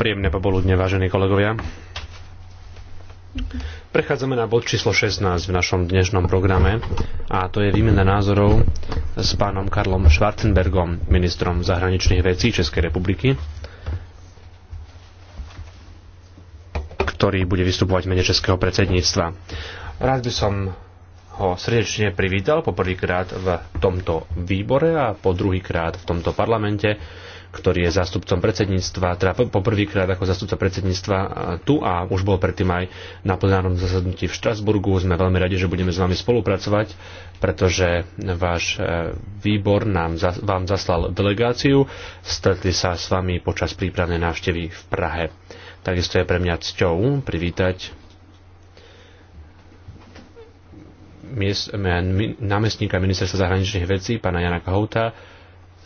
Príjemné popoludne, vážení kolegovia. Prechádzame na bod číslo 16 v našom dnešnom programe a to je výmena názorov s pánom Karlom Schwarzenbergom, ministrom zahraničných vecí Českej republiky, ktorý bude vystupovať v mene Českého predsedníctva. Rád by som ho srdečne privítal poprvýkrát v tomto výbore a po druhýkrát v tomto parlamente ktorý je zástupcom predsedníctva, teda poprvýkrát ako zástupca predsedníctva tu a už bol predtým aj na plenárnom zasadnutí v Štrasburgu. Sme veľmi radi, že budeme s vami spolupracovať, pretože váš e, výbor nám, vám zaslal delegáciu. Stretli sa s vami počas prípravnej návštevy v Prahe. Takisto je pre mňa cťou privítať námestníka ministerstva zahraničných vecí, pána Jana Kohouta,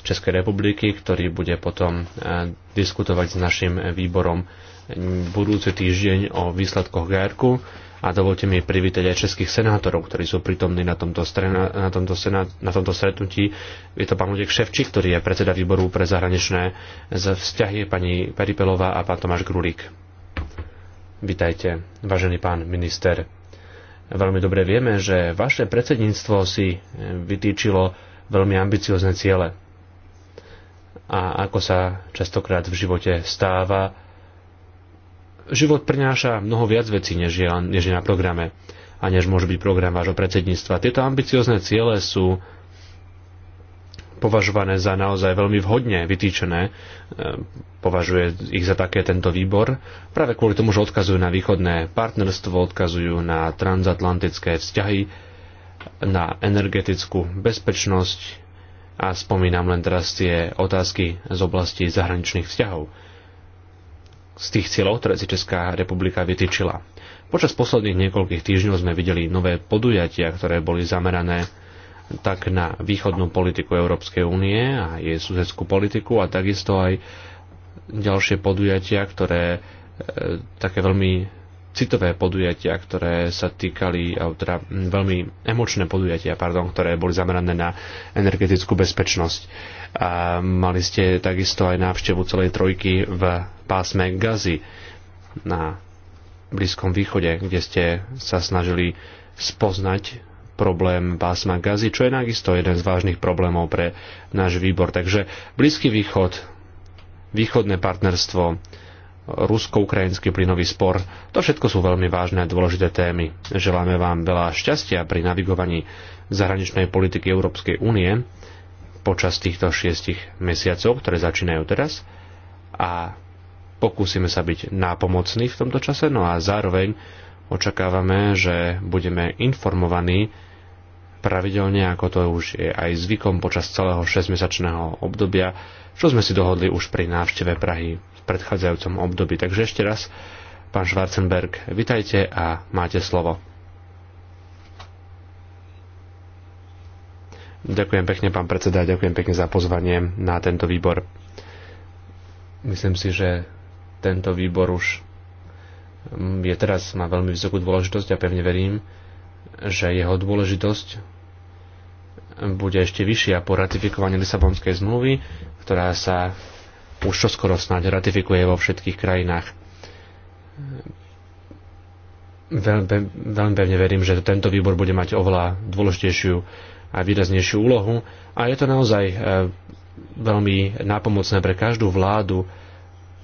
Českej republiky, ktorý bude potom e, diskutovať s našim výborom budúci týždeň o výsledkoch GRK a dovolte mi privítať aj českých senátorov, ktorí sú prítomní na tomto, strena, na tomto, senát, na tomto stretnutí. Je to pán Ludek Ševčík, ktorý je predseda výboru pre zahraničné vzťahy, pani Peripelová a pán Tomáš Grulík. Vítajte, vážený pán minister. Veľmi dobre vieme, že vaše predsedníctvo si e, vytýčilo veľmi ambiciozne ciele a ako sa častokrát v živote stáva, život prináša mnoho viac vecí, než je, než je na programe a než môže byť program vášho predsedníctva. Tieto ambiciozne ciele sú považované za naozaj veľmi vhodne vytýčené. E, považuje ich za také tento výbor, práve kvôli tomu, že odkazujú na východné partnerstvo, odkazujú na transatlantické vzťahy, na energetickú bezpečnosť, a spomínam len teraz tie otázky z oblasti zahraničných vzťahov z tých cieľov, ktoré si Česká republika vytýčila. Počas posledných niekoľkých týždňov sme videli nové podujatia, ktoré boli zamerané tak na východnú politiku Európskej únie a jej susedskú politiku a takisto aj ďalšie podujatia, ktoré e, také veľmi citové podujatia, ktoré sa týkali, teda veľmi emočné podujatia, pardon, ktoré boli zamerané na energetickú bezpečnosť. A mali ste takisto aj návštevu celej trojky v pásme Gazy na Blízkom východe, kde ste sa snažili spoznať problém pásma Gazy, čo je takisto jeden z vážnych problémov pre náš výbor. Takže Blízky východ, východné partnerstvo, rusko-ukrajinský plynový spor. To všetko sú veľmi vážne a dôležité témy. Želáme vám veľa šťastia pri navigovaní zahraničnej politiky Európskej únie počas týchto šiestich mesiacov, ktoré začínajú teraz a pokúsime sa byť nápomocní v tomto čase, no a zároveň očakávame, že budeme informovaní pravidelne, ako to už je aj zvykom počas celého 6-mesačného obdobia, čo sme si dohodli už pri návšteve Prahy predchádzajúcom období. Takže ešte raz, pán Schwarzenberg, vitajte a máte slovo. Ďakujem pekne, pán predseda, ďakujem pekne za pozvanie na tento výbor. Myslím si, že tento výbor už mm, je teraz, má veľmi vysokú dôležitosť a pevne verím, že jeho dôležitosť bude ešte vyššia po ratifikovaní Lisabonskej zmluvy, ktorá sa už čo skoro snáď ratifikuje vo všetkých krajinách. Veľmi, veľmi pevne verím, že tento výbor bude mať oveľa dôležitejšiu a výraznejšiu úlohu a je to naozaj e, veľmi nápomocné pre každú vládu,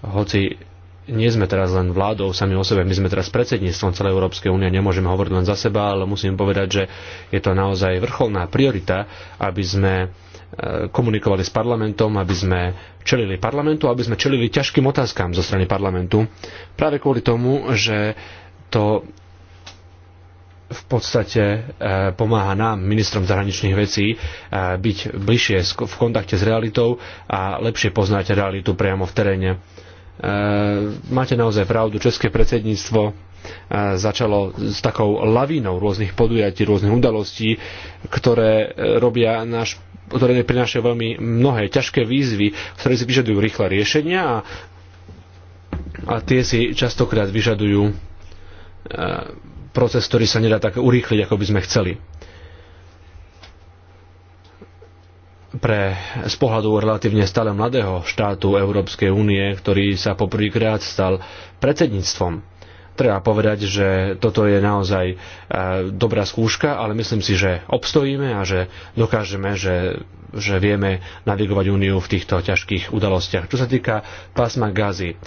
hoci nie sme teraz len vládou sami o sebe, my sme teraz predsedníctvom celej Európskej únie, nemôžeme hovoriť len za seba, ale musím povedať, že je to naozaj vrcholná priorita, aby sme komunikovali s parlamentom, aby sme čelili parlamentu, aby sme čelili ťažkým otázkam zo strany parlamentu. Práve kvôli tomu, že to v podstate e, pomáha nám, ministrom zahraničných vecí, e, byť bližšie v kontakte s realitou a lepšie poznať realitu priamo v teréne. E, máte naozaj pravdu, České predsedníctvo začalo s takou lavínou rôznych podujatí, rôznych udalostí, ktoré robia náš ktoré prinášajú veľmi mnohé ťažké výzvy, ktoré si vyžadujú rýchle riešenia a, a tie si častokrát vyžadujú e, proces, ktorý sa nedá tak urýchliť, ako by sme chceli. pre, z pohľadu relatívne stále mladého štátu Európskej únie, ktorý sa poprvýkrát stal predsedníctvom Treba povedať, že toto je naozaj eh, dobrá skúška, ale myslím si, že obstojíme a že dokážeme, že že vieme navigovať úniu v týchto ťažkých udalostiach. Čo sa týka pásma gazy,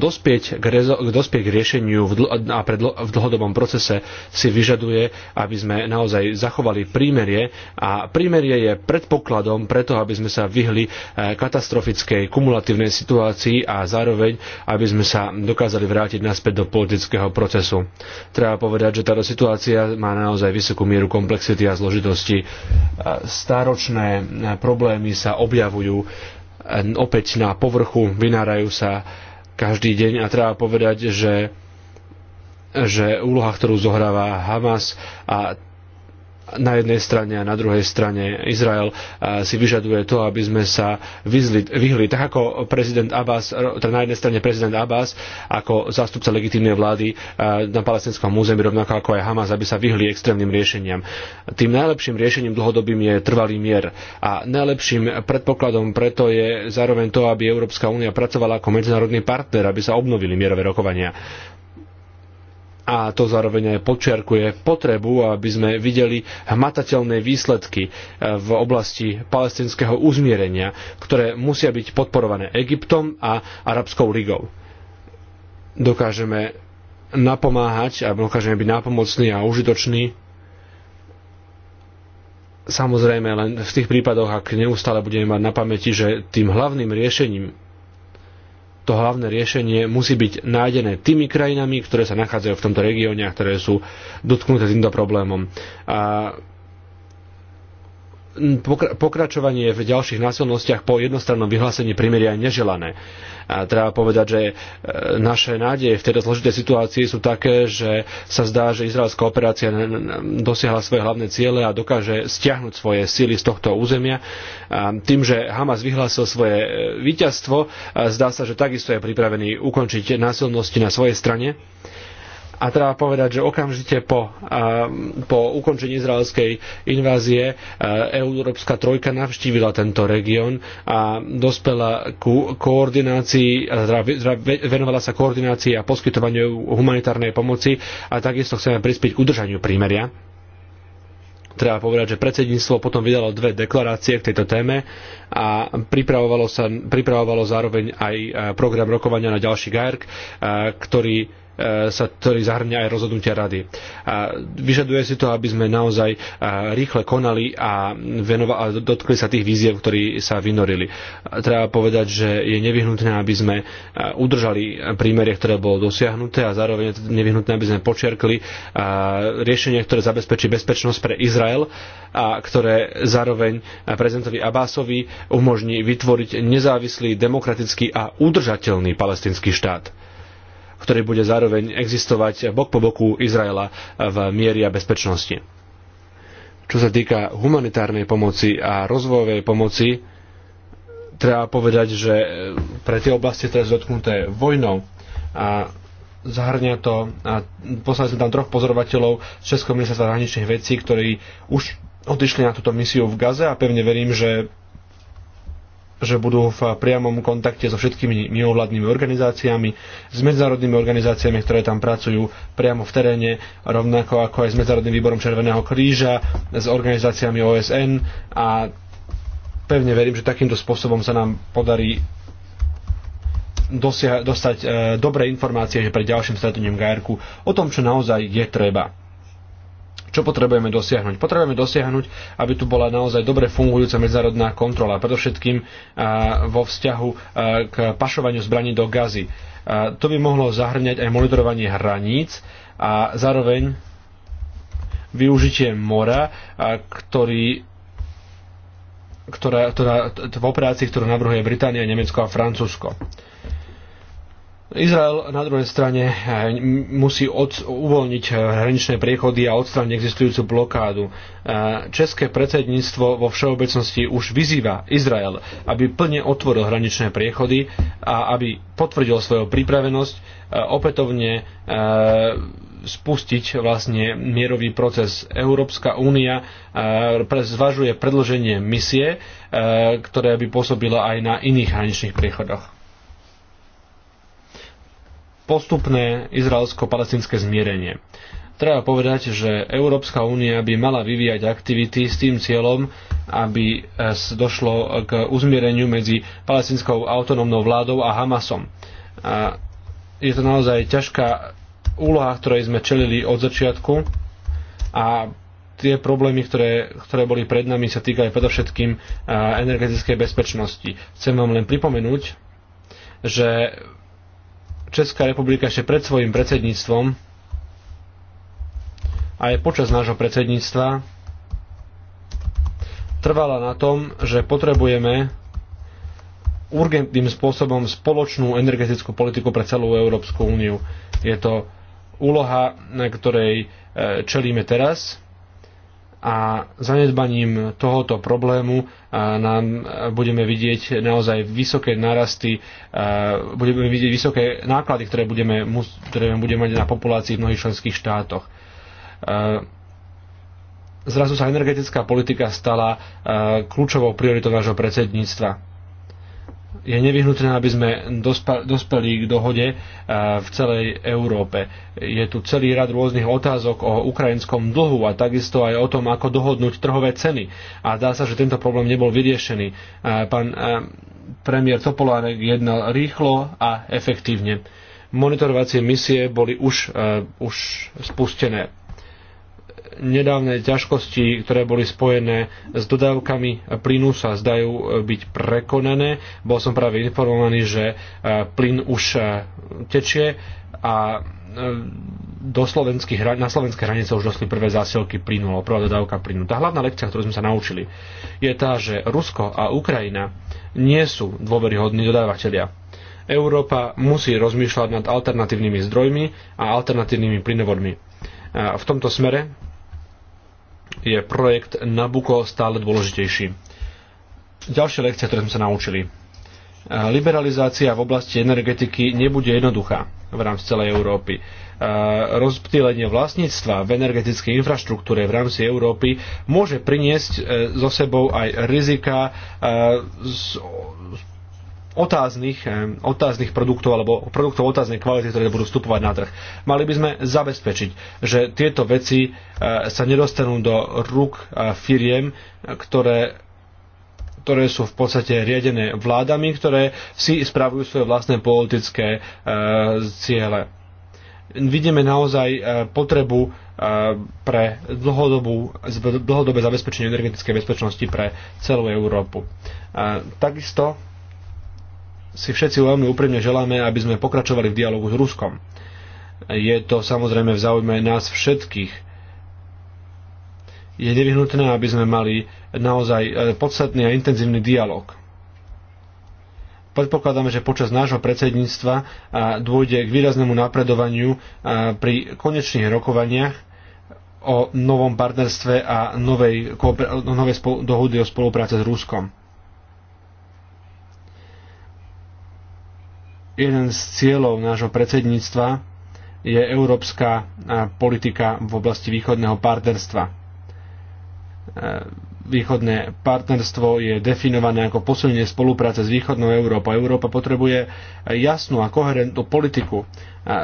dospieť k, rezo- dospieť k riešeniu v, dl- a predl- v dlhodobom procese si vyžaduje, aby sme naozaj zachovali prímerie a prímerie je predpokladom preto, aby sme sa vyhli e, katastrofickej kumulatívnej situácii a zároveň, aby sme sa dokázali vrátiť naspäť do politického procesu. Treba povedať, že táto situácia má naozaj vysokú mieru komplexity a zložitosti. E, Stáročné problémy sa objavujú opäť na povrchu, vynárajú sa každý deň a treba povedať, že že úloha, ktorú zohráva Hamas a na jednej strane a na druhej strane Izrael e, si vyžaduje to, aby sme sa vyzli, vyhli. Tak ako prezident Abbas, teda na jednej strane prezident Abbas ako zástupca legitímnej vlády e, na palestinskom území, rovnako ako aj Hamas, aby sa vyhli extrémnym riešeniam. Tým najlepším riešením dlhodobým je trvalý mier a najlepším predpokladom preto je zároveň to, aby Európska únia pracovala ako medzinárodný partner, aby sa obnovili mierové rokovania a to zároveň aj počiarkuje potrebu, aby sme videli hmatateľné výsledky e, v oblasti palestinského uzmierenia, ktoré musia byť podporované Egyptom a Arabskou ligou. Dokážeme napomáhať a dokážeme byť nápomocní a užitoční samozrejme len v tých prípadoch, ak neustále budeme mať na pamäti, že tým hlavným riešením to hlavné riešenie musí byť nájdené tými krajinami, ktoré sa nachádzajú v tomto regióne a ktoré sú dotknuté týmto problémom. A pokračovanie v ďalších násilnostiach po jednostrannom vyhlásení primeria je neželané. A treba povedať, že e, naše nádeje v tejto zložitej situácii sú také, že sa zdá, že izraelská operácia dosiahla svoje hlavné ciele a dokáže stiahnuť svoje síly z tohto územia. A tým, že Hamas vyhlásil svoje e, víťazstvo, zdá sa, že takisto je pripravený ukončiť násilnosti na svojej strane a treba povedať, že okamžite po, um, po ukončení izraelskej invázie uh, Európska trojka navštívila tento región a dospela ku koordinácii, teda teda venovala sa koordinácii a poskytovaniu humanitárnej pomoci a takisto chceme prispieť k udržaniu prímeria treba povedať, že predsedníctvo potom vydalo dve deklarácie k tejto téme a pripravovalo, sa, pripravovalo zároveň aj eh, program rokovania na ďalší GAERK, eh, ktorý E, sa, ktorý zahrňa aj rozhodnutia rady. A vyžaduje si to, aby sme naozaj e, rýchle konali a, venova- a dotkli sa tých víziev, ktorí sa vynorili. A treba povedať, že je nevyhnutné, aby sme e, udržali prímerie, ktoré bolo dosiahnuté a zároveň je nevyhnutné, aby sme počiarkli riešenie, ktoré zabezpečí bezpečnosť pre Izrael a ktoré zároveň prezidentovi Abásovi umožní vytvoriť nezávislý, demokratický a udržateľný palestinský štát ktorý bude zároveň existovať bok po boku Izraela v miery a bezpečnosti. Čo sa týka humanitárnej pomoci a rozvojovej pomoci, treba povedať, že pre tie oblasti, ktoré sú dotknuté vojnou a zahrňa to, a poslali sme tam troch pozorovateľov z Českého ministerstva zahraničných vecí, ktorí už odišli na túto misiu v Gaze a pevne verím, že že budú v priamom kontakte so všetkými mimovládnymi organizáciami, s medzinárodnými organizáciami, ktoré tam pracujú priamo v teréne, rovnako ako aj s Medzinárodným výborom Červeného kríža, s organizáciami OSN a pevne verím, že takýmto spôsobom sa nám podarí dosia- dostať e, dobré informácie pre pred ďalším stretnutím GRK o tom, čo naozaj je treba. Čo potrebujeme dosiahnuť? Potrebujeme dosiahnuť, aby tu bola naozaj dobre fungujúca medzinárodná kontrola, predovšetkým vo vzťahu k pašovaniu zbraní do gazy. To by mohlo zahrňať aj monitorovanie hraníc a zároveň využitie mora, ktorý ktorá, ktorá, v operácii, ktorú navrhuje Británia, Nemecko a Francúzsko. Izrael na druhej strane eh, musí od, uvoľniť eh, hraničné priechody a odstrániť existujúcu blokádu. Eh, České predsedníctvo vo všeobecnosti už vyzýva Izrael, aby plne otvoril hraničné priechody a aby potvrdil svoju pripravenosť opätovne spustiť vlastne mierový proces. Európska únia zvažuje predloženie misie, ktoré by pôsobila aj na iných hraničných priechodoch postupné izraelsko-palestinské zmierenie. Treba povedať, že Európska únia by mala vyvíjať aktivity s tým cieľom, aby e, došlo k uzmiereniu medzi palestinskou autonómnou vládou a Hamasom. A je to naozaj ťažká úloha, ktorej sme čelili od začiatku a tie problémy, ktoré, ktoré boli pred nami, sa týkajú predovšetkým e, energetickej bezpečnosti. Chcem vám len pripomenúť, že Česká republika ešte pred svojim predsedníctvom aj počas nášho predsedníctva trvala na tom, že potrebujeme urgentným spôsobom spoločnú energetickú politiku pre celú Európsku úniu. Je to úloha, na ktorej e, čelíme teraz a zanedbaním tohoto problému e, nám e, budeme vidieť naozaj vysoké narasty, e, budeme vidieť vysoké náklady, ktoré budeme, ktoré budeme mať na populácii v mnohých členských štátoch. Zrazu sa energetická politika stala kľúčovou prioritou nášho predsedníctva je nevyhnutné, aby sme dospeli k dohode eh, v celej Európe. Je tu celý rad rôznych otázok o ukrajinskom dlhu a takisto aj o tom, ako dohodnúť trhové ceny. A dá sa, že tento problém nebol vyriešený. Eh, pán eh, premiér Topolárek jednal rýchlo a efektívne. Monitorovacie misie boli už, už spustené nedávne ťažkosti, ktoré boli spojené s dodávkami plynu, sa zdajú e, byť prekonané. Bol som práve informovaný, že e, plyn už e, tečie a do slovenských, na slovenské hranice už došli prvé zásielky plynu, alebo prvá dodávka plynu. Tá hlavná lekcia, ktorú sme sa naučili, je tá, že Rusko a Ukrajina nie sú dôveryhodní dodávateľia. Európa musí rozmýšľať nad alternatívnymi zdrojmi a alternatívnymi plynovodmi. V tomto smere je projekt Nabucco stále dôležitejší. Ďalšie lekcie, ktoré sme sa naučili. E, liberalizácia v oblasti energetiky nebude jednoduchá v rámci celej Európy. E, rozptýlenie vlastníctva v energetickej infraštruktúre v rámci Európy môže priniesť so e, sebou aj rizika otáznych, eh, otáznych produktov alebo produktov otáznej kvality, ktoré budú vstupovať na trh. Mali by sme zabezpečiť, že tieto veci eh, sa nedostanú do rúk eh, firiem, ktoré ktoré sú v podstate riadené vládami, ktoré si spravujú svoje vlastné politické e, ciele. Vidíme naozaj e, potrebu e, pre dlhodobú, dlhodobé zabezpečenie energetickej bezpečnosti pre celú Európu. E, takisto si všetci veľmi úprimne želáme, aby sme pokračovali v dialogu s Ruskom. Je to samozrejme v záujme nás všetkých, je nevyhnutné, aby sme mali naozaj e, podstatný a intenzívny dialog. Predpokladáme, že počas nášho predsedníctva e, dôjde k výraznému napredovaniu e, pri konečných rokovaniach o novom partnerstve a novej, novej dohody o spolupráce s Ruskom. Jeden z cieľov nášho predsedníctva je európska politika v oblasti východného partnerstva. E, východné partnerstvo je definované ako posilnenie spolupráce s východnou Európou. Európa potrebuje jasnú a koherentnú politiku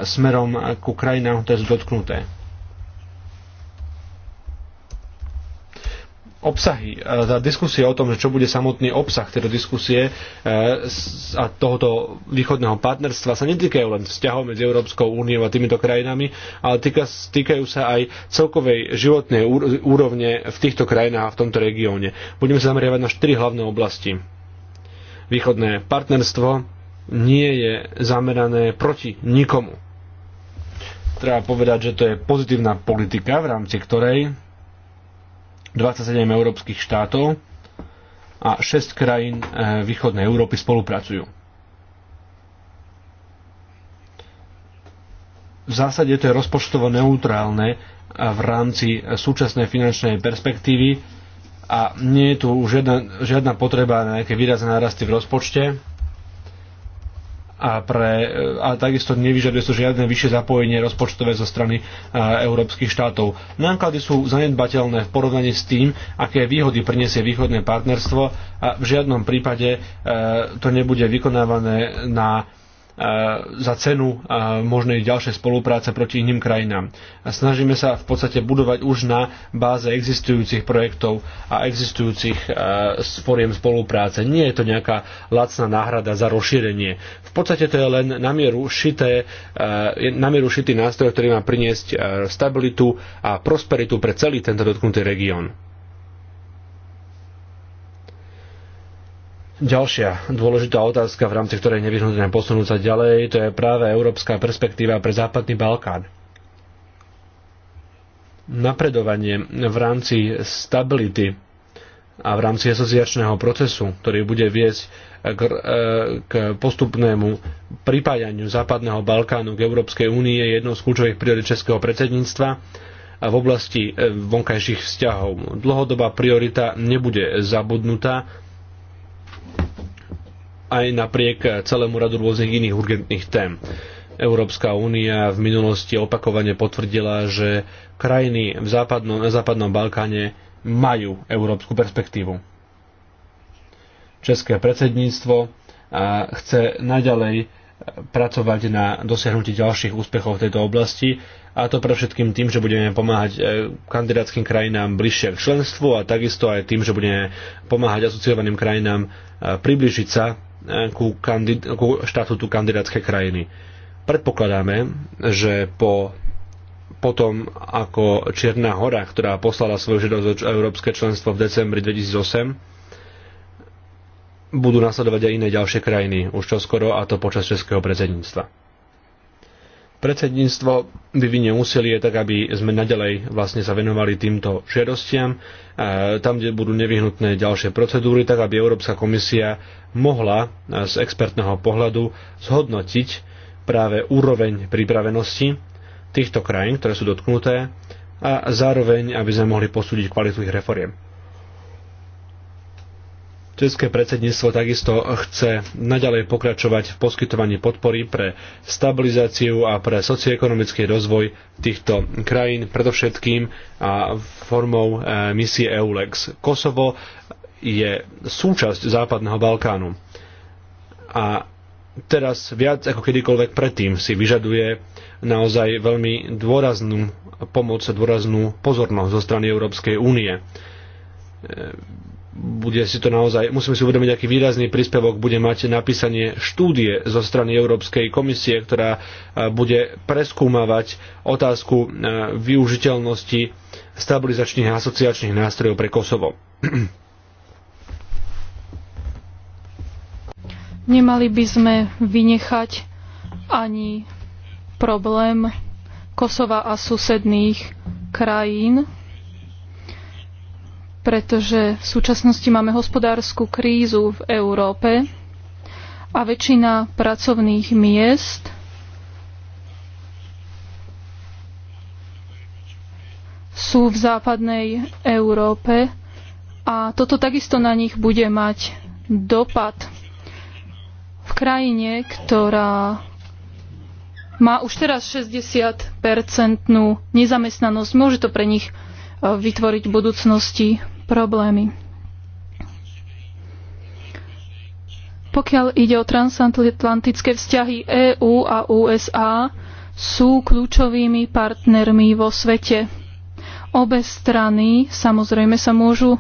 smerom ku krajinám, ktoré sú dotknuté obsahy, tá diskusia o tom, že čo bude samotný obsah tejto diskusie e, a tohoto východného partnerstva sa netýkajú len vzťahov medzi Európskou úniou a týmito krajinami, ale týkajú sa aj celkovej životnej úrovne v týchto krajinách a v tomto regióne. Budeme sa zameriavať na štyri hlavné oblasti. Východné partnerstvo nie je zamerané proti nikomu. Treba povedať, že to je pozitívna politika, v rámci ktorej 27 európskych štátov a 6 krajín eh, východnej Európy spolupracujú. V zásade to je rozpočtovo neutrálne eh, v rámci eh, súčasnej finančnej perspektívy a nie je tu žiadna, žiadna potreba na nejaké výrazné narasty v rozpočte a, pre, a takisto nevyžaduje sa žiadne vyššie zapojenie rozpočtové zo strany a, európskych štátov. Náklady sú zanedbateľné v porovnaní s tým, aké výhody prinesie východné partnerstvo a v žiadnom prípade a, e, to nebude vykonávané na za cenu možnej ďalšej spolupráce proti iným krajinám. Snažíme sa v podstate budovať už na báze existujúcich projektov a existujúcich foriem spolupráce. Nie je to nejaká lacná náhrada za rozšírenie. V podstate to je len namieru, šité, šitý nástroj, ktorý má priniesť stabilitu a prosperitu pre celý tento dotknutý región. Ďalšia dôležitá otázka, v rámci ktorej nevyhnutné posunúť sa ďalej, to je práve európska perspektíva pre Západný Balkán napredovanie v rámci stability a v rámci asociačného procesu, ktorý bude viesť k, e, k postupnému pripájaniu Západného Balkánu k Európskej únie je jednou z kľúčových priorit Českého predsedníctva v oblasti e, vonkajších vzťahov. Dlhodobá priorita nebude zabudnutá, aj napriek celému radu rôznych iných urgentných tém. Európska únia v minulosti opakovane potvrdila, že krajiny v západnom, na západnom Balkáne majú európsku perspektívu. České predsedníctvo chce naďalej e, pracovať na dosiahnutí ďalších úspechov v tejto oblasti a to pre všetkým tým, že budeme pomáhať e, kandidátským krajinám bližšie k členstvu a takisto aj tým, že budeme pomáhať asociovaným krajinám e, približiť sa e, ku, kandid- ku štatútu kandidátskej krajiny. Predpokladáme, že po potom, ako Čierna hora, ktorá poslala svoju žiadosť o európske členstvo v decembri 2008, budú nasledovať aj iné ďalšie krajiny už čoskoro a to počas českého predsedníctva. Predsedníctvo vyvinie úsilie tak, aby sme nadalej vlastne sa venovali týmto žiadostiam, e, tam, kde budú nevyhnutné ďalšie procedúry, tak aby Európska komisia mohla e, z expertného pohľadu zhodnotiť práve úroveň pripravenosti týchto krajín, ktoré sú dotknuté, a zároveň, aby sme mohli posúdiť kvalitu ich reforiem. České predsedníctvo takisto chce naďalej pokračovať v poskytovaní podpory pre stabilizáciu a pre socioekonomický rozvoj týchto krajín, predovšetkým a formou e, misie EULEX. Kosovo je súčasť Západného Balkánu a teraz viac ako kedykoľvek predtým si vyžaduje naozaj veľmi dôraznú pomoc, a dôraznú pozornosť zo strany Európskej únie e, bude si to naozaj, musíme si uvedomiť, aký výrazný príspevok bude mať napísanie štúdie zo strany Európskej komisie, ktorá e, bude preskúmavať otázku e, využiteľnosti stabilizačných a asociačných nástrojov pre Kosovo. Nemali by sme vynechať ani problém Kosova a susedných krajín, pretože v súčasnosti máme hospodárskú krízu v Európe a väčšina pracovných miest sú v západnej Európe a toto takisto na nich bude mať dopad. V krajine, ktorá má už teraz 60-percentnú nezamestnanosť, môže to pre nich e, vytvoriť v budúcnosti problémy. Pokiaľ ide o transatlantické vzťahy EÚ a USA, sú kľúčovými partnermi vo svete. Obe strany samozrejme sa môžu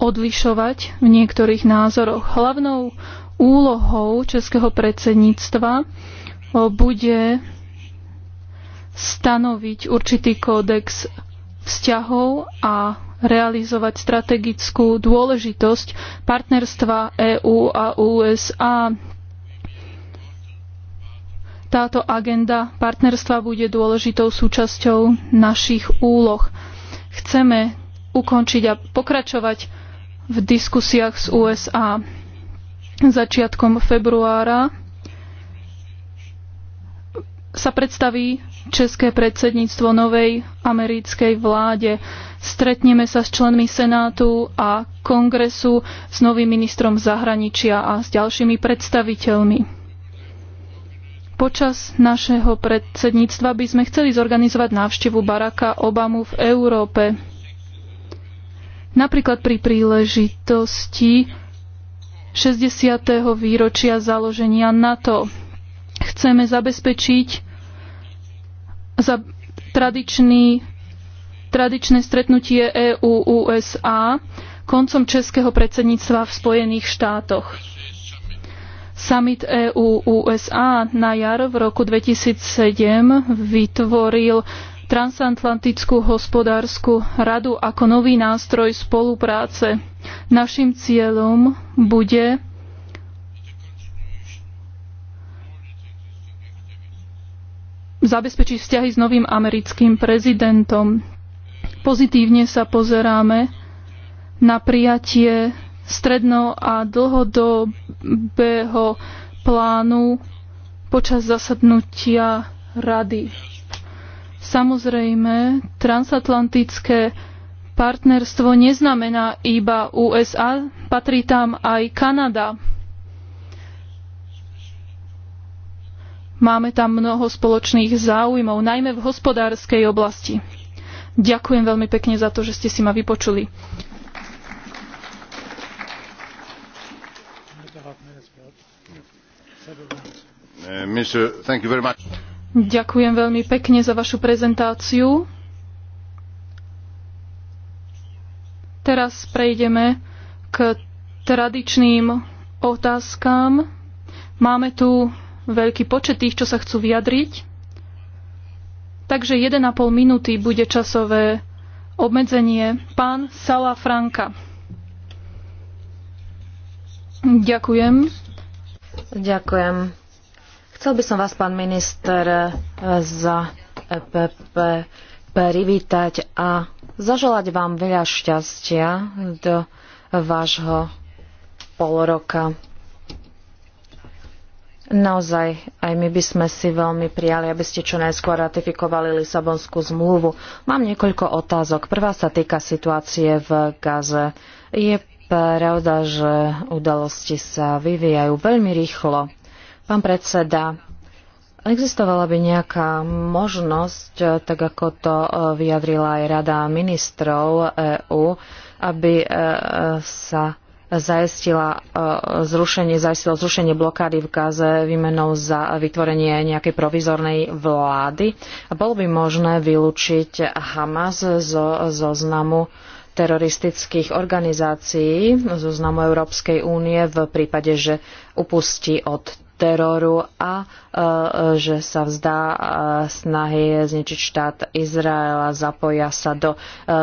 odlišovať v niektorých názoroch. Hlavnou úlohou českého predsedníctva bude stanoviť určitý kódex vzťahov a realizovať strategickú dôležitosť partnerstva EÚ a USA. Táto agenda partnerstva bude dôležitou súčasťou našich úloh. Chceme ukončiť a pokračovať v diskusiách s USA. Začiatkom februára sa predstaví české predsedníctvo novej americkej vláde. Stretneme sa s členmi Senátu a kongresu, s novým ministrom zahraničia a s ďalšími predstaviteľmi. Počas našeho predsedníctva by sme chceli zorganizovať návštevu Baracka Obamu v Európe. Napríklad pri príležitosti 60. výročia založenia NATO. Chceme zabezpečiť za tradičný tradičné stretnutie EU-USA koncom českého predsedníctva v Spojených štátoch. Summit EU-USA na jar v roku 2007 vytvoril transatlantickú hospodárskú radu ako nový nástroj spolupráce. Našim cieľom bude zabezpečiť vzťahy s novým americkým prezidentom pozitívne sa pozeráme na prijatie stredno- a dlhodobého plánu počas zasadnutia rady. Samozrejme, transatlantické partnerstvo neznamená iba USA, patrí tam aj Kanada. Máme tam mnoho spoločných záujmov, najmä v hospodárskej oblasti. Ďakujem veľmi pekne za to, že ste si ma vypočuli. Eh, Ďakujem veľmi pekne za vašu prezentáciu. Teraz prejdeme k tradičným otázkam. Máme tu veľký počet tých, čo sa chcú vyjadriť. Takže 1,5 minúty bude časové obmedzenie. Pán Sala Franka. Ďakujem. Ďakujem. Chcel by som vás, pán minister, za EPP privítať a zaželať vám veľa šťastia do vášho pol roka. Naozaj, aj my by sme si veľmi prijali, aby ste čo najskôr ratifikovali Lisabonskú zmluvu. Mám niekoľko otázok. Prvá sa týka situácie v Gaze. Je pravda, že udalosti sa vyvíjajú veľmi rýchlo. Pán predseda, existovala by nejaká možnosť, tak ako to e, vyjadrila aj Rada ministrov EÚ, aby e, e, sa zajistila e, zrušenie, zajistilo zrušenie blokády v Gaze výmenou za vytvorenie nejakej provizornej vlády. Bolo by možné vylúčiť Hamas zo zoznamu teroristických organizácií, zoznamu Európskej únie v prípade, že upustí od teroru a e, že sa vzdá e, snahy zničiť štát Izraela, zapoja sa do e,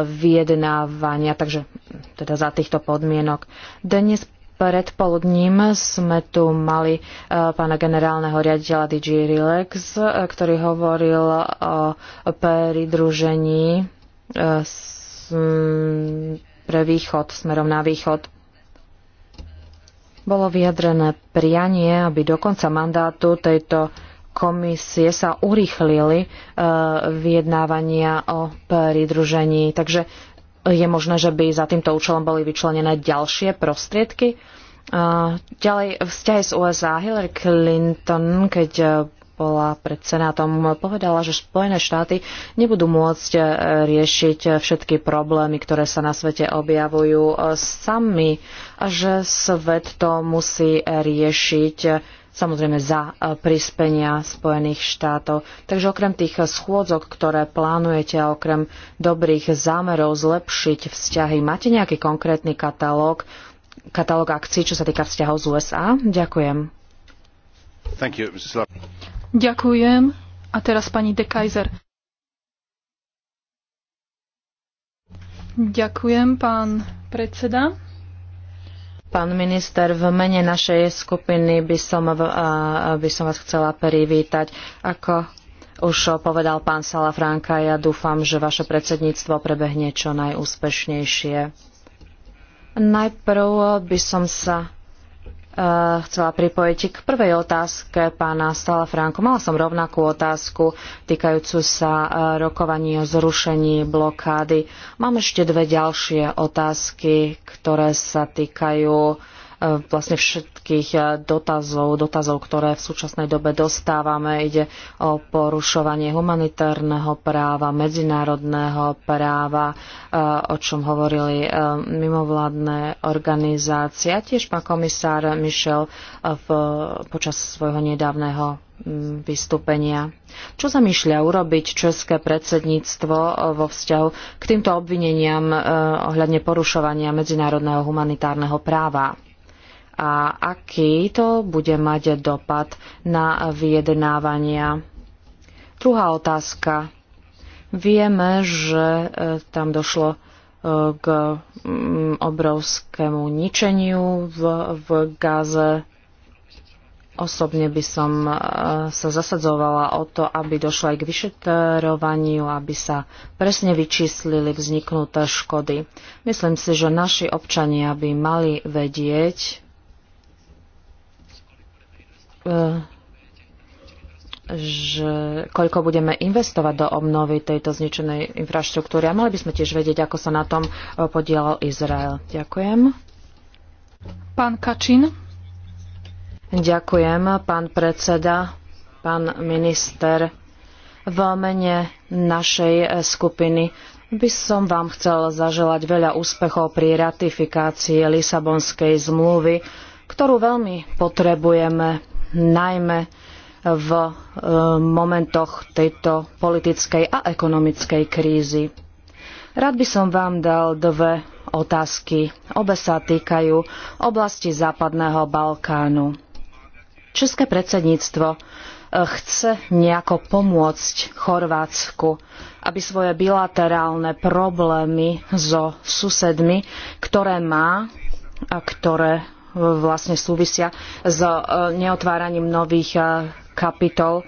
vyjednávania, takže teda za týchto podmienok. Dnes predpoludním sme tu mali pána generálneho riaditeľa DG Relax, ktorý hovoril o pridružení pre východ, smerom na východ bolo vyjadrené prianie, aby do konca mandátu tejto komisie sa urýchlili e, vyjednávania o pridružení. Takže je možné, že by za týmto účelom boli vyčlenené ďalšie prostriedky. E, ďalej vzťahy z USA. Hillary Clinton, keď e, bola pred Senátom, povedala, že Spojené štáty nebudú môcť e, riešiť všetky problémy, ktoré sa na svete objavujú e, sami a že svet to musí riešiť e, samozrejme za prispenia Spojených štátov. Takže okrem tých schôdzok, ktoré plánujete a okrem dobrých zámerov zlepšiť vzťahy, máte nejaký konkrétny katalóg, katalóg akcií, čo sa týka vzťahov z USA? Ďakujem. Thank you, Ďakujem. A teraz pani De Kaiser. Ďakujem, pán predseda. Pán minister, v mene našej skupiny by som, by som vás chcela privítať. Ako už povedal pán Salafranka, ja dúfam, že vaše predsedníctvo prebehne čo najúspešnejšie. Najprv by som sa Eh, chcela pripojiť k prvej otázke pána Stala Franko. Mala som rovnakú otázku týkajúcu sa eh, rokovaní o zrušení blokády. Mám ešte dve ďalšie otázky, ktoré sa týkajú vlastne všetkých eh, dotazov, dotazov, ktoré v súčasnej dobe dostávame. Ide o porušovanie humanitárneho práva, medzinárodného práva, eh, o čom hovorili eh, mimovládne organizácie. A tiež pán komisár Michel v, počas svojho nedávneho mm, vystúpenia. Čo zamýšľa urobiť české predsedníctvo vo vzťahu k týmto obvineniam ohľadne porušovania medzinárodného humanitárneho práva? a aký to bude mať dopad na vyjednávania. Druhá otázka. Vieme, že e, tam došlo e, k mm, obrovskému ničeniu v, v Gaze. Osobne by som e, sa zasadzovala o to, aby došlo aj k vyšetrovaniu, aby sa presne vyčíslili vzniknuté škody. Myslím si, že naši občania by mali vedieť, E, že koľko budeme investovať do obnovy tejto zničenej infraštruktúry. A mali by sme tiež vedieť, ako sa na tom e, podielal Izrael. Ďakujem. Pán Kačín. Ďakujem, pán predseda, pán minister. V mene našej e, skupiny by som vám chcel zaželať veľa úspechov pri ratifikácii Lisabonskej zmluvy, ktorú veľmi potrebujeme najmä v e, momentoch tejto politickej a ekonomickej krízy. Rád by som vám dal dve otázky. Obe sa týkajú oblasti Západného Balkánu. České predsedníctvo e, chce nejako pomôcť Chorvátsku, aby svoje bilaterálne problémy so susedmi, ktoré má a ktoré vlastne súvisia s e, neotváraním nových e, kapitol, e,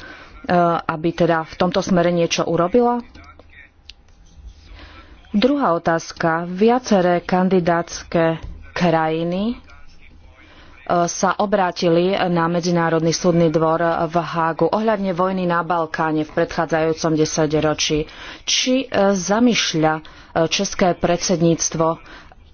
aby teda v tomto smere niečo urobila? Druhá otázka. Viaceré kandidátske krajiny sa obrátili na Medzinárodný súdny dvor v Hágu ohľadne vojny na Balkáne v predchádzajúcom desaťročí. Či zamýšľa české predsedníctvo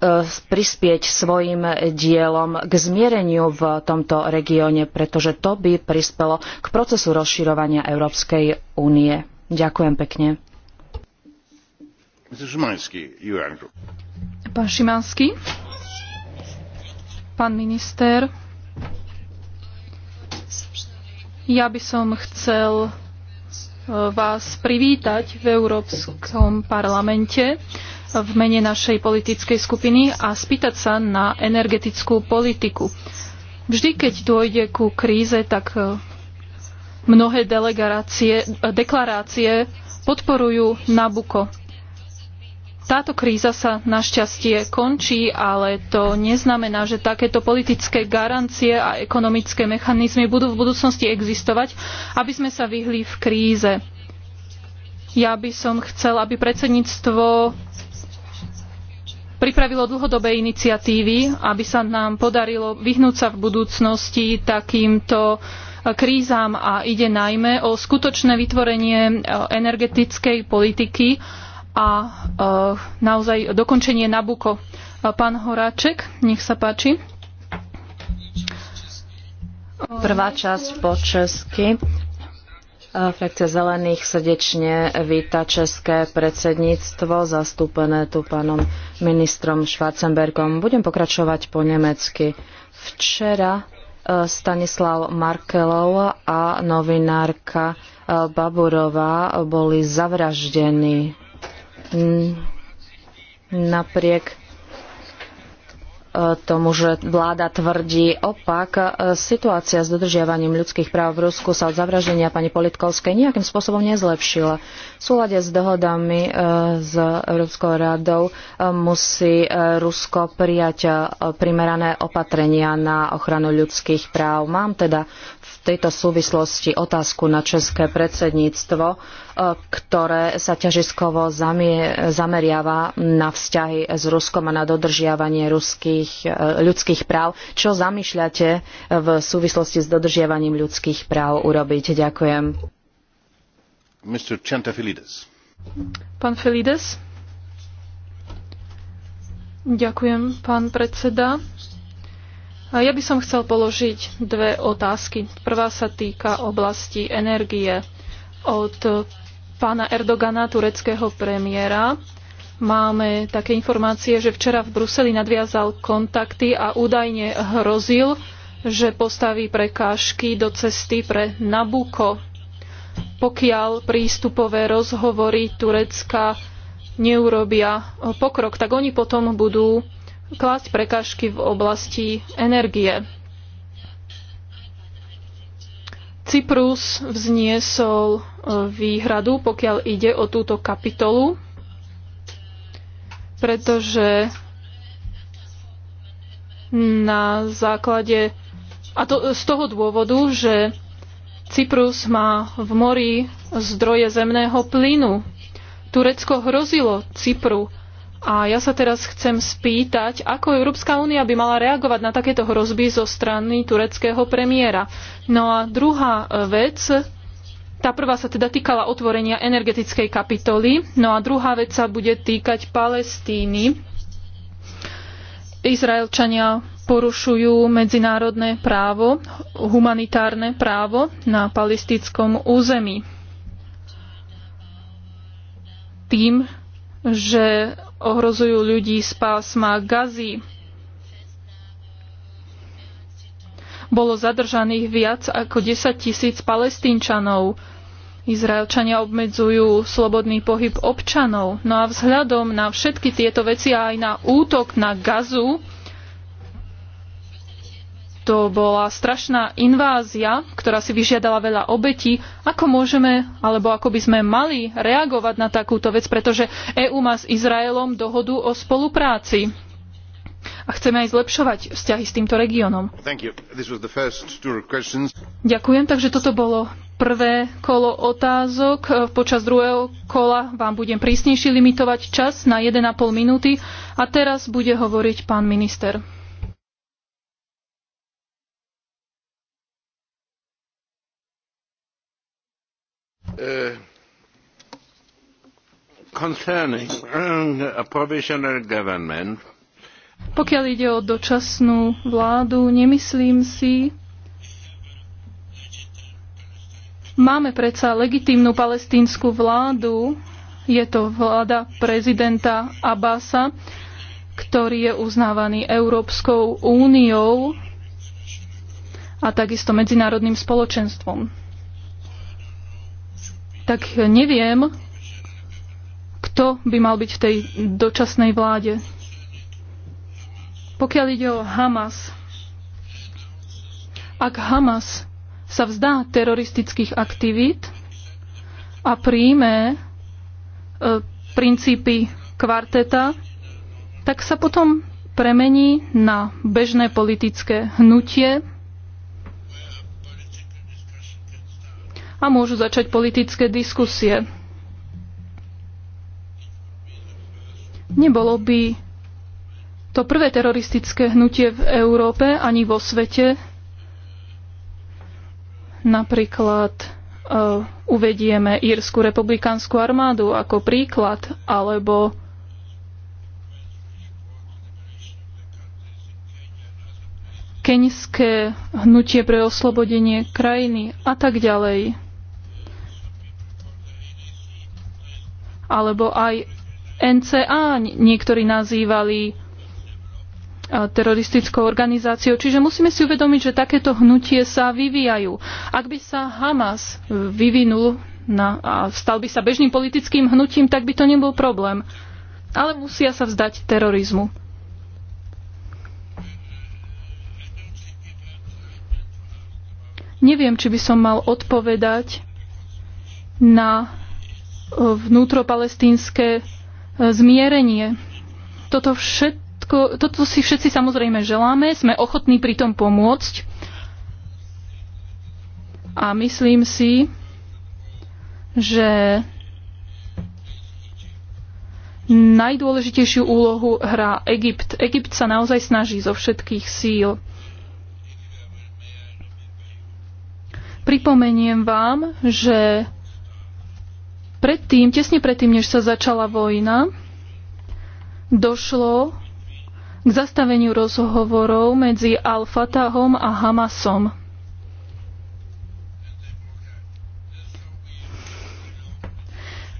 Eh, prispieť svojim dielom k zmiereniu v tomto regióne, pretože to by prispelo k procesu rozširovania Európskej únie. Ďakujem pekne. Pán Šimanský, pán minister, ja by som chcel vás privítať v Európskom parlamente v mene našej politickej skupiny a spýtať sa na energetickú politiku. Vždy, keď dôjde ku kríze, tak e, mnohé deklarácie podporujú Nabuko. Táto kríza sa našťastie končí, ale to neznamená, že takéto politické garancie a ekonomické mechanizmy budú v budúcnosti existovať, aby sme sa vyhli v kríze. Ja by som chcel, aby predsedníctvo pripravilo dlhodobé iniciatívy, aby sa nám podarilo vyhnúť sa v budúcnosti takýmto eh, krízam a ide najmä o skutočné vytvorenie eh, energetickej politiky, a e, naozaj dokončenie Nabuko. E, pán Horáček, nech sa páči. Prvá časť po česky. E, frakcia zelených srdečne víta české predsedníctvo, zastúpené tu pánom ministrom Schwarzenbergom. Budem pokračovať po nemecky. Včera Stanislav Markelov a novinárka Baburová boli zavraždení napriek e, tomu, že vláda tvrdí opak, e, situácia s dodržiavaním ľudských práv v Rusku sa od zavraždenia pani Politkovskej nejakým spôsobom nezlepšila. V súlade s dohodami e, s Európskou radou musí Rusko prijať primerané opatrenia na ochranu ľudských práv. Mám teda tejto súvislosti otázku na české predsedníctvo, e, ktoré sa ťažiskovo zameriava na vzťahy s Ruskom a na dodržiavanie ruských, e, ľudských práv. Čo zamýšľate v súvislosti s dodržiavaním ľudských práv urobiť? Ďakujem. Mr. Chantafilides. Pán Felides. Ďakujem, pán predseda. Ja by som chcel položiť dve otázky. Prvá sa týka oblasti energie. Od pána Erdogana, tureckého premiéra, máme také informácie, že včera v Bruseli nadviazal kontakty a údajne hrozil, že postaví prekážky do cesty pre Nabuko, pokiaľ prístupové rozhovory Turecka neurobia pokrok, tak oni potom budú klásť prekážky v oblasti energie. Cyprus vzniesol e, výhradu, pokiaľ ide o túto kapitolu, pretože na základe a to z toho dôvodu, že Cyprus má v mori zdroje zemného plynu. Turecko hrozilo Cypru a ja sa teraz chcem spýtať, ako Európska únia by mala reagovať na takéto hrozby zo strany tureckého premiéra. No a druhá e, vec, tá prvá sa teda týkala otvorenia energetickej kapitoly, no a druhá vec sa bude týkať Palestíny. Izraelčania porušujú medzinárodné právo, humanitárne právo na palestickom území. Tým, že ohrozujú ľudí z pásma Gazy. Bolo zadržaných viac ako 10 tisíc palestínčanov. Izraelčania obmedzujú slobodný pohyb občanov. No a vzhľadom na všetky tieto veci a aj na útok na Gazu, to bola strašná invázia, ktorá si vyžiadala veľa obetí. Ako môžeme, alebo ako by sme mali reagovať na takúto vec, pretože EÚ má s Izraelom dohodu o spolupráci. A chceme aj zlepšovať vzťahy s týmto regiónom. Ďakujem, takže toto bolo prvé kolo otázok. Počas druhého kola vám budem prísnejšie limitovať čas na 1,5 minúty. A teraz bude hovoriť pán minister. Uh, um, pokiaľ ide o dočasnú vládu, nemyslím si, máme predsa legitímnu palestínsku vládu, je to vláda prezidenta Abasa, ktorý je uznávaný Európskou úniou a takisto medzinárodným spoločenstvom tak neviem, kto by mal byť v tej dočasnej vláde. Pokiaľ ide o Hamas, ak Hamas sa vzdá teroristických aktivít a príjme e, princípy kvarteta, tak sa potom premení na bežné politické hnutie, a môžu začať politické diskusie. Nebolo by to prvé teroristické hnutie v Európe ani vo svete. Napríklad uh, uvedieme Írsku republikánsku armádu ako príklad, alebo keňské hnutie pre oslobodenie krajiny a tak ďalej. alebo aj NCA niektorí nazývali teroristickou organizáciou. Čiže musíme si uvedomiť, že takéto hnutie sa vyvíjajú. Ak by sa Hamas vyvinul na, a stal by sa bežným politickým hnutím, tak by to nebol problém. Ale musia sa vzdať terorizmu. Neviem, či by som mal odpovedať na vnútropalestínske e, zmierenie. Toto, všetko, toto si všetci samozrejme želáme, sme ochotní pri tom pomôcť a myslím si, že najdôležitejšiu úlohu hrá Egypt. Egypt sa naozaj snaží zo všetkých síl. Pripomeniem vám, že Predtým, tesne predtým, než sa začala vojna, došlo k zastaveniu rozhovorov medzi Al-Fatahom a Hamasom.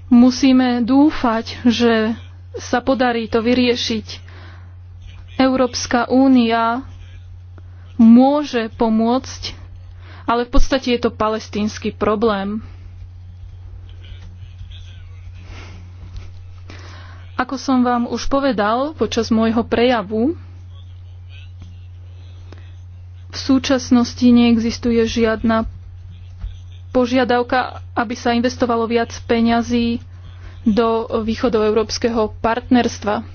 Musíme dúfať, že sa podarí to vyriešiť. Európska únia môže pomôcť, ale v podstate je to palestínsky problém. Ako som vám už povedal počas môjho prejavu, v súčasnosti neexistuje žiadna požiadavka, aby sa investovalo viac peňazí do východoeurópskeho partnerstva.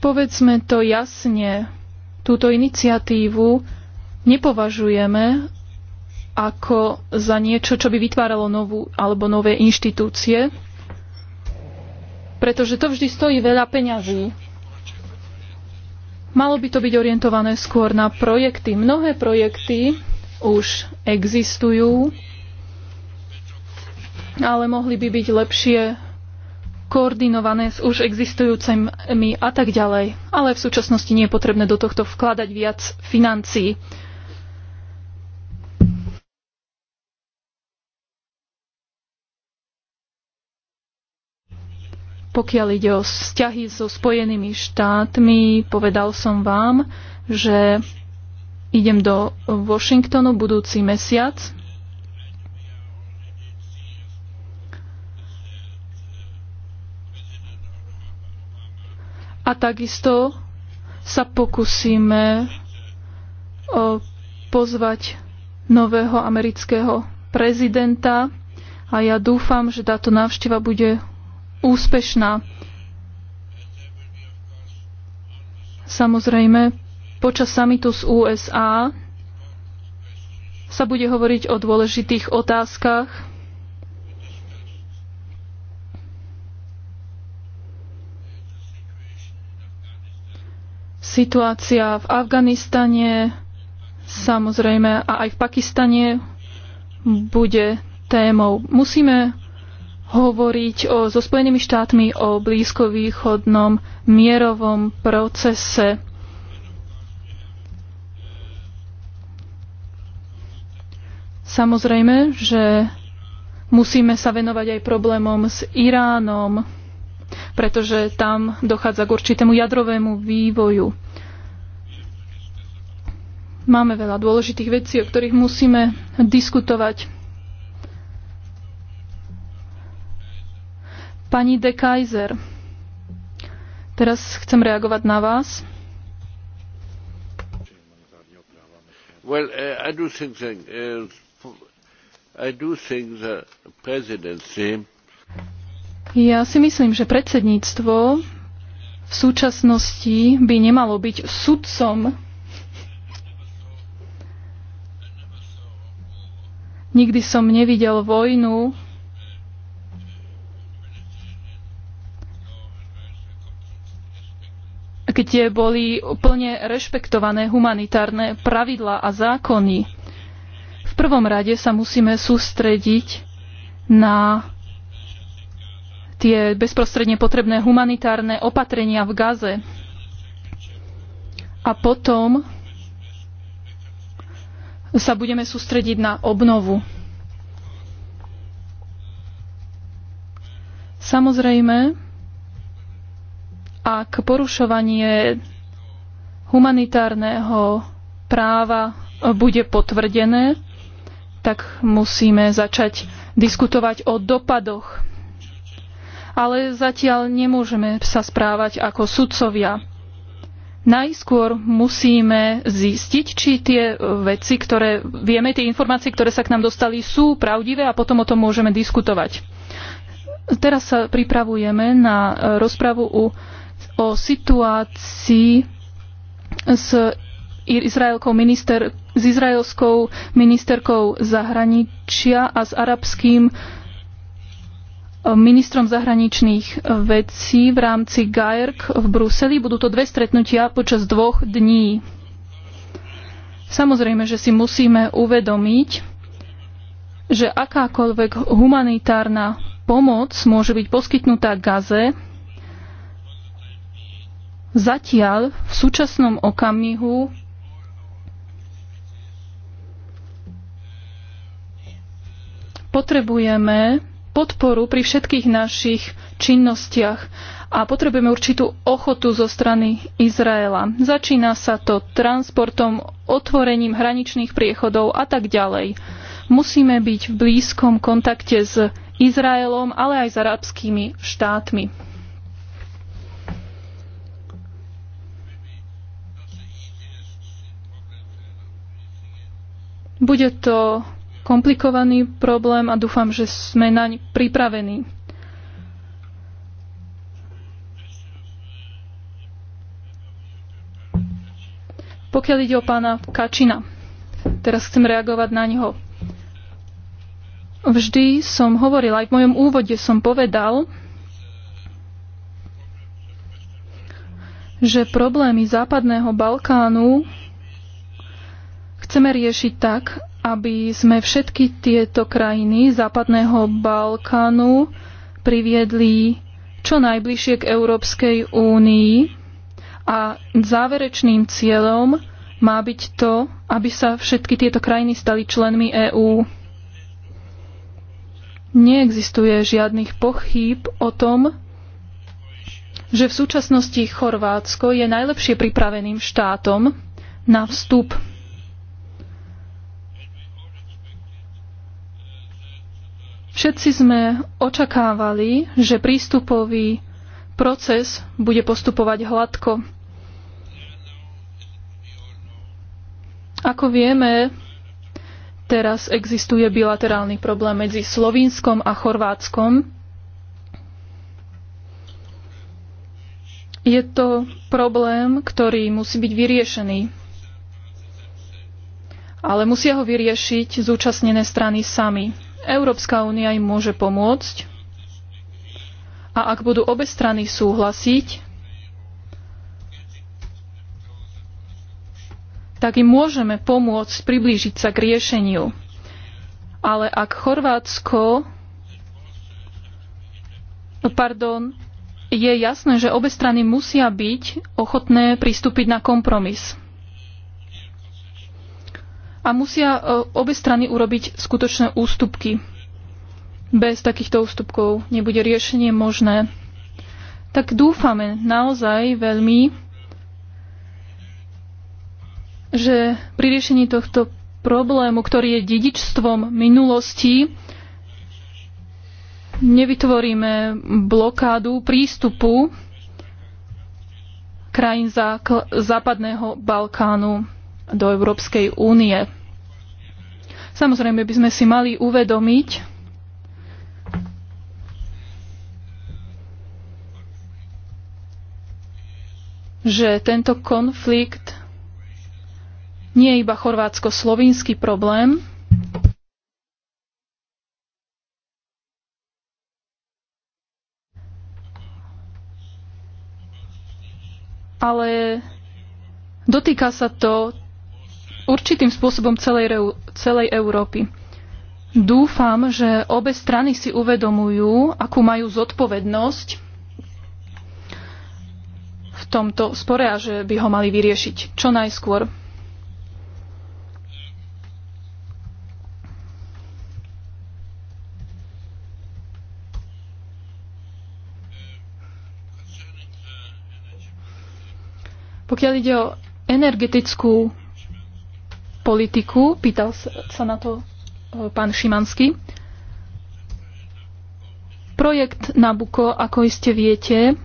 Povedzme to jasne, túto iniciatívu nepovažujeme ako za niečo, čo by vytváralo novú alebo nové inštitúcie, pretože to vždy stojí veľa peňazí. Malo by to byť orientované skôr na projekty. Mnohé projekty už existujú, ale mohli by byť lepšie koordinované s už existujúcimi a tak ďalej. Ale v súčasnosti nie je potrebné do tohto vkladať viac financií. Pokiaľ ide o vzťahy so Spojenými štátmi, povedal som vám, že idem do Washingtonu budúci mesiac. A takisto sa pokúsime pozvať nového amerického prezidenta a ja dúfam, že táto návšteva bude úspešná. Samozrejme, počas samitu z USA sa bude hovoriť o dôležitých otázkach. Situácia v Afganistane, samozrejme, a aj v Pakistane bude témou. Musíme hovoriť o, so Spojenými štátmi o blízkovýchodnom mierovom procese. Samozrejme, že musíme sa venovať aj problémom s Iránom, pretože tam dochádza k určitému jadrovému vývoju. Máme veľa dôležitých vecí, o ktorých musíme diskutovať Pani de Kaiser, teraz chcem reagovať na vás. Well, uh, I do think that, uh, I do think the presidency... Ja si myslím, že predsedníctvo v súčasnosti by nemalo byť sudcom. Nikdy som nevidel vojnu kde boli plne rešpektované humanitárne pravidlá a zákony. V prvom rade sa musíme sústrediť na tie bezprostredne potrebné humanitárne opatrenia v Gaze. A potom sa budeme sústrediť na obnovu. Samozrejme, ak porušovanie humanitárneho práva bude potvrdené, tak musíme začať diskutovať o dopadoch. Ale zatiaľ nemôžeme sa správať ako sudcovia. Najskôr musíme zistiť, či tie veci, ktoré vieme, tie informácie, ktoré sa k nám dostali, sú pravdivé a potom o tom môžeme diskutovať. Teraz sa pripravujeme na rozpravu u o situácii s izraelskou minister, s izraelskou ministerkou zahraničia a s arabským e, ministrom zahraničných e, vecí v rámci GAERK v Bruseli. Budú to dve stretnutia počas dvoch dní. Samozrejme, že si musíme uvedomiť, že akákoľvek humanitárna pomoc môže byť poskytnutá Gaze Zatiaľ v súčasnom okamihu potrebujeme podporu pri všetkých našich činnostiach a potrebujeme určitú ochotu zo strany Izraela. Začína sa to transportom, otvorením hraničných priechodov a tak ďalej. Musíme byť v blízkom kontakte s Izraelom, ale aj s arabskými štátmi. Bude to komplikovaný problém a dúfam, že sme naň pripravení. Pokiaľ ide o pána Kačina, teraz chcem reagovať na neho. Vždy som hovoril, aj v mojom úvode som povedal, že problémy Západného Balkánu chceme riešiť tak, aby sme všetky tieto krajiny západného Balkánu priviedli čo najbližšie k Európskej únii a záverečným cieľom má byť to, aby sa všetky tieto krajiny stali členmi EÚ. Neexistuje žiadnych pochýb o tom, že v súčasnosti Chorvátsko je najlepšie pripraveným štátom na vstup Všetci sme očakávali, že prístupový proces bude postupovať hladko. Ako vieme, teraz existuje bilaterálny problém medzi Slovínskom a Chorvátskom. Je to problém, ktorý musí byť vyriešený. Ale musia ho vyriešiť zúčastnené strany sami. Európska únia im môže pomôcť a ak budú obe strany súhlasiť, tak im môžeme pomôcť priblížiť sa k riešeniu. Ale ak Chorvátsko, pardon, je jasné, že obe strany musia byť ochotné pristúpiť na kompromis a musia e, obe strany urobiť skutočné ústupky. Bez takýchto ústupkov nebude riešenie možné. Tak dúfame naozaj veľmi, že pri riešení tohto problému, ktorý je dedičstvom minulosti, nevytvoríme blokádu prístupu krajín západného Balkánu do Európskej únie. Samozrejme by sme si mali uvedomiť, že tento konflikt nie je iba chorvátsko-slovinský problém, ale dotýka sa to určitým spôsobom celej, celej Európy. Dúfam, že obe strany si uvedomujú, akú majú zodpovednosť v tomto spore a že by ho mali vyriešiť čo najskôr. Pokiaľ ide o energetickú politiku. Pýtal sa na to e, pán Šimanský. Projekt Nabuko, ako iste viete,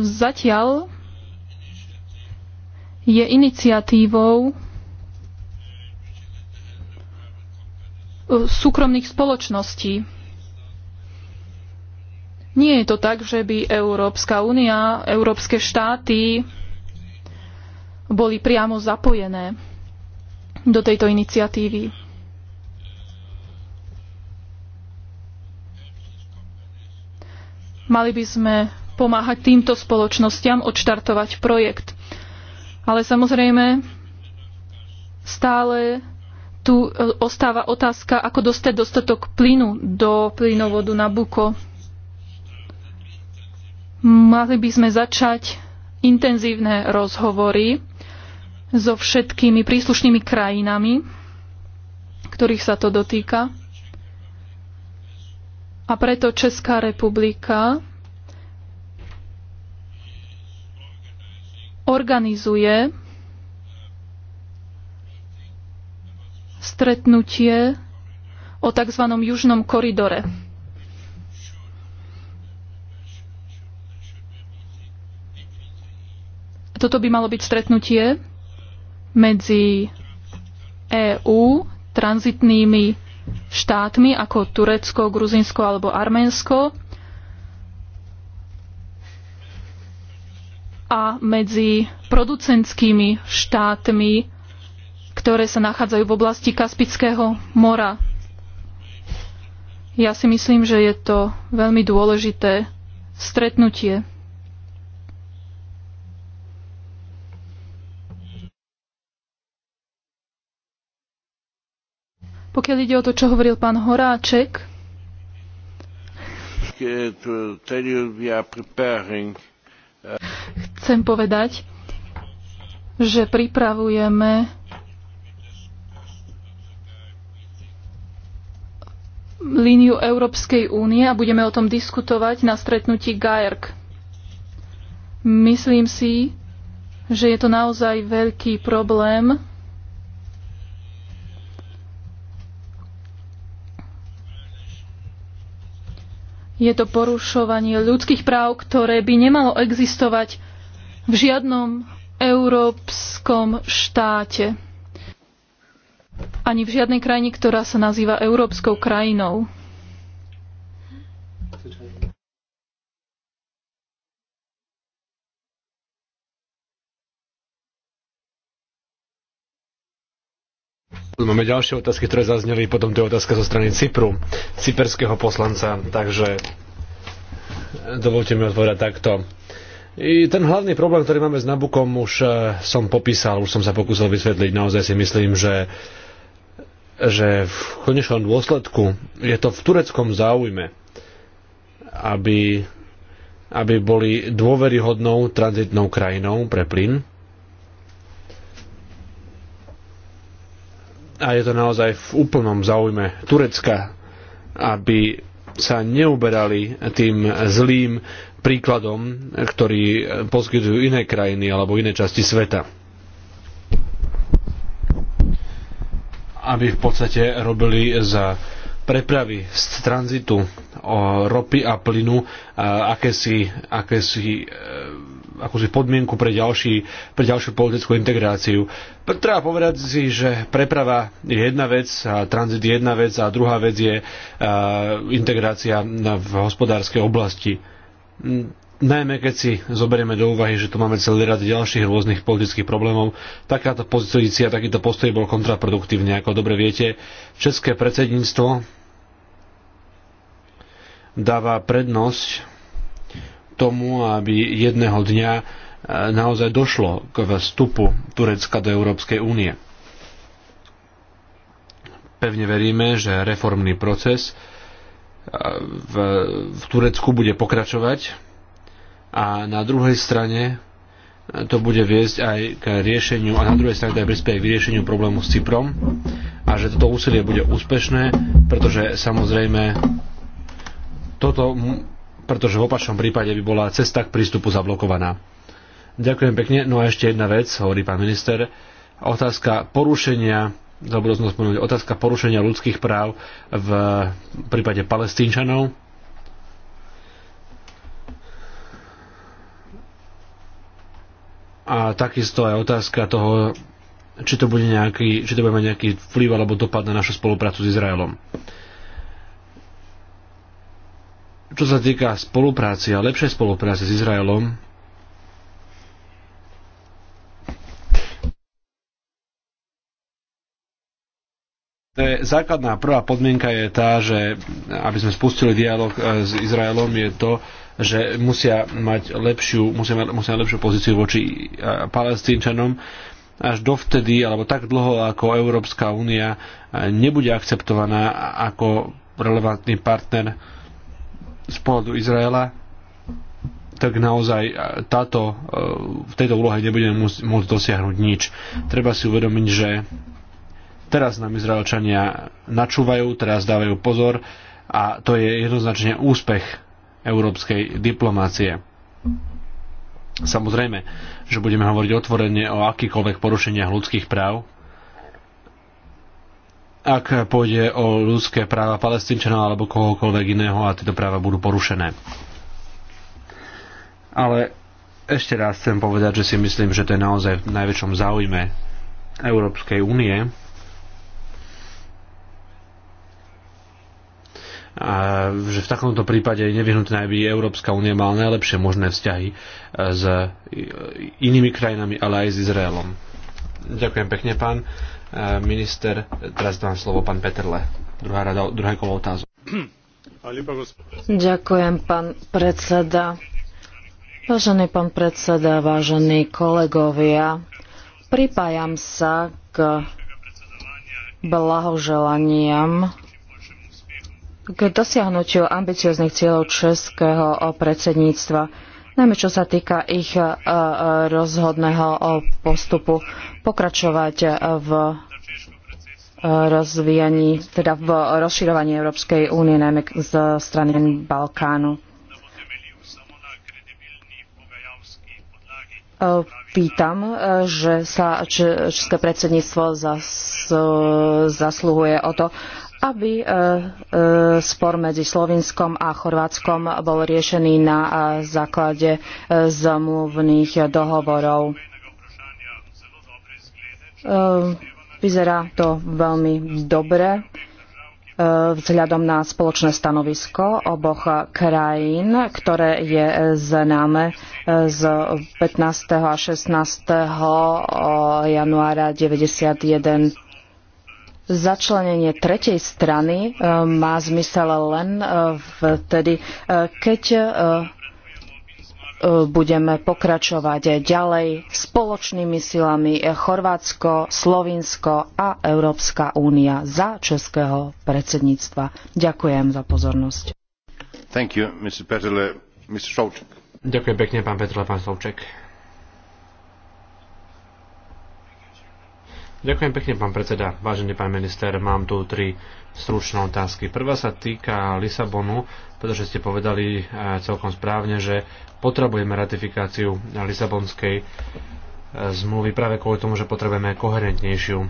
zatiaľ je iniciatívou e, súkromných spoločností. Nie je to tak, že by Európska únia, európske štáty boli priamo zapojené do tejto iniciatívy. Mali by sme pomáhať týmto spoločnostiam odštartovať projekt. Ale samozrejme, stále tu e, ostáva otázka, ako dostať dostatok plynu do plynovodu na Buko. Mali by sme začať intenzívne rozhovory so všetkými príslušnými krajinami, ktorých sa to dotýka. A preto Česká republika organizuje stretnutie o tzv. južnom koridore. Toto by malo byť stretnutie medzi EÚ, tranzitnými štátmi ako Turecko, Gruzinsko alebo Arménsko a medzi producentskými štátmi, ktoré sa nachádzajú v oblasti Kaspického mora. Ja si myslím, že je to veľmi dôležité stretnutie. Pokiaľ ide o to, čo hovoril pán Horáček, chcem povedať, že pripravujeme líniu Európskej únie a budeme o tom diskutovať na stretnutí GAERK. Myslím si, že je to naozaj veľký problém Je to porušovanie ľudských práv, ktoré by nemalo existovať v žiadnom európskom štáte. Ani v žiadnej krajine, ktorá sa nazýva európskou krajinou. Máme ďalšie otázky, ktoré zazneli, potom to je otázka zo strany Cypru, cyperského poslanca, takže eh, dovolte mi odpovedať takto. I ten hlavný problém, ktorý máme s Nabukom, už eh, som popísal, už som sa pokúsil vysvetliť. Naozaj si myslím, že, že v konečnom dôsledku je to v tureckom záujme, aby, aby boli dôveryhodnou tranzitnou krajinou pre plyn, a je to naozaj v úplnom záujme Turecka, aby sa neuberali tým zlým príkladom, ktorý poskytujú iné krajiny alebo iné časti sveta. Aby v podstate robili za prepravy z tranzitu ropy a plynu akési, akési e, akúsi akože podmienku pre, ďalší, pre ďalšiu politickú integráciu. Treba povedať si, že preprava je jedna vec, a tranzit je jedna vec a druhá vec je a, integrácia v hospodárskej oblasti. Najmä keď si zoberieme do úvahy, že tu máme celý rad ďalších rôznych politických problémov, takáto pozícia, takýto postoj bol kontraproduktívny. Ako dobre viete, české predsedníctvo dáva prednosť tomu, aby jedného dňa e, naozaj došlo k vstupu Turecka do Európskej únie. Pevne veríme, že reformný proces e, v, v Turecku bude pokračovať a na druhej strane e, to bude viesť aj k riešeniu a na druhej strane to aj prispieje k riešeniu problému s Cyprom a že toto úsilie bude úspešné, pretože samozrejme toto pretože v opačnom prípade by bola cesta k prístupu zablokovaná. Ďakujem pekne. No a ešte jedna vec, hovorí pán minister. Otázka porušenia zabudol som spomenúť, otázka porušenia ľudských práv v prípade palestínčanov. A takisto aj otázka toho, či to, bude nejaký, či to bude mať nejaký vplyv alebo dopad na našu spoluprácu s Izraelom. Čo sa týka spolupráce a lepšej spolupráce s Izraelom, To je základná prvá podmienka je tá, že aby sme spustili dialog e, s Izraelom, je to, že musia mať lepšiu, musia, musia mať lepšiu pozíciu voči e, palestínčanom až dovtedy, alebo tak dlho, ako Európska únia e, nebude akceptovaná ako relevantný partner z pohľadu Izraela, tak naozaj e, táto, e, v tejto úlohe nebudeme môcť dosiahnuť nič. Treba si uvedomiť, že teraz nám Izraelčania načúvajú, teraz dávajú pozor a to je jednoznačne úspech európskej diplomácie. Samozrejme, že budeme hovoriť otvorene o akýchkoľvek porušeniach ľudských práv, ak pôjde o ľudské práva palestinčanov alebo kohokoľvek iného a tieto práva budú porušené. Ale ešte raz chcem povedať, že si myslím, že to je naozaj v najväčšom záujme Európskej únie. A že v takomto prípade je nevyhnutné, aby Európska únia mala najlepšie možné vzťahy s inými krajinami, ale aj s Izraelom. Ďakujem pekne, pán Eh, minister, teraz dám slovo pán Peterle. Druhá rada, druhé kolo otázok. Ďakujem, pán predseda. Vážený pán predseda, vážení kolegovia, pripájam sa k blahoželaniam k dosiahnutiu ambicioznych cieľov českého predsedníctva, najmä čo sa týka ich eh, eh, rozhodného postupu pokračovať v rozvíjaní, teda v rozširovaní Európskej únie, najmä z strany Balkánu. Vítam, že sa české predsedníctvo zasluhuje o to, aby e, e, spor medzi Slovinskom a Chorvátskom bol riešený na e, základe zmluvných dohovorov. Ehm, vyzerá to veľmi dobre ehm, vzhľadom na spoločné stanovisko oboch krajín, ktoré je známe ehm, z 15. a 16. Eh, januára 1991. Začlenenie tretej strany má zmysel len eh, vtedy, eh, keď budeme pokračovať ďalej spoločnými silami Chorvátsko, Slovinsko a Európska únia za českého predsedníctva. Ďakujem za pozornosť. Thank you, Mr. Petrle. Mr. Ďakujem pekne, pán Petrle, pán Ďakujem pekne, pán predseda. Vážený pán minister, mám tu tri stručné otázky. Prvá sa týka Lisabonu pretože teda, ste povedali eh, celkom správne, že potrebujeme ratifikáciu Lisabonskej eh, zmluvy práve kvôli tomu, že potrebujeme koherentnejšiu eh,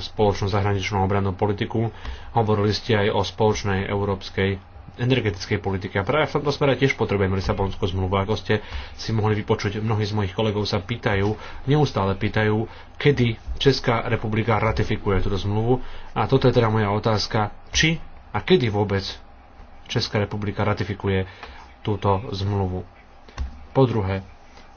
spoločnú zahraničnú obrannú politiku. Hovorili ste aj o spoločnej európskej energetickej politike. A práve v tomto smere tiež potrebujeme Lisabonskú zmluvu. Ako ste si mohli vypočuť, mnohí z mojich kolegov sa pýtajú, neustále pýtajú, kedy Česká republika ratifikuje túto zmluvu. A toto je teda moja otázka, či a kedy vôbec Česká republika ratifikuje túto zmluvu. Po druhé,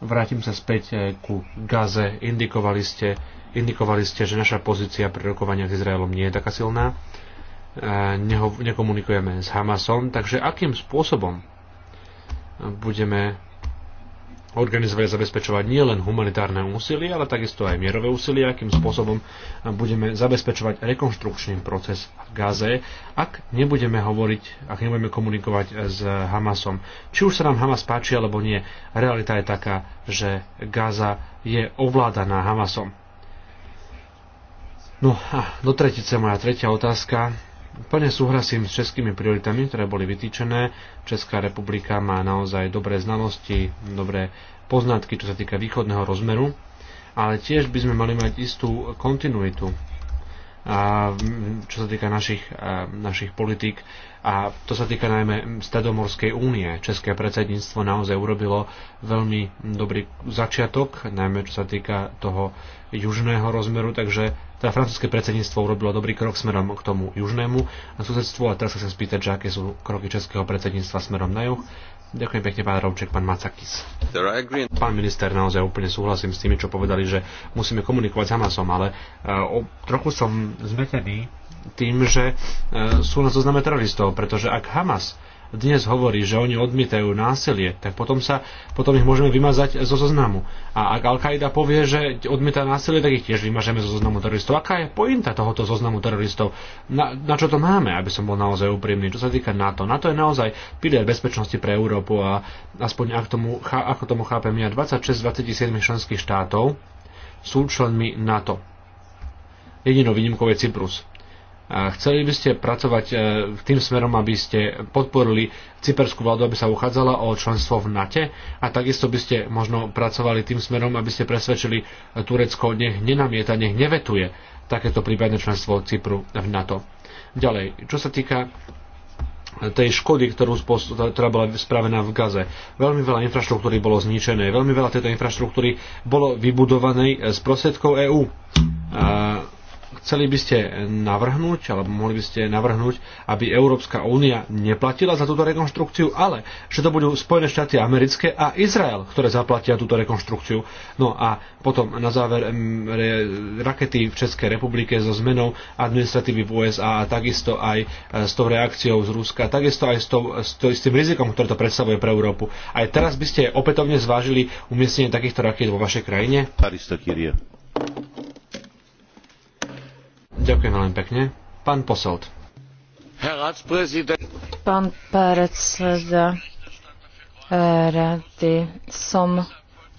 vrátim sa späť eh, ku Gaze. Indikovali ste, indikovali ste, že naša pozícia pri rokovaniach s Izraelom nie je taká silná. Eh, neho, nekomunikujeme s Hamasom, takže akým spôsobom budeme organizovať a zabezpečovať nielen humanitárne úsilie, ale takisto aj mierové úsilie, akým spôsobom budeme zabezpečovať rekonštrukčný proces v Gaze, ak nebudeme hovoriť, ak nebudeme komunikovať s Hamasom. Či už sa nám Hamas páči alebo nie, realita je taká, že Gaza je ovládaná Hamasom. No a do tretice moja tretia otázka Plne súhlasím s českými prioritami, ktoré boli vytýčené. Česká republika má naozaj dobré znalosti, dobré poznatky, čo sa týka východného rozmeru, ale tiež by sme mali mať istú kontinuitu a čo sa týka našich, našich politík. A to sa týka najmä Stredomorskej únie. České predsedníctvo naozaj urobilo veľmi dobrý začiatok, najmä čo sa týka toho južného rozmeru, takže teda francúzske predsedníctvo urobilo dobrý krok smerom k tomu južnému a susedstvu a teraz sa chcem spýtať, že aké sú kroky českého predsedníctva smerom na juh. Ďakujem pekne, pán Rovček, pán Macakis. Pán minister, naozaj úplne súhlasím s tými, čo povedali, že musíme komunikovať s Hamasom, ale uh, o, trochu som zmetený tým, že uh, sú na zozname teroristov, pretože ak Hamas dnes hovorí, že oni odmietajú násilie, tak potom, sa, potom ich môžeme vymazať zo zoznamu. A ak Al-Qaida povie, že odmieta násilie, tak ich tiež vymažeme zo zoznamu teroristov. Aká je pointa tohoto zoznamu teroristov? Na, na čo to máme, aby som bol naozaj úprimný? Čo sa týka NATO, NATO je naozaj pilier bezpečnosti pre Európu a aspoň ak tomu, ako tomu chápem ja, 26 27 členských štátov sú členmi NATO. Jedinou výnimkou je Cyprus Chceli by ste pracovať e, tým smerom, aby ste podporili cyperskú vládu, aby sa uchádzala o členstvo v NATE a takisto by ste možno pracovali tým smerom, aby ste presvedčili Turecko, nech nenamieta, nech nevetuje takéto prípadné členstvo Cypru v NATO. Ďalej, čo sa týka tej škody, ktorú, ktorá bola spravená v Gaze. Veľmi veľa infraštruktúry bolo zničené, veľmi veľa tejto infraštruktúry bolo vybudovanej z prostriedkov EÚ. A Chceli by ste navrhnúť, alebo mohli by ste navrhnúť, aby Európska únia neplatila za túto rekonštrukciu, ale že to budú Spojené štáty americké a Izrael, ktoré zaplatia túto rekonštrukciu. No a potom na záver mm, rakety v Českej republike so zmenou administratívy v USA a takisto aj e, s tou reakciou z Ruska, takisto aj s, tou, s, tou, s tým rizikom, ktoré to predstavuje pre Európu. Aj teraz by ste opätovne zvážili umiestnenie takýchto raket vo vašej krajine? Ďakujem veľmi pekne. Pán Posolt. Pán predseda eh, rady, som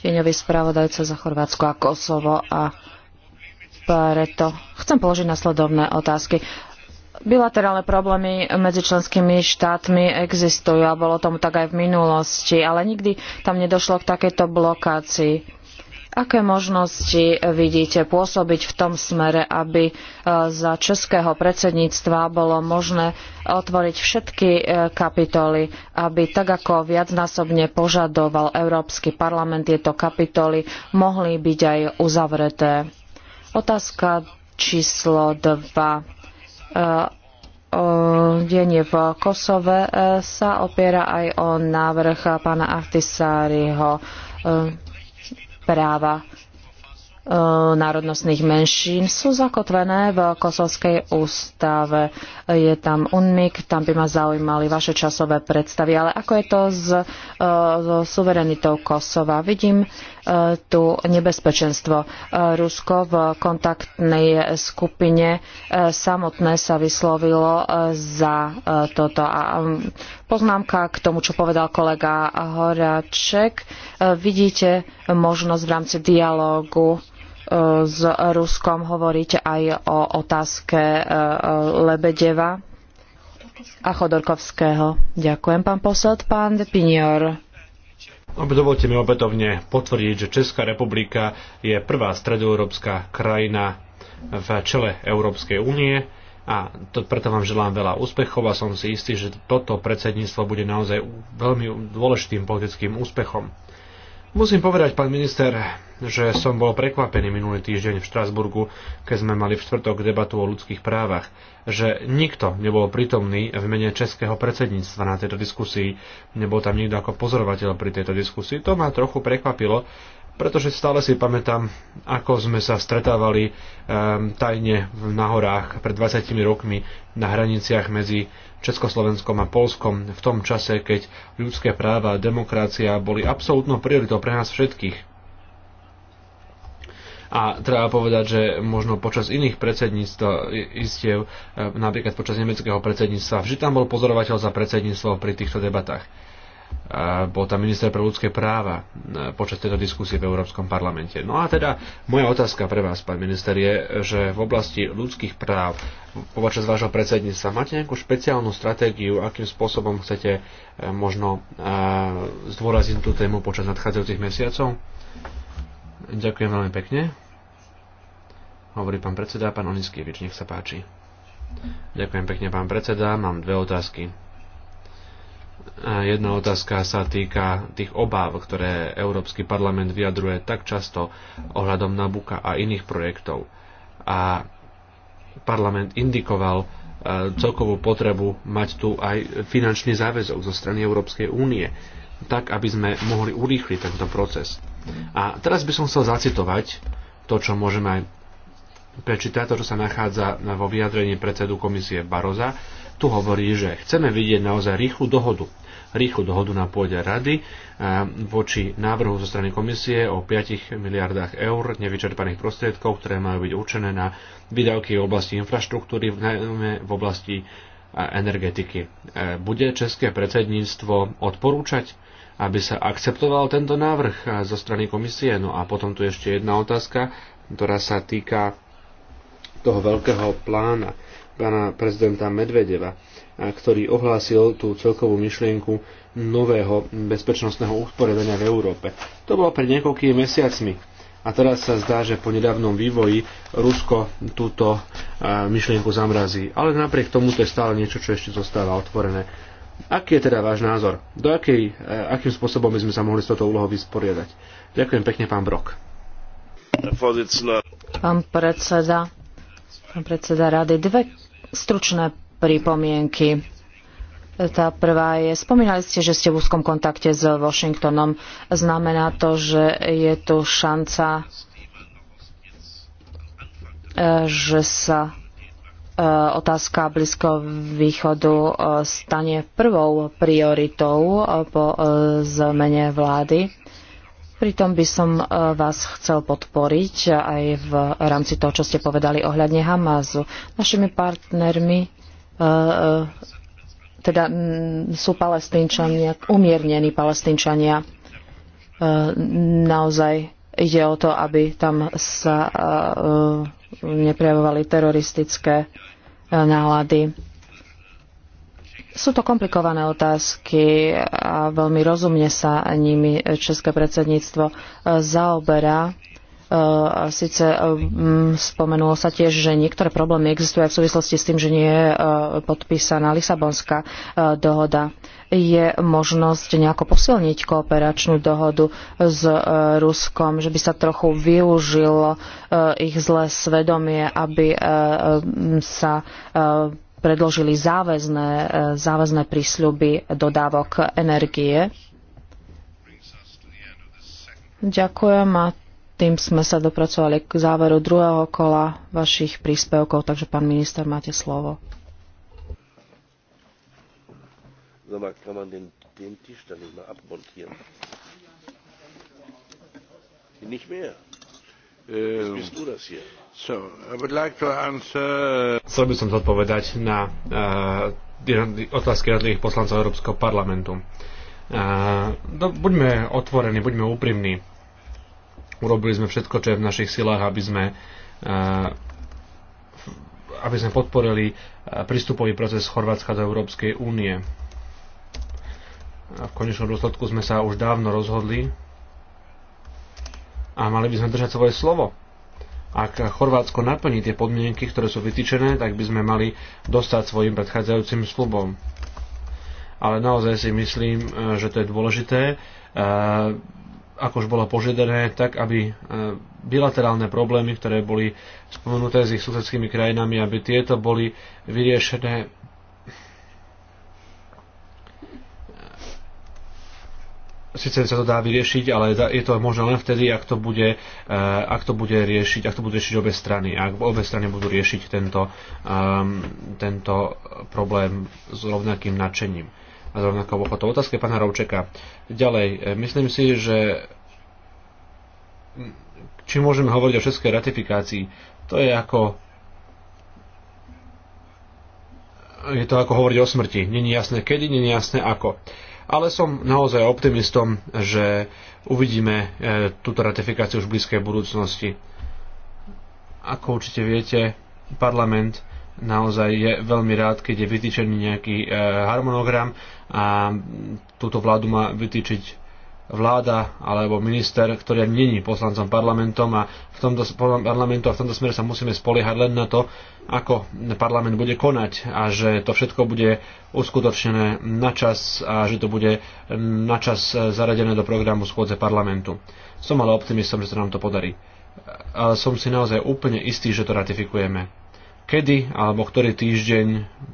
tieňový spravodajca za Chorvátsko a Kosovo a preto chcem položiť nasledovné otázky. Bilaterálne problémy medzi členskými štátmi existujú a bolo tomu tak aj v minulosti, ale nikdy tam nedošlo k takejto blokácii Aké možnosti vidíte pôsobiť v tom smere, aby e, za českého predsedníctva bolo možné otvoriť všetky e, kapitoly, aby tak ako viacnásobne požadoval Európsky parlament, tieto kapitoly mohli byť aj uzavreté? Otázka číslo 2 e, denie v Kosove sa opiera aj o návrh pána Ahtisáriho práva e, národnostných menšín sú zakotvené v kosovskej ústave. Je tam UNMIK, tam by ma zaujímali vaše časové predstavy. Ale ako je to s, e, s suverenitou Kosova? Vidím Eh, tu nebezpečenstvo. Eh, Rusko v kontaktnej skupine eh, samotné sa vyslovilo za toto. A mm, poznámka k tomu, čo povedal kolega Horaček. Vidíte možnosť v rámci dialógu s Ruskom hovoriť aj o otázke Lebedeva a Chodorkovského. Ďakujem, pán posled, Pán Pinior. Dovolte mi opätovne potvrdiť, že Česká republika je prvá stredoeurópska krajina v čele Európskej únie a to, preto vám želám veľa úspechov a som si istý, že toto predsedníctvo bude naozaj veľmi dôležitým politickým úspechom. Musím povedať, pán minister, že som bol prekvapený minulý týždeň v Štrasburgu, keď sme mali v štvrtok debatu o ľudských právach, že nikto nebol prítomný v mene českého predsedníctva na tejto diskusii, nebol tam nikto ako pozorovateľ pri tejto diskusii. To ma trochu prekvapilo, pretože stále si pamätám, ako sme sa stretávali um, tajne na horách pred 20 rokmi na hraniciach medzi Československom a Polskom v tom čase, keď ľudské práva a demokracia boli absolútnou prioritou pre nás všetkých. A treba povedať, že možno počas iných predsedníctv, istiev, e, napríklad počas nemeckého predsedníctva, vždy tam bol pozorovateľ za predsedníctvo pri týchto debatách bol tam minister pre ľudské práva e, počas tejto diskusie v Európskom parlamente. No a teda moja otázka pre vás, pán minister, je, že v oblasti ľudských práv počas vášho predsedníctva máte nejakú špeciálnu stratégiu, akým spôsobom chcete e, možno e, zdôrazniť tú tému počas nadchádzajúcich mesiacov? Ďakujem veľmi pekne. Hovorí pán predseda, pán Oniskievič, nech sa páči. Ďakujem pekne, pán predseda. Mám dve otázky. Jedna otázka sa týka tých obáv, ktoré Európsky parlament vyjadruje tak často ohľadom Nabuka a iných projektov. A parlament indikoval e, celkovú potrebu mať tu aj finančný záväzok zo strany Európskej únie, tak aby sme mohli urýchliť tento proces. A teraz by som chcel zacitovať to, čo môžeme aj prečítať, to, čo sa nachádza vo vyjadrení predsedu komisie Baroza, tu hovorí, že chceme vidieť naozaj rýchlu dohodu rýchlu dohodu na pôde rady eh, voči návrhu zo strany komisie o 5 miliardách eur nevyčerpaných prostriedkov, ktoré majú byť určené na výdavky v oblasti infraštruktúry, najmä v oblasti eh, energetiky. Eh, bude české predsedníctvo odporúčať, aby sa akceptoval tento návrh zo strany komisie? No a potom tu ešte jedna otázka, ktorá sa týka toho veľkého plána pána prezidenta Medvedeva, ktorý ohlásil tú celkovú myšlienku nového bezpečnostného usporiadania v Európe. To bolo pred niekoľkými mesiacmi. A teraz sa zdá, že po nedávnom vývoji Rusko túto myšlienku zamrazí. Ale napriek tomu to je stále niečo, čo ešte zostáva otvorené. Aký je teda váš názor? Do akej, e, akým spôsobom by sme sa mohli s touto úlohou vysporiadať? Ďakujem pekne, pán Brok. Pán predseda, pán predseda rady, dve stručné pripomienky. Tá prvá je, spomínali ste, že ste v úzkom kontakte s Washingtonom. Znamená to, že je tu šanca, eh, že sa eh, otázka Blízko východu eh, stane prvou prioritou po zmene vlády. Pritom by som e, vás chcel podporiť e, aj v rámci toho, čo ste povedali ohľadne Hamazu. Našimi partnermi e, teda sú palestínčania, umiernení palestínčania. Naozaj ide o to, aby tam sa neprejavovali teroristické nálady. Sú to komplikované otázky a veľmi rozumne sa nimi České predsedníctvo e, zaoberá. E, Sice e, spomenulo sa tiež, že niektoré problémy existujú aj v súvislosti s tým, že nie je podpísaná Lisabonská dohoda. Je možnosť nejako posilniť kooperačnú dohodu s Ruskom, že by sa trochu využilo ich zlé svedomie, aby sa predložili záväzné, e, záväzné prísľuby dodávok energie. Ďakujem a tým sme sa dopracovali k záveru druhého kola vašich príspevkov, takže pán minister, máte slovo. Sag Nicht mehr. Ähm, Jetzt bist du das hier. Uh, Chcel by som zodpovedať na uh, otázky jednotlivých poslancov Európskeho parlamentu. Uh, do, buďme otvorení, buďme úprimní. Urobili sme všetko, čo je v našich silách, aby sme, uh, aby sme podporili uh, prístupový proces Chorvátska do Európskej únie. A v konečnom dôsledku sme sa už dávno rozhodli a mali by sme držať svoje slovo ak Chorvátsko naplní tie podmienky, ktoré sú vytýčené, tak by sme mali dostať svojim predchádzajúcim slubom. Ale naozaj si myslím, e, že to je dôležité, e, ako už bolo požiadané, tak aby e, bilaterálne problémy, ktoré boli spomenuté s ich susedskými krajinami, aby tieto boli vyriešené Sice sa to dá vyriešiť, ale je to možné len vtedy, ak to bude, eh, ak to bude riešiť, ak to budú riešiť obe strany. Ak obe strany budú riešiť tento, um, tento problém s rovnakým nadšením a s rovnakou ochotou. Otázka pána Rovčeka. Ďalej, eh, myslím si, že či môžeme hovoriť o všetkej ratifikácii, to je ako je to ako hovoriť o smrti. Není jasné kedy, není jasné ako. Uh, ale som naozaj optimistom, že uvidíme e, túto ratifikáciu už v blízkej budúcnosti. Ako určite viete, parlament naozaj je veľmi rád, keď je vytýčený nejaký e, harmonogram a túto vládu má vytýčiť vláda alebo minister, ktorý není poslancom parlamentom a v tomto parlamentu a v tomto smere sa musíme spoliehať len na to, ako parlament bude konať a že to všetko bude uskutočnené na čas a že to bude na čas zaradené do programu schôdze parlamentu. Som ale optimistom, že sa nám to podarí. Ale som si naozaj úplne istý, že to ratifikujeme. Kedy alebo ktorý týždeň,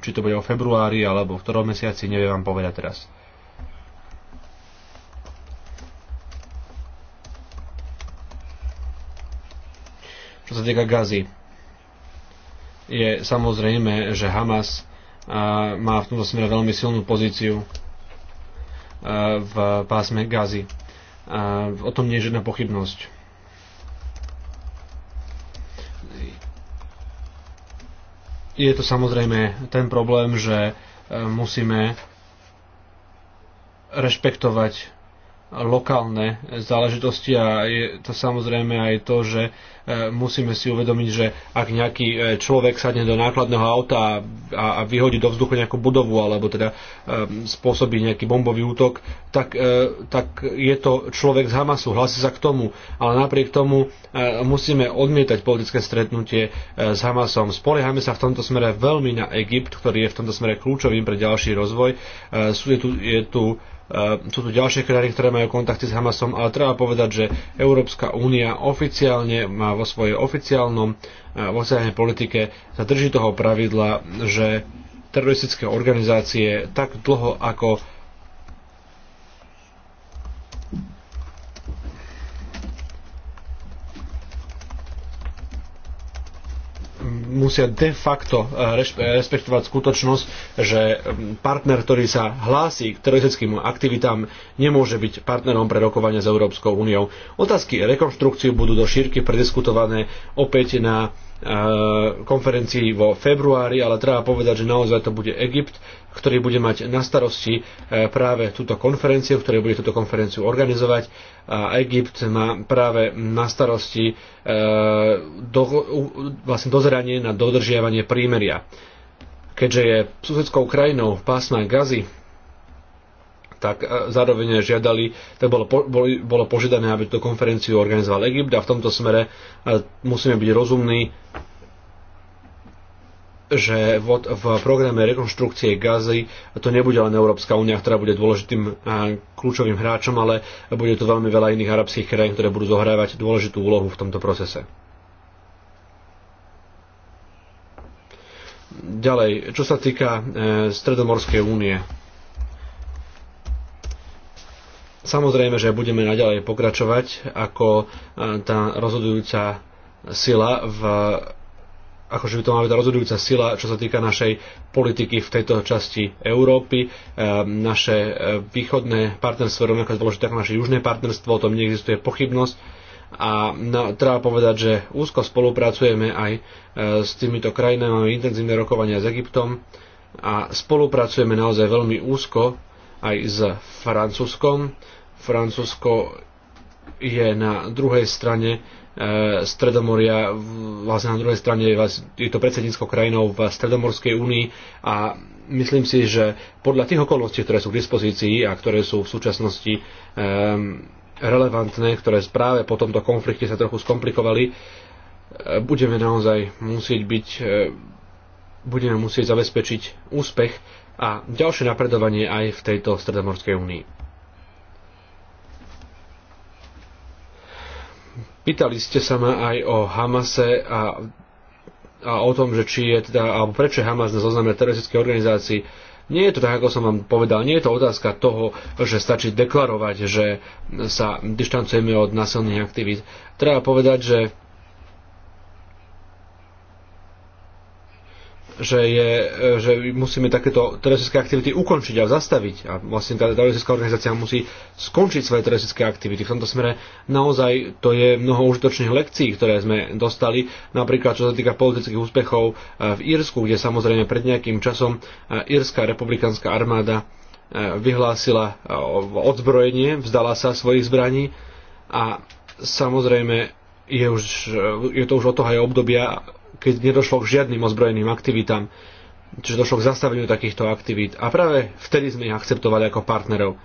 či to bude o februári alebo v ktorom mesiaci, neviem vám povedať teraz. Čo sa týka gazy, je samozrejme, že Hamas má v tomto smere veľmi silnú pozíciu v pásme Gazy. O tom nie je žiadna pochybnosť. Je to samozrejme ten problém, že e, musíme rešpektovať lokálne záležitosti a je to samozrejme aj to, že e, musíme si uvedomiť, že ak nejaký e, človek sadne do nákladného auta a, vyhodí do vzduchu nejakú budovu alebo teda e, spôsobí nejaký bombový útok, tak, tak je to človek z Hamasu, hlási sa k tomu, ale napriek tomu musíme odmietať politické stretnutie s Hamasom. Spoliehame sa v tomto smere veľmi na Egypt, ktorý je v tomto smere kľúčovým pre ďalší rozvoj. Je tu, je tu Ehm, sú tu ďalšie krajiny, ktoré majú kontakty s Hamasom, ale treba povedať, že Európska únia oficiálne má vo svojej oficiálnom, eh, v oficiálnej politike sa drží toho pravidla, že teroristické organizácie tak dlho, ako musia de facto eh, rešpektovať eh, skutočnosť, že mm, partner, ktorý sa hlási k teroristickým aktivitám, nemôže byť partnerom pre rokovania s Európskou úniou. Otázky rekonštrukciu budú do šírky prediskutované opäť na eh, konferencii vo februári, ale treba povedať, že naozaj to bude Egypt, ktorý bude mať na starosti e, práve túto konferenciu, ktorý bude túto konferenciu organizovať. A Egypt má práve na starosti e, do, vlastne dozeranie na dodržiavanie prímeria. Keďže je susedskou krajinou pásma Gazy, tak e, zároveň žiadali, tak bolo, bolo, bolo požiadané, aby túto konferenciu organizoval Egypt a v tomto smere musíme byť rozumní že v programe rekonštrukcie Gazy to nebude len Európska únia, ktorá bude dôležitým eh, kľúčovým hráčom, ale bude tu veľmi veľa iných arabských krajín, ktoré budú zohrávať dôležitú úlohu v tomto procese. Ďalej, čo sa týka eh, Stredomorskej únie. Samozrejme, že budeme naďalej pokračovať ako eh, tá rozhodujúca sila v akože by to mala byť rozhodujúca sila, čo sa týka našej politiky v tejto časti Európy. Ehm, naše e, východné partnerstvo je rovnako dôležité ako naše južné partnerstvo, o tom neexistuje pochybnosť. A na, treba povedať, že úzko spolupracujeme aj e, s týmito krajinami, máme intenzívne rokovania s Egyptom a spolupracujeme naozaj veľmi úzko aj s Francúzskom. Francúzsko je na druhej strane E, Stredomoria, vlastne na druhej strane je to predsedníckou krajinou v Stredomorskej únii a myslím si, že podľa tých okolností, ktoré sú k dispozícii a ktoré sú v súčasnosti relevantné, ktoré práve po tomto konflikte sa trochu skomplikovali, e, budeme naozaj musieť byť e, budeme musieť zabezpečiť úspech a ďalšie napredovanie aj v tejto Stredomorskej únii. Pýtali ste sa ma aj o Hamase a, a o tom, že či je teda, alebo prečo je Hamas na zozname teroristickej organizácií. Nie je to tak, ako som vám povedal, nie je to otázka toho, že stačí deklarovať, že sa dištancujeme od násilných aktivít. Treba povedať, že že, je, že musíme takéto teroristické aktivity ukončiť a zastaviť. A vlastne tá teroristická organizácia musí skončiť svoje teroristické aktivity. V tomto smere naozaj to je mnoho užitočných lekcií, ktoré sme dostali. Napríklad čo sa týka politických úspechov e, v Írsku, kde samozrejme pred nejakým časom e, Írska republikánska armáda e, vyhlásila odzbrojenie, vzdala sa svojich zbraní a samozrejme je, už, je to už od toho aj obdobia keď nedošlo k žiadnym ozbrojeným aktivitám, čiže došlo k zastaveniu takýchto aktivít. A práve vtedy sme ich akceptovali ako partnerov.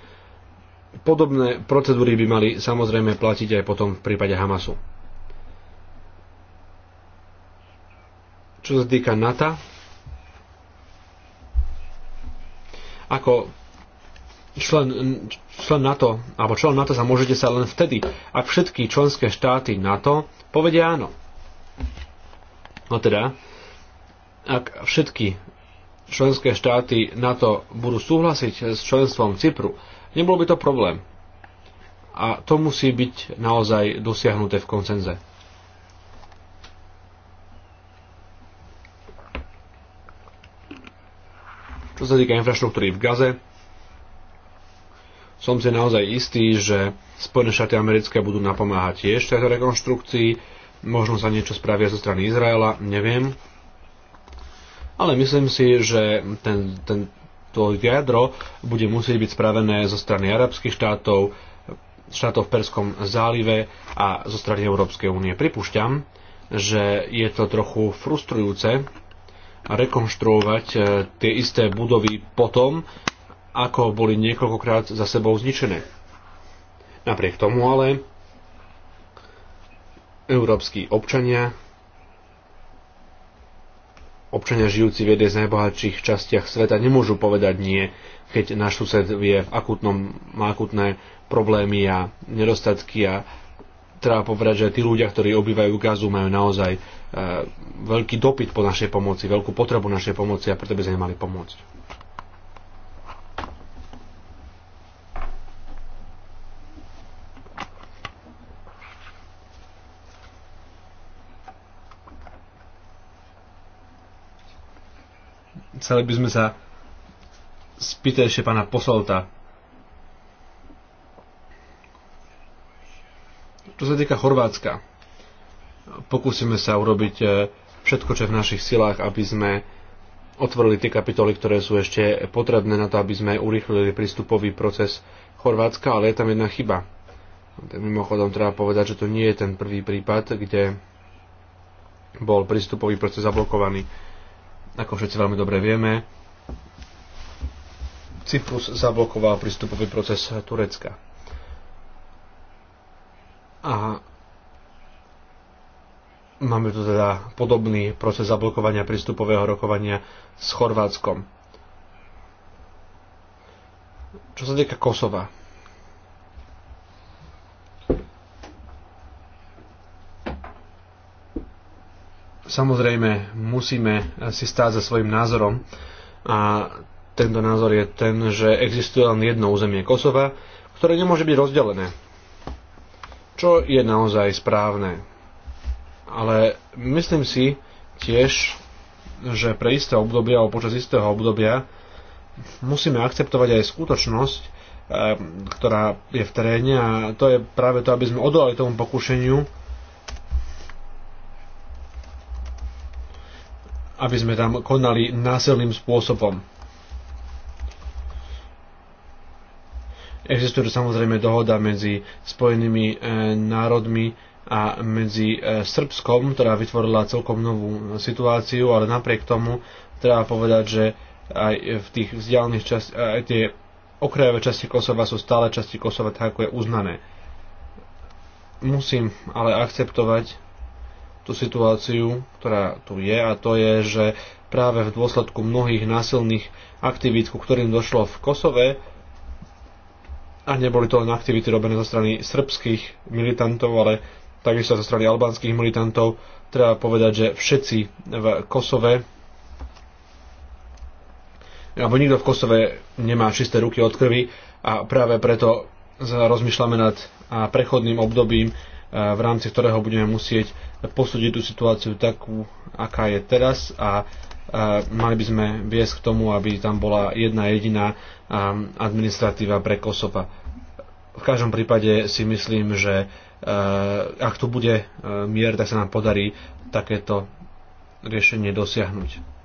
Podobné procedúry by mali samozrejme platiť aj potom v prípade Hamasu. Čo sa týka NATO, ako člen, člen NATO, alebo člen NATO sa môžete sa len vtedy, ak všetky členské štáty NATO povedia áno. No teda, ak všetky členské štáty NATO budú súhlasiť s členstvom Cypru, nebolo by to problém. A to musí byť naozaj dosiahnuté v koncenze. Čo sa týka infraštruktúry v Gaze, som si naozaj istý, že Spojené štáty americké budú napomáhať tiež tejto rekonštrukcii, Možno sa niečo spravia zo strany Izraela, neviem. Ale myslím si, že ten, ten, to jadro bude musieť byť spravené zo strany arabských štátov, štátov v Perskom zálive a zo strany Európskej únie. Pripúšťam, že je to trochu frustrujúce rekonštruovať e, tie isté budovy potom, ako boli niekoľkokrát za sebou zničené. Napriek tomu ale Európsky občania, občania žijúci v jednej z najbohatších častiach sveta nemôžu povedať nie, keď náš sused vie v akutnom, má akutné problémy a nedostatky a treba povedať, že tí ľudia, ktorí obývajú gazu, majú naozaj e, veľký dopyt po našej pomoci, veľkú potrebu našej pomoci a preto by sme mali pomôcť. Chceli by sme sa spýtať ešte pána Posolta. Čo sa týka Chorvátska, pokúsime sa urobiť e, všetko, čo je v našich silách, aby sme otvorili tie kapitoly, ktoré sú ešte potrebné na to, aby sme urýchlili prístupový proces Chorvátska, ale je tam jedna chyba. Mimochodom treba povedať, že to nie je ten prvý prípad, kde bol prístupový proces zablokovaný. Ako všetci veľmi dobre vieme, Cyprus zablokoval prístupový proces Turecka. A máme tu teda podobný proces zablokovania prístupového rokovania s Chorvátskom. Čo sa týka Kosova, Samozrejme, musíme si stáť za svojim názorom a tento názor je ten, že existuje len jedno územie Kosova, ktoré nemôže byť rozdelené. Čo je naozaj správne. Ale myslím si tiež, že pre isté obdobia alebo počas istého obdobia musíme akceptovať aj skutočnosť, eh, ktorá je v teréne a to je práve to, aby sme odolali tomu pokušeniu aby sme tam konali násilným spôsobom. Existuje samozrejme dohoda medzi Spojenými eh, národmi a medzi eh, Srbskom, ktorá vytvorila celkom novú situáciu, ale napriek tomu treba povedať, že aj v tých vzdialených časti, eh, aj tie okrajové časti Kosova sú stále časti Kosova tak, ako je uznané. Musím ale akceptovať tú situáciu, ktorá tu je a to je, že práve v dôsledku mnohých násilných aktivít, ku ktorým došlo v Kosove, a neboli to len aktivity robené zo strany srbských militantov, ale takisto zo strany albánskych militantov, treba povedať, že všetci v Kosove alebo nikto v Kosove nemá čisté ruky od krvi a práve preto rozmýšľame nad prechodným obdobím, v rámci ktorého budeme musieť posúdiť tú situáciu takú, aká je teraz a mali by sme viesť k tomu, aby tam bola jedna jediná administratíva pre Kosova. V každom prípade si myslím, že ak tu bude mier, tak sa nám podarí takéto riešenie dosiahnuť.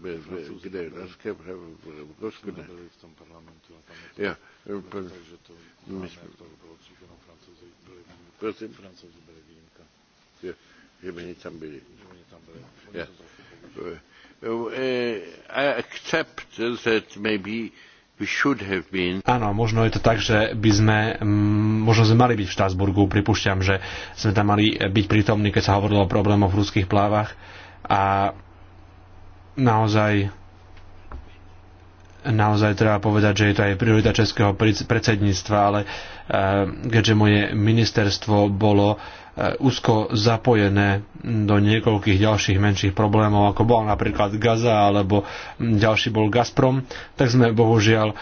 kde je ja, e, pan, takže to no Prosím? Ja, že by tam byli. Áno, možno je to tak, že by sme, možno sme mali byť v Štrasburgu, pripúšťam, že sme tam mali byť prítomní, keď sa hovorilo o problémoch v ruských plávach a naozaj naozaj treba povedať, že je to aj priorita českého predsedníctva, ale eh, keďže moje ministerstvo bolo eh, úzko zapojené do niekoľkých ďalších menších problémov, ako bol napríklad Gaza alebo hm, ďalší bol Gazprom, tak sme bohužiaľ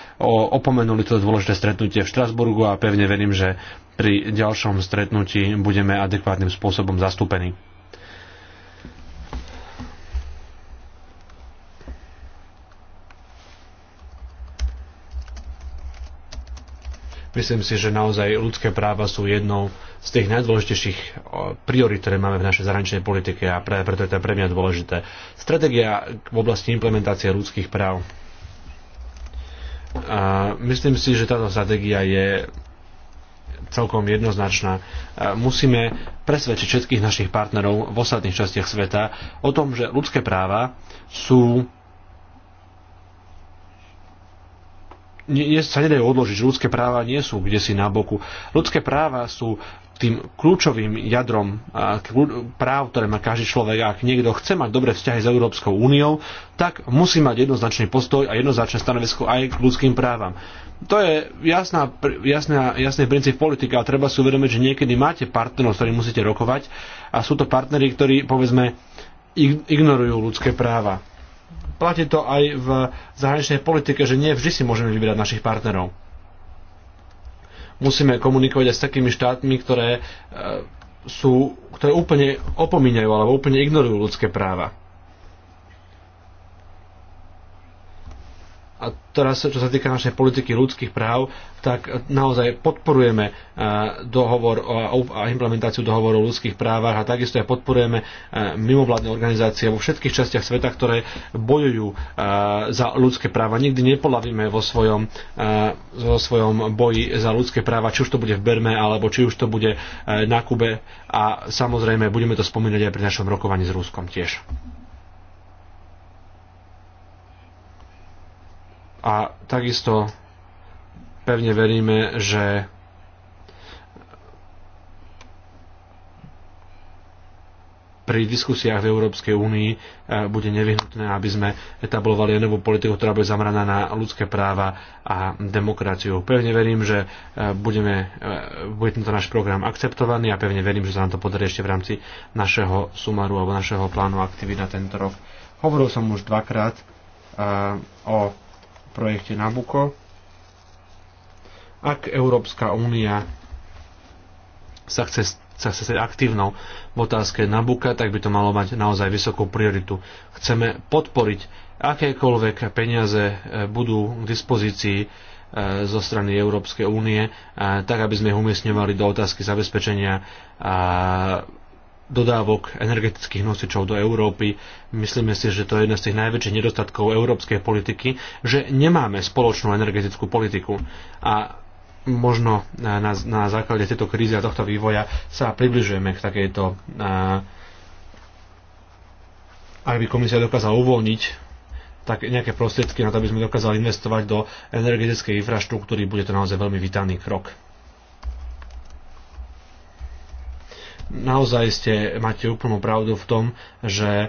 opomenuli to dôležité stretnutie v Štrasburgu a pevne verím, že pri ďalšom stretnutí budeme adekvátnym spôsobom zastúpení. Myslím si, že naozaj ľudské práva sú jednou z tých najdôležitejších priorit, ktoré máme v našej zahraničnej politike a práve preto je to pre mňa dôležité. Stratégia v oblasti implementácie ľudských práv. A myslím si, že táto stratégia je celkom jednoznačná. Musíme presvedčiť všetkých našich partnerov v ostatných častiach sveta o tom, že ľudské práva sú nie, sa nedajú odložiť, že ľudské práva nie sú kde si na boku. Ľudské práva sú tým kľúčovým jadrom práv, ktoré má každý človek. Ak niekto chce mať dobré vzťahy s Európskou úniou, tak musí mať jednoznačný postoj a jednoznačné stanovisko aj k ľudským právam. To je jasná, jasná, jasný princíp politika a treba si uvedomiť, že niekedy máte partnerov, s ktorými musíte rokovať a sú to partnery, ktorí, povedzme, ignorujú ľudské práva platí to aj v zahraničnej politike, že nie vždy si môžeme vyberať našich partnerov. Musíme komunikovať aj s takými štátmi, ktoré, e, sú, ktoré úplne opomíňajú alebo úplne ignorujú ľudské práva. A teraz, čo sa týka našej politiky ľudských práv, tak naozaj podporujeme e, dohovor a implementáciu dohovoru o ľudských právach a takisto aj podporujeme e, mimovládne organizácie vo všetkých častiach sveta, ktoré bojujú e, za ľudské práva. Nikdy nepolavíme vo svojom, vo svojom boji za ľudské práva, či už to bude v Berme, alebo či už to bude na Kube. A samozrejme, budeme to spomínať aj pri našom rokovaní s Ruskom tiež. A takisto pevne veríme, že pri diskusiách v Európskej únii e, bude nevyhnutné, aby sme etablovali novú politiku, ktorá bude zameraná na ľudské práva a demokraciu. Pevne verím, že e, budeme, e, bude tento náš program akceptovaný a pevne verím, že sa nám to podarí ešte v rámci našeho sumaru alebo našeho plánu aktivít na tento rok. Hovoril som už dvakrát o projekte Nabuko, ak Európska únia sa chce sa chce stať aktívnou v otázke Nabuka, tak by to malo mať naozaj vysokú prioritu. Chceme podporiť akékoľvek peniaze e, budú k dispozícii e, zo strany Európskej únie, tak aby sme ich umiestňovali do otázky zabezpečenia dodávok energetických nosičov do Európy. Myslíme si, že to je jedna z tých najväčších nedostatkov európskej politiky, že nemáme spoločnú energetickú politiku. A možno e, na, na základe tejto krízy a tohto vývoja sa približujeme k takejto... A, e, ak by komisia dokázala uvoľniť tak nejaké prostriedky na to, aby sme dokázali investovať do energetickej infraštruktúry, bude to naozaj veľmi vítaný krok. naozaj ste, máte úplnú pravdu v tom, že e,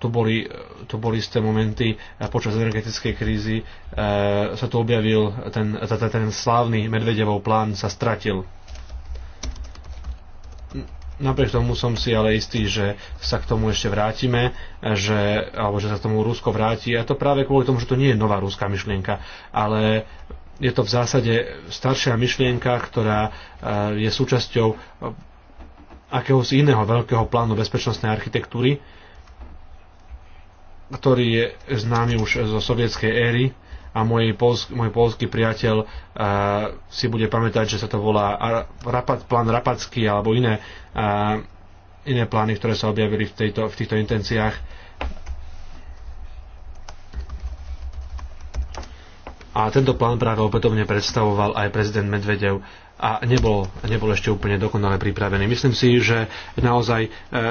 to boli, to boli isté momenty e, počas energetickej krízy e, sa tu objavil ten, ten, ten slávny Medvedevov plán sa stratil napriek tomu som si ale istý, že sa k tomu ešte vrátime, že, alebo že sa k tomu Rusko vráti. A to práve kvôli tomu, že to nie je nová ruská myšlienka, ale je to v zásade staršia myšlienka, ktorá e, je súčasťou akéhosi iného veľkého plánu bezpečnostnej architektúry, ktorý je známy už zo sovietskej éry a môj, polsk, môj polský priateľ uh, si bude pamätať, že sa to volá rapat, plán Rapacký alebo iné, uh, iné plány, ktoré sa objavili v, tejto, v týchto intenciách. A tento plán práve opätovne predstavoval aj prezident Medvedev. Uh, a nebol, nebol ešte úplne dokonale pripravený. Myslím si, že naozaj, e,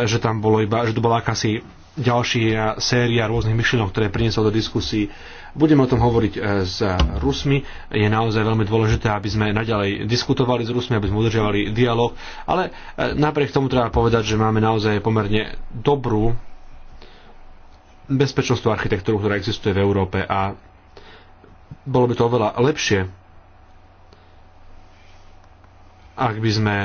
že tam bolo iba, že to bola akási ďalšia séria rôznych myšlienok, ktoré priniesol do diskusí. Budeme o tom hovoriť e, s Rusmi. Je naozaj veľmi dôležité, aby sme naďalej diskutovali s Rusmi, aby sme udržiavali dialog. Ale e, napriek tomu treba povedať, že máme naozaj pomerne dobrú bezpečnostnú architektúru, ktorá existuje v Európe a bolo by to oveľa lepšie, ak by sme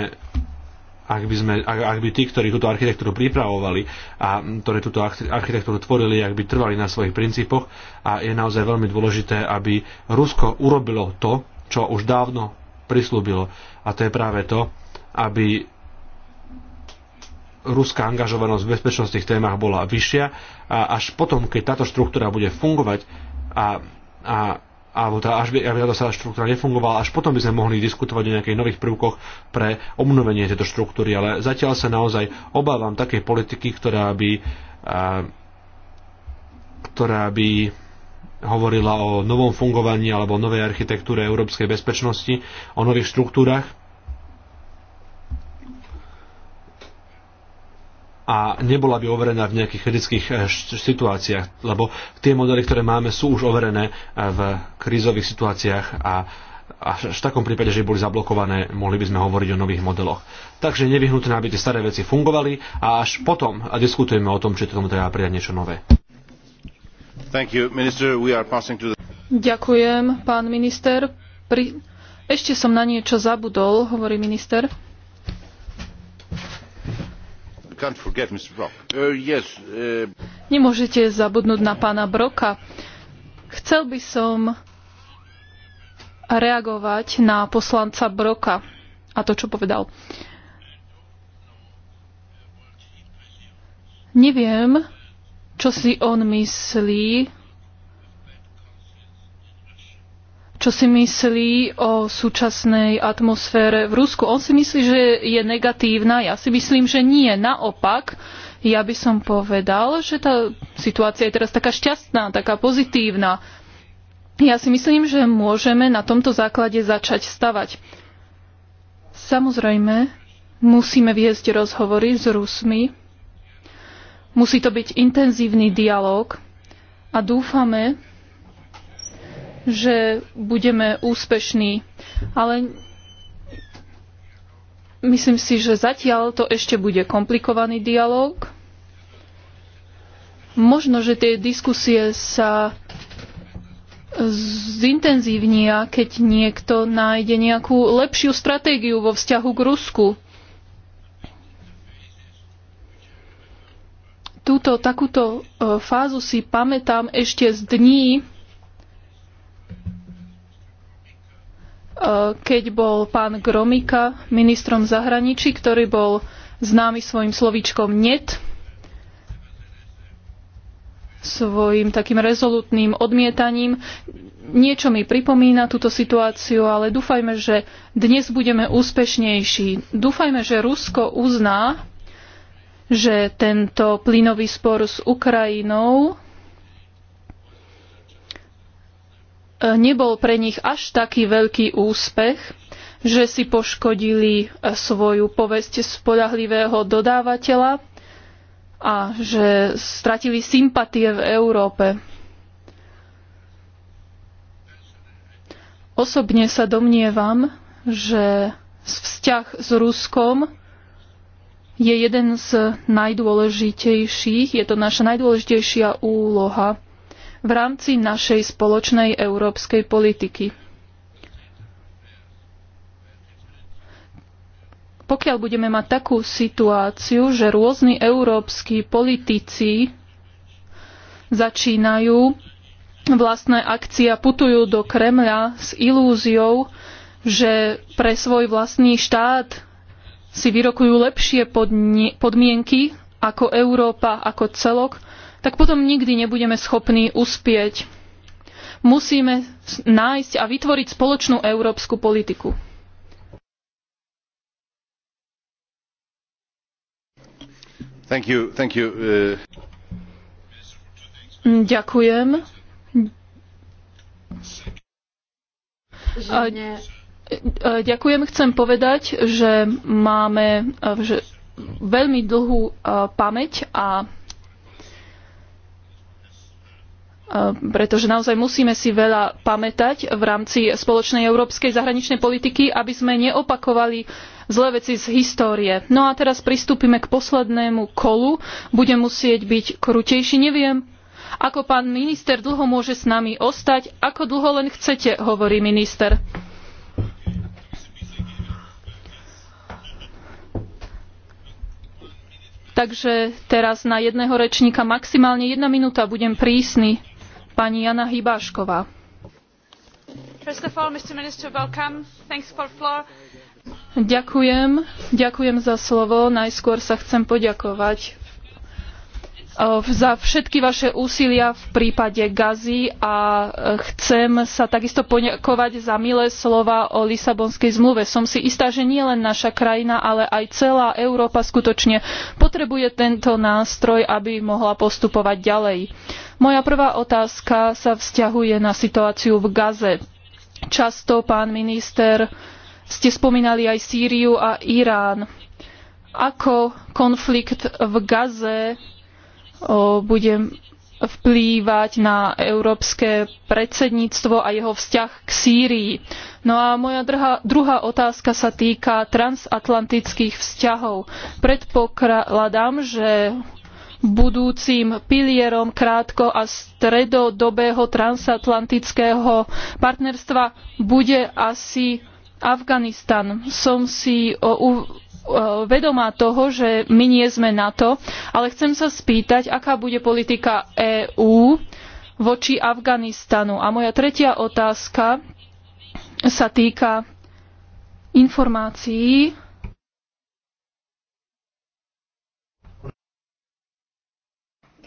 ak by, sme, ak, ak by tí, ktorí túto architektúru pripravovali a ktorí túto architektúru tvorili, ak by trvali na svojich princípoch a je naozaj veľmi dôležité, aby Rusko urobilo to, čo už dávno prislúbilo a to je práve to, aby ruská angažovanosť v bezpečnostných témach bola vyššia a až potom, keď táto štruktúra bude fungovať a, a alebo tá, teda až by tá štruktúra nefungovala, až potom by sme mohli diskutovať o nejakých nových prvkoch pre obnovenie tejto štruktúry, ale zatiaľ sa naozaj obávam takej politiky, ktorá by, a, ktorá by hovorila o novom fungovaní alebo o novej architektúre európskej bezpečnosti, o nových štruktúrach, a nebola by overená v nejakých kritických eh, situáciách, lebo tie modely, ktoré máme, sú už overené eh, v krízových situáciách a až v takom prípade, že boli zablokované, mohli by sme hovoriť o nových modeloch. Takže nevyhnutné, aby tie staré veci fungovali a až potom a diskutujeme o tom, či tomu treba prijať niečo nové. You, minister, the... Ďakujem, pán minister. Pri... Ešte som na niečo zabudol, hovorí minister. Uh, uh, Nemôžete zabudnúť na pána Broka. Chcel by som reagovať na poslanca Broka a to, čo povedal. Neviem, čo si on myslí čo si myslí o súčasnej atmosfére v Rusku. On si myslí, že je negatívna, ja si myslím, že nie. Naopak, ja by som povedal, že tá situácia je teraz taká šťastná, taká pozitívna. Ja si myslím, že môžeme na tomto základe začať stavať. Samozrejme, musíme viesť rozhovory s Rusmi. Musí to byť intenzívny dialog a dúfame, že budeme úspešní. Ale myslím si, že zatiaľ to ešte bude komplikovaný dialog. Možno, že tie diskusie sa zintenzívnia, keď niekto nájde nejakú lepšiu stratégiu vo vzťahu k Rusku. Túto takúto e, fázu si pamätám ešte z dní, E, keď bol pán Gromika ministrom zahraničí, ktorý bol známy svojim slovíčkom net, svojim takým rezolutným odmietaním. Niečo mi pripomína túto situáciu, ale dúfajme, že dnes budeme úspešnejší. Dúfajme, že Rusko uzná, že tento plynový spor s Ukrajinou nebol pre nich až taký veľký úspech, že si poškodili e, svoju povesť spolahlivého dodávateľa a že stratili sympatie v Európe. Osobne sa domnievam, že vzťah s Ruskom je jeden z najdôležitejších, je to naša najdôležitejšia úloha v rámci našej spoločnej európskej politiky. Pokiaľ budeme mať takú situáciu, že rôzni európsky politici začínajú vlastné akcie a putujú do Kremľa s ilúziou, že pre svoj vlastný štát si vyrokujú lepšie podmienky ako Európa, ako celok, tak potom nikdy nebudeme schopní uspieť. Musíme nájsť a vytvoriť spoločnú európsku politiku. Thank you, thank you, uh... Ďakujem. Ďakujem, chcem povedať, že máme že veľmi dlhú pamäť a Ehm, pretože naozaj musíme si veľa pamätať v rámci spoločnej európskej zahraničnej politiky, aby sme neopakovali zlé veci z histórie. No a teraz pristúpime k poslednému kolu. Budem musieť byť krutejší, neviem. Ako pán minister dlho môže s nami ostať, ako dlho len chcete, hovorí minister. Takže teraz na jedného rečníka maximálne jedna minúta budem prísny pani Jana Hybášková. Ďakujem, za slovo. Najskôr sa chcem poďakovať pánovi komisárovi za všetky vaše úsilia v prípade Gazy a e, chcem sa takisto poďakovať za milé slova o Lisabonskej zmluve. Som si istá, že nie len naša krajina, ale aj celá Európa skutočne potrebuje tento nástroj, aby mohla postupovať ďalej. Moja prvá otázka sa vzťahuje na situáciu v Gaze. Často, pán minister, ste spomínali aj Sýriu a Irán. Ako konflikt v Gaze bude vplývať na európske predsedníctvo a jeho vzťah k Sýrii. No a moja druhá, druhá otázka sa týka transatlantických vzťahov. Predpokladám, že budúcim pilierom krátko a stredodobého transatlantického partnerstva bude asi Afganistan. Som si o, Eh, vedomá toho, že my nie sme NATO, ale chcem sa spýtať, aká bude politika EÚ voči Afganistanu. A moja tretia otázka sa týka informácií,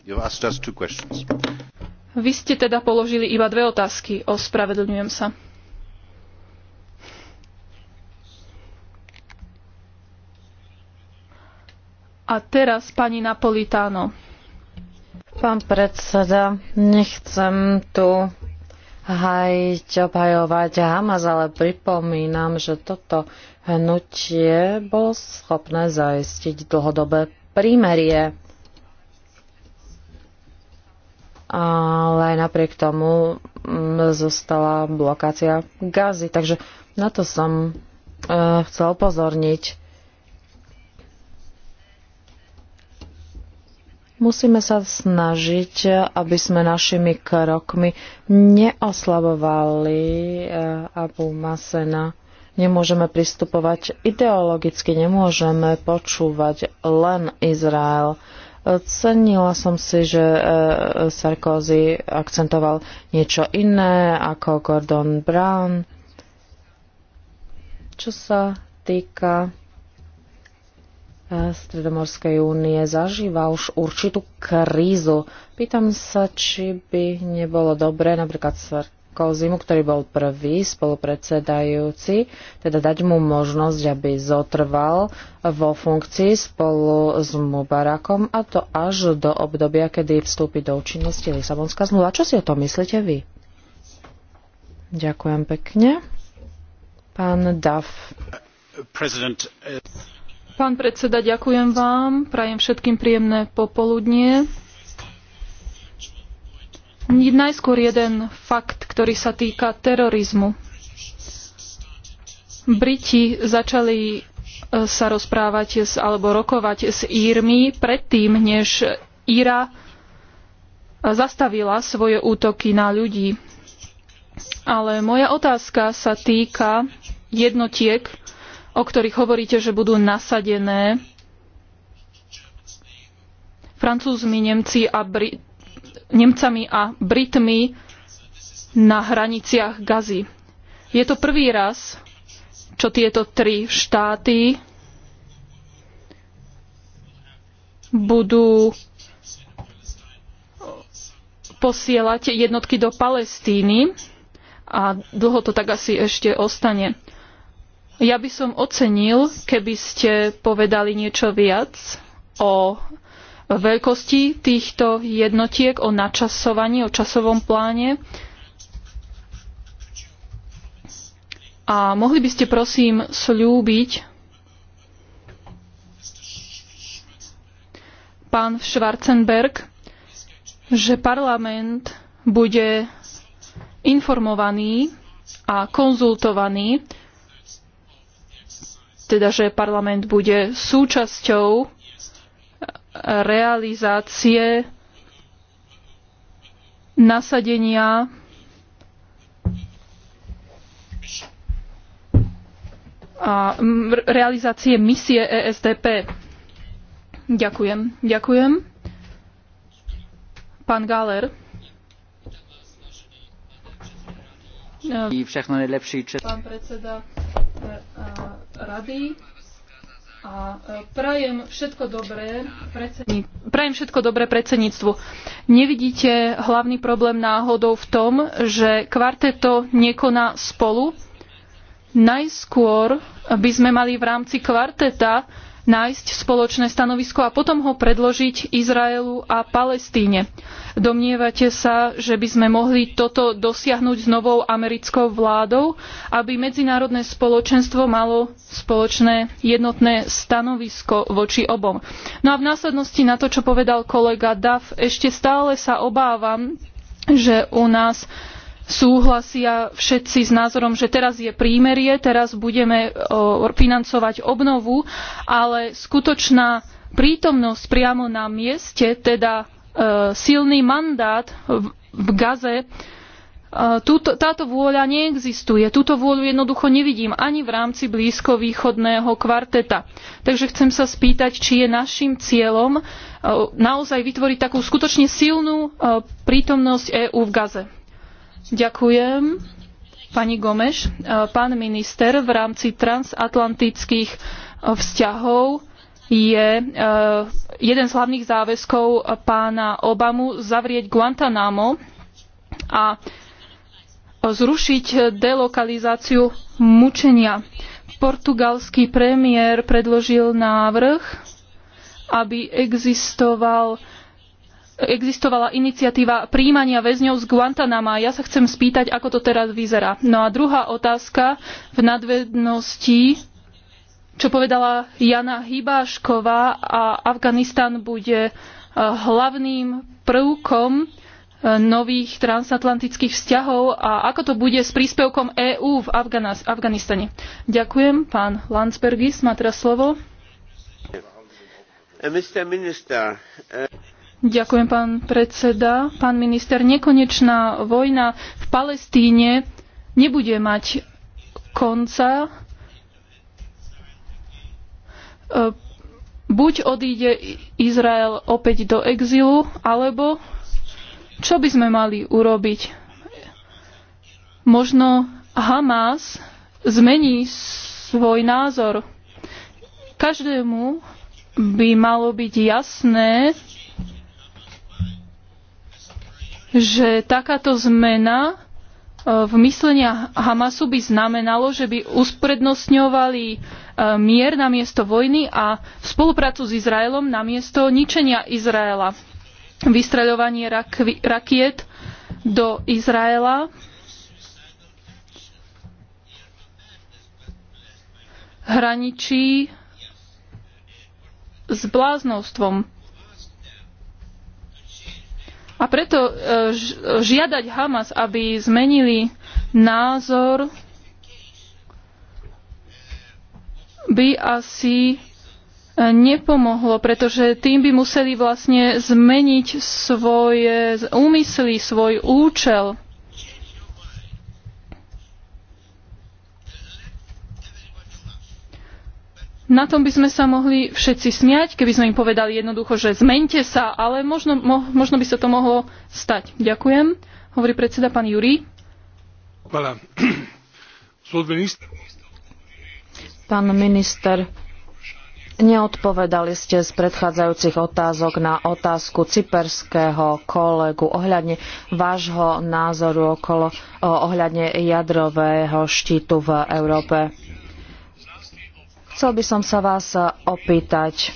Vy ste teda položili iba dve otázky, ospravedlňujem sa. A teraz pani Napolitáno. Pán predseda, nechcem tu hajiť, obhajovať Hamas, ale pripomínam, že toto hnutie bolo schopné zaistiť dlhodobé prímerie. Ale aj napriek tomu mm, zostala blokácia gazy. Takže na to som eh, chcel upozorniť. Musíme sa snažiť, aby sme našimi krokmi neoslabovali eh, Abu Masena. Nemôžeme pristupovať ideologicky, nemôžeme počúvať len Izrael. Cenila som si, že eh, Sarkozy akcentoval niečo iné ako Gordon Brown. Čo sa týka Stredomorskej únie zažíva už určitú krízu. Pýtam sa, či by nebolo dobré napríklad Sarkozymu, ktorý bol prvý spolupredsedajúci, teda dať mu možnosť, aby zotrval vo funkcii spolu s Mubarakom a to až do obdobia, kedy vstúpi do účinnosti Lisabonská zmluva. Čo si o tom myslíte vy? Ďakujem pekne. Pán Duff. Pán predseda, ďakujem vám. Prajem všetkým príjemné popoludnie. Najskôr jeden fakt, ktorý sa týka terorizmu. Briti začali e, sa rozprávať s, alebo rokovať s Írmi predtým, než Íra e, zastavila svoje útoky na ľudí. Ale moja otázka sa týka jednotiek, o ktorých hovoríte, že budú nasadené Francúzmi, Nemci a Bri- Nemcami a Britmi na hraniciach Gazy. Je to prvý raz, čo tieto tri štáty budú posielať jednotky do Palestíny a dlho to tak asi ešte ostane. Ja by som ocenil, keby ste povedali niečo viac o veľkosti týchto jednotiek, o načasovaní, o časovom pláne. A mohli by ste prosím slúbiť pán Schwarzenberg, že parlament bude informovaný a konzultovaný teda, že parlament bude súčasťou realizácie nasadenia a realizácie misie ESDP. Ďakujem. Ďakujem. Pán Galer. Pán predseda rady a e, prajem všetko dobré, predsedníctvu. prajem všetko dobré predsedníctvu. Nevidíte hlavný problém náhodou v tom, že kvarteto nekoná spolu? Najskôr by sme mali v rámci kvarteta nájsť spoločné stanovisko a potom ho predložiť Izraelu a Palestíne. Domnievate sa, že by sme mohli toto dosiahnuť s novou americkou vládou, aby medzinárodné spoločenstvo malo spoločné jednotné stanovisko voči obom. No a v následnosti na to, čo povedal kolega Duff, ešte stále sa obávam, že u nás súhlasia všetci s názorom, že teraz je prímerie, teraz budeme e, financovať obnovu, ale skutočná prítomnosť priamo na mieste, teda e, silný mandát v Gaze, e, Tuto, táto vôľa neexistuje. Túto vôľu jednoducho nevidím ani v rámci blízkovýchodného kvarteta. Takže chcem sa spýtať, či je našim cieľom naozaj vytvoriť takú skutočne silnú prítomnosť EÚ v Gaze. Ďakujem. Pani Gomeš, e, pán minister, v rámci transatlantických e, vzťahov je e, jeden z hlavných záväzkov pána Obamu zavrieť Guantanamo a zrušiť delokalizáciu mučenia. Portugalský premiér predložil návrh, aby existoval existovala iniciatíva príjmania väzňov z Guantanama. Ja sa chcem spýtať, ako to teraz vyzerá. No a druhá otázka v nadvednosti, čo povedala Jana Hybášková a Afganistan bude eh, hlavným prvkom eh, nových transatlantických vzťahov a ako to bude s príspevkom EÚ v Afganistane. Ďakujem. Pán Landsbergis má teraz slovo. Eh, minister, Ďakujem, pán predseda. Pán minister, nekonečná vojna v Palestíne nebude mať konca. E, buď odíde Izrael opäť do exilu, alebo čo by sme mali urobiť? Možno Hamas zmení svoj názor. Každému by malo byť jasné, že takáto zmena e, v myslenia Hamasu by znamenalo, že by usprednostňovali e, mier na miesto vojny a spoluprácu s Izraelom na miesto ničenia Izraela. Vystreľovanie rakiet do Izraela hraničí s bláznostvom. A preto e, žiadať Hamas, aby zmenili názor, by asi e, nepomohlo, pretože tým by museli vlastne zmeniť svoje úmysly, svoj účel. Na tom by sme sa mohli všetci smiať, keby sme im povedali jednoducho, že zmente sa, ale možno, mo, možno by sa to mohlo stať. Ďakujem, hovorí predseda pán Jurí. Pán minister, Neodpovedali ste z predchádzajúcich otázok na otázku cyperského kolegu ohľadne vášho názoru okolo, ohľadne jadrového štítu v Európe. Chcel by som sa vás eh, opýtať,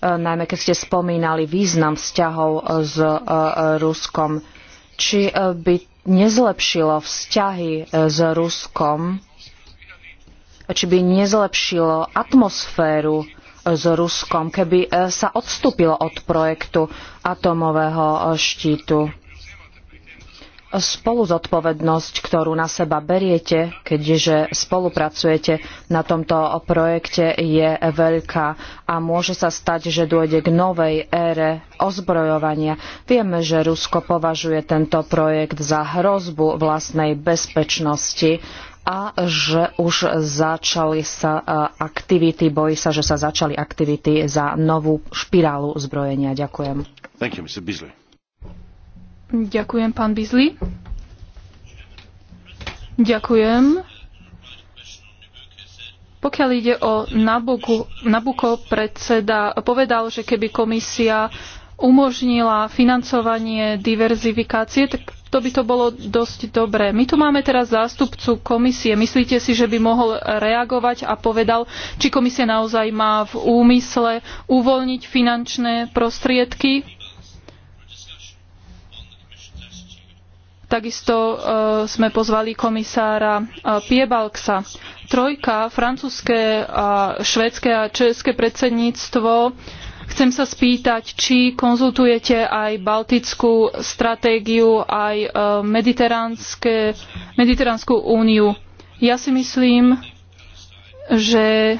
eh, najmä keď ste spomínali význam vzťahov eh, s Ruskom, či by nezlepšilo vzťahy s Ruskom, či by nezlepšilo atmosféru s Ruskom, keby sa odstúpilo od projektu atomového štítu spoluzodpovednosť, ktorú na seba beriete, keďže spolupracujete na tomto projekte, je veľká a môže sa stať, že dôjde k novej ére ozbrojovania. Vieme, že Rusko považuje tento projekt za hrozbu vlastnej bezpečnosti a že už začali sa e, aktivity, bojí sa, že sa začali aktivity za novú špirálu zbrojenia. Ďakujem. Thank you, Mr. Beasley. Ďakujem, pán Bizli. Ďakujem. Pokiaľ ide o Nabuku, Nabuko, predseda povedal, že keby komisia umožnila financovanie diverzifikácie, tak to by to bolo dosť dobré. My tu máme teraz zástupcu komisie. Myslíte si, že by mohol reagovať a povedal, či komisia naozaj má v úmysle uvoľniť finančné prostriedky Takisto e, sme pozvali komisára e, Piebalksa. Trojka, francúzske, švédske a české predsedníctvo Chcem sa spýtať, či konzultujete aj baltickú stratégiu, aj e, mediteránske, mediteránsku úniu. Ja si myslím, že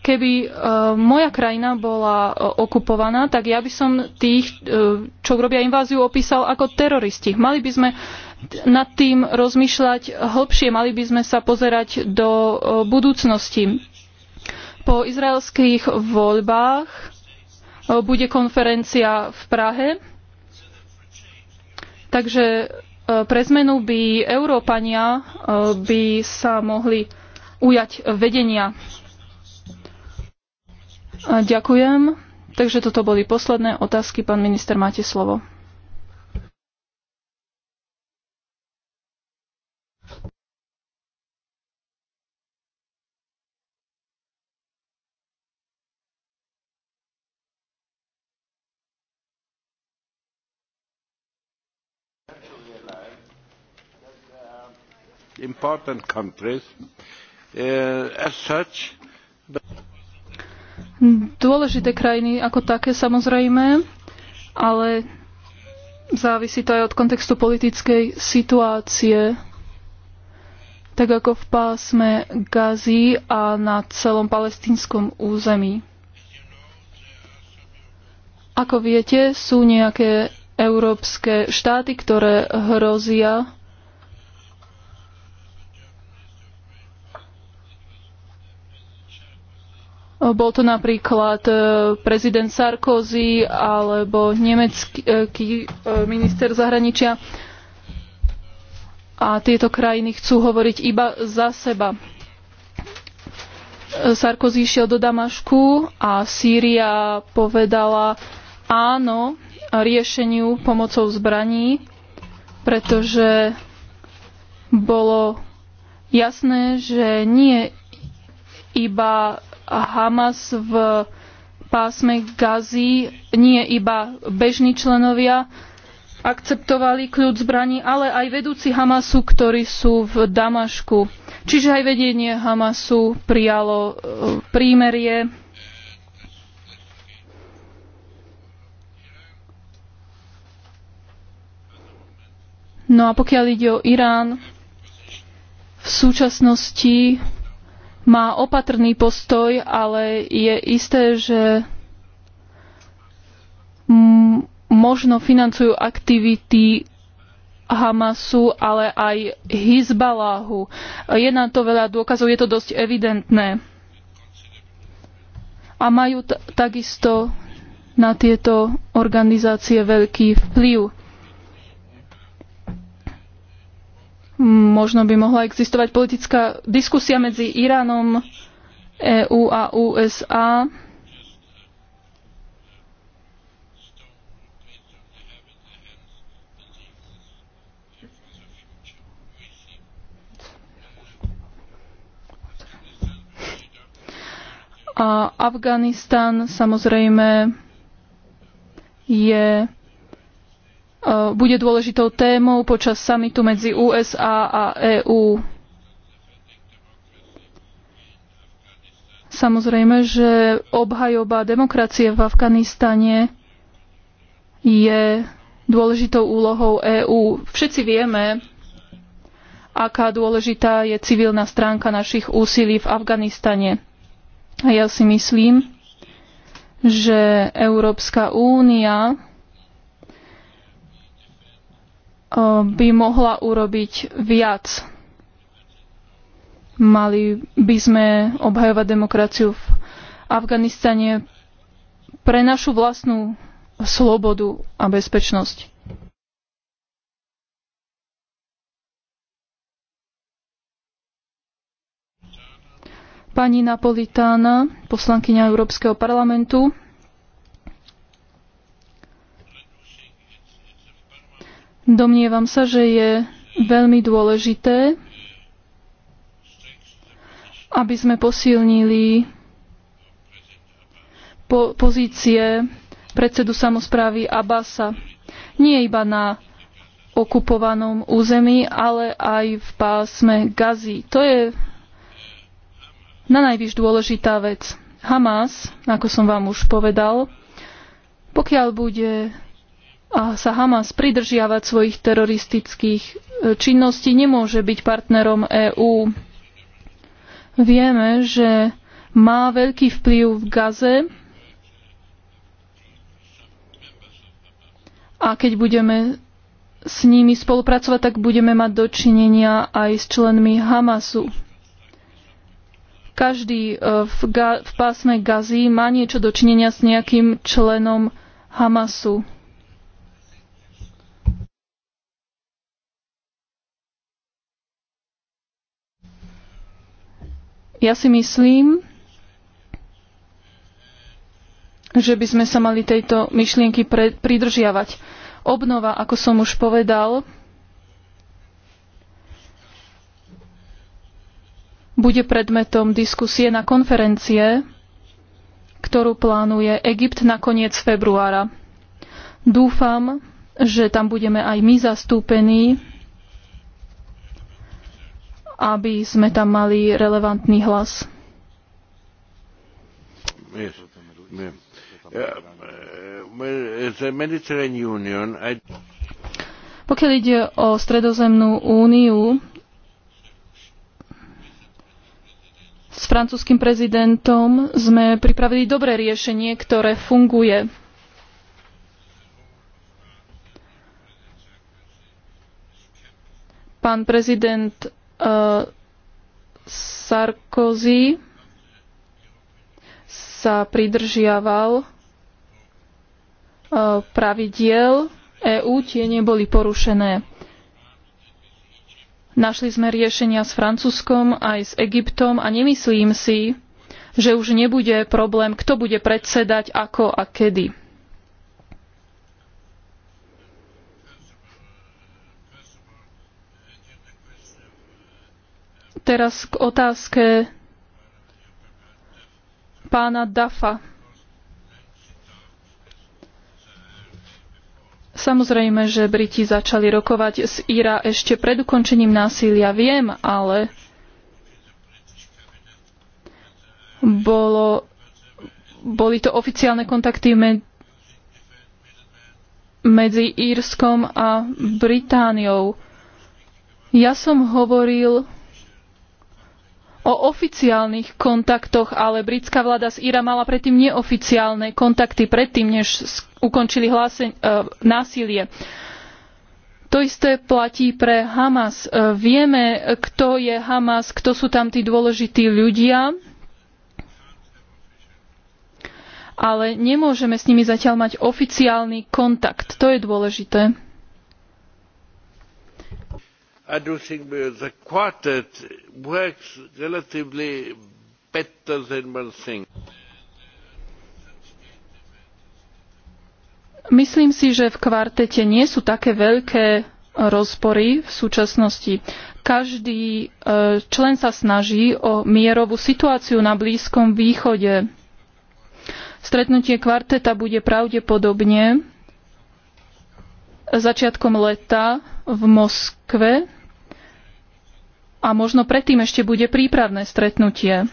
Keby e, moja krajina bola e, okupovaná, tak ja by som tých, e, čo robia inváziu, opísal ako teroristi. Mali by sme nad tým rozmýšľať hlbšie, mali by sme sa pozerať do budúcnosti. Po izraelských voľbách bude konferencia v Prahe, takže pre zmenu by Európania by sa mohli ujať vedenia Ďakujem. Takže toto boli posledné otázky. Pán minister, máte slovo. important countries uh, as such but dôležité krajiny ako také samozrejme, ale závisí to aj od kontextu politickej situácie, tak ako v pásme Gazy a na celom palestínskom území. Ako viete, sú nejaké európske štáty, ktoré hrozia Bol to napríklad e, prezident Sarkozy alebo nemecký e, e, minister zahraničia. A tieto krajiny chcú hovoriť iba za seba. Sarkozy išiel do Damašku a Sýria povedala áno riešeniu pomocou zbraní, pretože bolo jasné, že nie iba Hamas v pásme Gazi nie iba bežní členovia akceptovali kľud zbraní, ale aj vedúci Hamasu, ktorí sú v Damašku. Čiže aj vedenie Hamasu prijalo e, prímerie. No a pokiaľ ide o Irán, v súčasnosti má opatrný postoj, ale je isté, že možno financujú aktivity Hamasu, ale aj Hizbaláhu. Je na to veľa dôkazov, je to dosť evidentné. A majú takisto na tieto organizácie veľký vplyv. Možno by mohla existovať politická diskusia medzi Iránom, EU a USA. A Afganistan samozrejme je E, bude dôležitou témou počas samitu medzi USA a EÚ. Samozrejme, že obhajoba demokracie v Afganistane je dôležitou úlohou EÚ. Všetci vieme, aká dôležitá je civilná stránka našich úsilí v Afganistane. A ja si myslím, že Európska únia Ehm, by mohla urobiť viac. Mali by sme obhajovať demokraciu v Afganistane pre našu vlastnú slobodu a bezpečnosť. Pani Napolitána, poslankyňa Európskeho parlamentu, Domnievam sa, že je veľmi dôležité, aby sme posilnili po- pozície predsedu samozprávy Abasa. Nie iba na okupovanom území, ale aj v pásme Gazi. To je na najvyš dôležitá vec. Hamas, ako som vám už povedal, pokiaľ bude sa Hamas pridržiavať svojich teroristických e, činností, nemôže byť partnerom EÚ. Vieme, že má veľký vplyv v Gaze a keď budeme s nimi spolupracovať, tak budeme mať dočinenia aj s členmi Hamasu. Každý e, v, ga- v pásme Gazy má niečo dočinenia s nejakým členom Hamasu. Ja si myslím, že by sme sa mali tejto myšlienky pre, pridržiavať. Obnova, ako som už povedal, bude predmetom diskusie na konferencie, ktorú plánuje Egypt na koniec februára. Dúfam, že tam budeme aj my zastúpení aby sme tam mali relevantný hlas. E, e, Pokiaľ ide o Stredozemnú úniu, s francúzským prezidentom sme pripravili dobré riešenie, ktoré funguje. Pán prezident Sarkozy sa pridržiaval e, pravidiel EÚ, tie neboli porušené. Našli sme riešenia s Francúzskom aj s Egyptom a nemyslím si, že už nebude problém, kto bude predsedať, ako a kedy. Teraz k otázke pána Dafa. Samozrejme, že Briti začali rokovať z Ira ešte pred ukončením násilia, viem, ale bolo, boli to oficiálne kontakty med, medzi Írskom a Britániou. Ja som hovoril o oficiálnych kontaktoch, ale britská vláda z Ira mala predtým neoficiálne kontakty predtým, než ukončili e, násilie. To isté platí pre Hamas. E, vieme, kto je Hamas, kto sú tam tí dôležití ľudia, ale nemôžeme s nimi zatiaľ mať oficiálny kontakt. To je dôležité. I do think the quartet works relatively better than one thing. Myslím si, že v kvartete nie sú také veľké rozpory v súčasnosti. Každý e, člen sa snaží o mierovú situáciu na Blízkom východe. Stretnutie kvarteta bude pravdepodobne začiatkom leta v Moskve a možno predtým ešte bude prípravné stretnutie.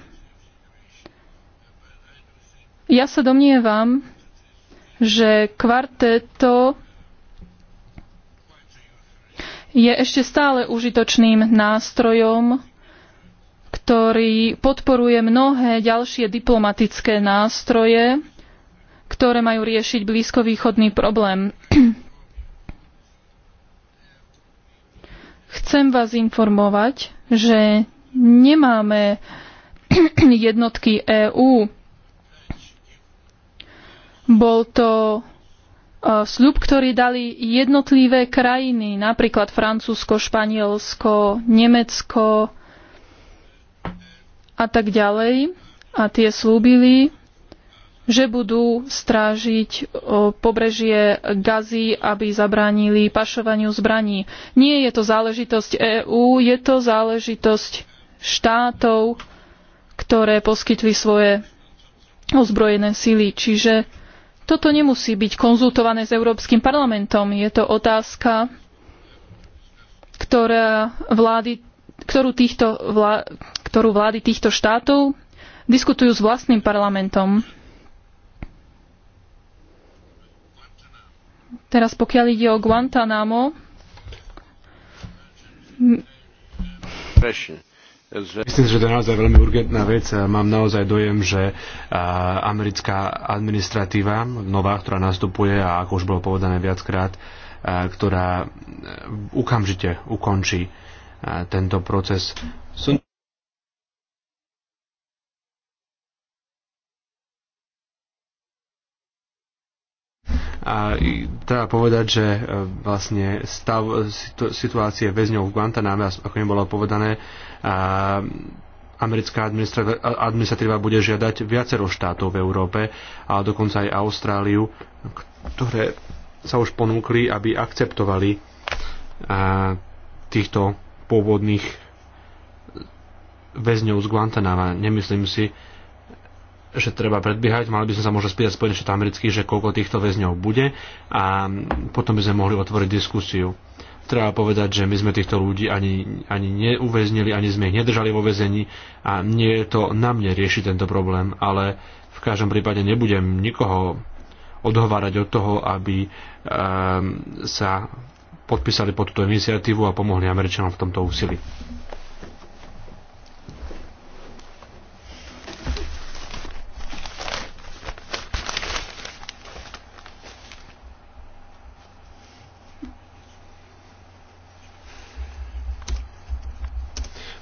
Ja sa domnievam, že kvarteto je ešte stále užitočným nástrojom, ktorý podporuje mnohé ďalšie diplomatické nástroje, ktoré majú riešiť blízkovýchodný problém. Chcem vás informovať, že nemáme jednotky EÚ. Bol to sľub, ktorý dali jednotlivé krajiny, napríklad Francúzsko, Španielsko, Nemecko a tak ďalej. A tie slúbili, že budú strážiť e, pobrežie Gazy, aby zabránili pašovaniu zbraní. Nie je to záležitosť EÚ, je to záležitosť štátov, ktoré poskytli svoje ozbrojené sily. Čiže toto nemusí byť konzultované s Európskym parlamentom. Je to otázka, ktorá vlády, ktorú, týchto vlá, ktorú vlády týchto štátov diskutujú s vlastným parlamentom. Teraz pokiaľ ide o Guantanamo, Myslím si, že to je naozaj veľmi urgentná vec. Mám naozaj dojem, že americká administratíva, nová, ktorá nastupuje a ako už bolo povedané viackrát, ktorá e, ukamžite ukončí tento proces. A treba povedať, že e, vlastne stav situácie väzňov v Guantaname, ako im bolo povedané, americká administratíva bude žiadať viacero štátov v Európe, ale dokonca aj Austráliu, ktoré sa už ponúkli, aby akceptovali týchto pôvodných e, väzňov z Guantanama. Nemyslím si, že treba predbiehať. Mali by sme sa možno spýtať Spojených štátov amerických, že koľko týchto väzňov bude a potom by sme mohli otvoriť diskusiu. Treba povedať, že my sme týchto ľudí ani, ani neuväznili, ani sme ich nedržali vo väzení a nie je to na mne riešiť tento problém, ale v každom prípade nebudem nikoho odhovárať od toho, aby um, sa podpísali pod túto iniciatívu a pomohli Američanom v tomto úsilí.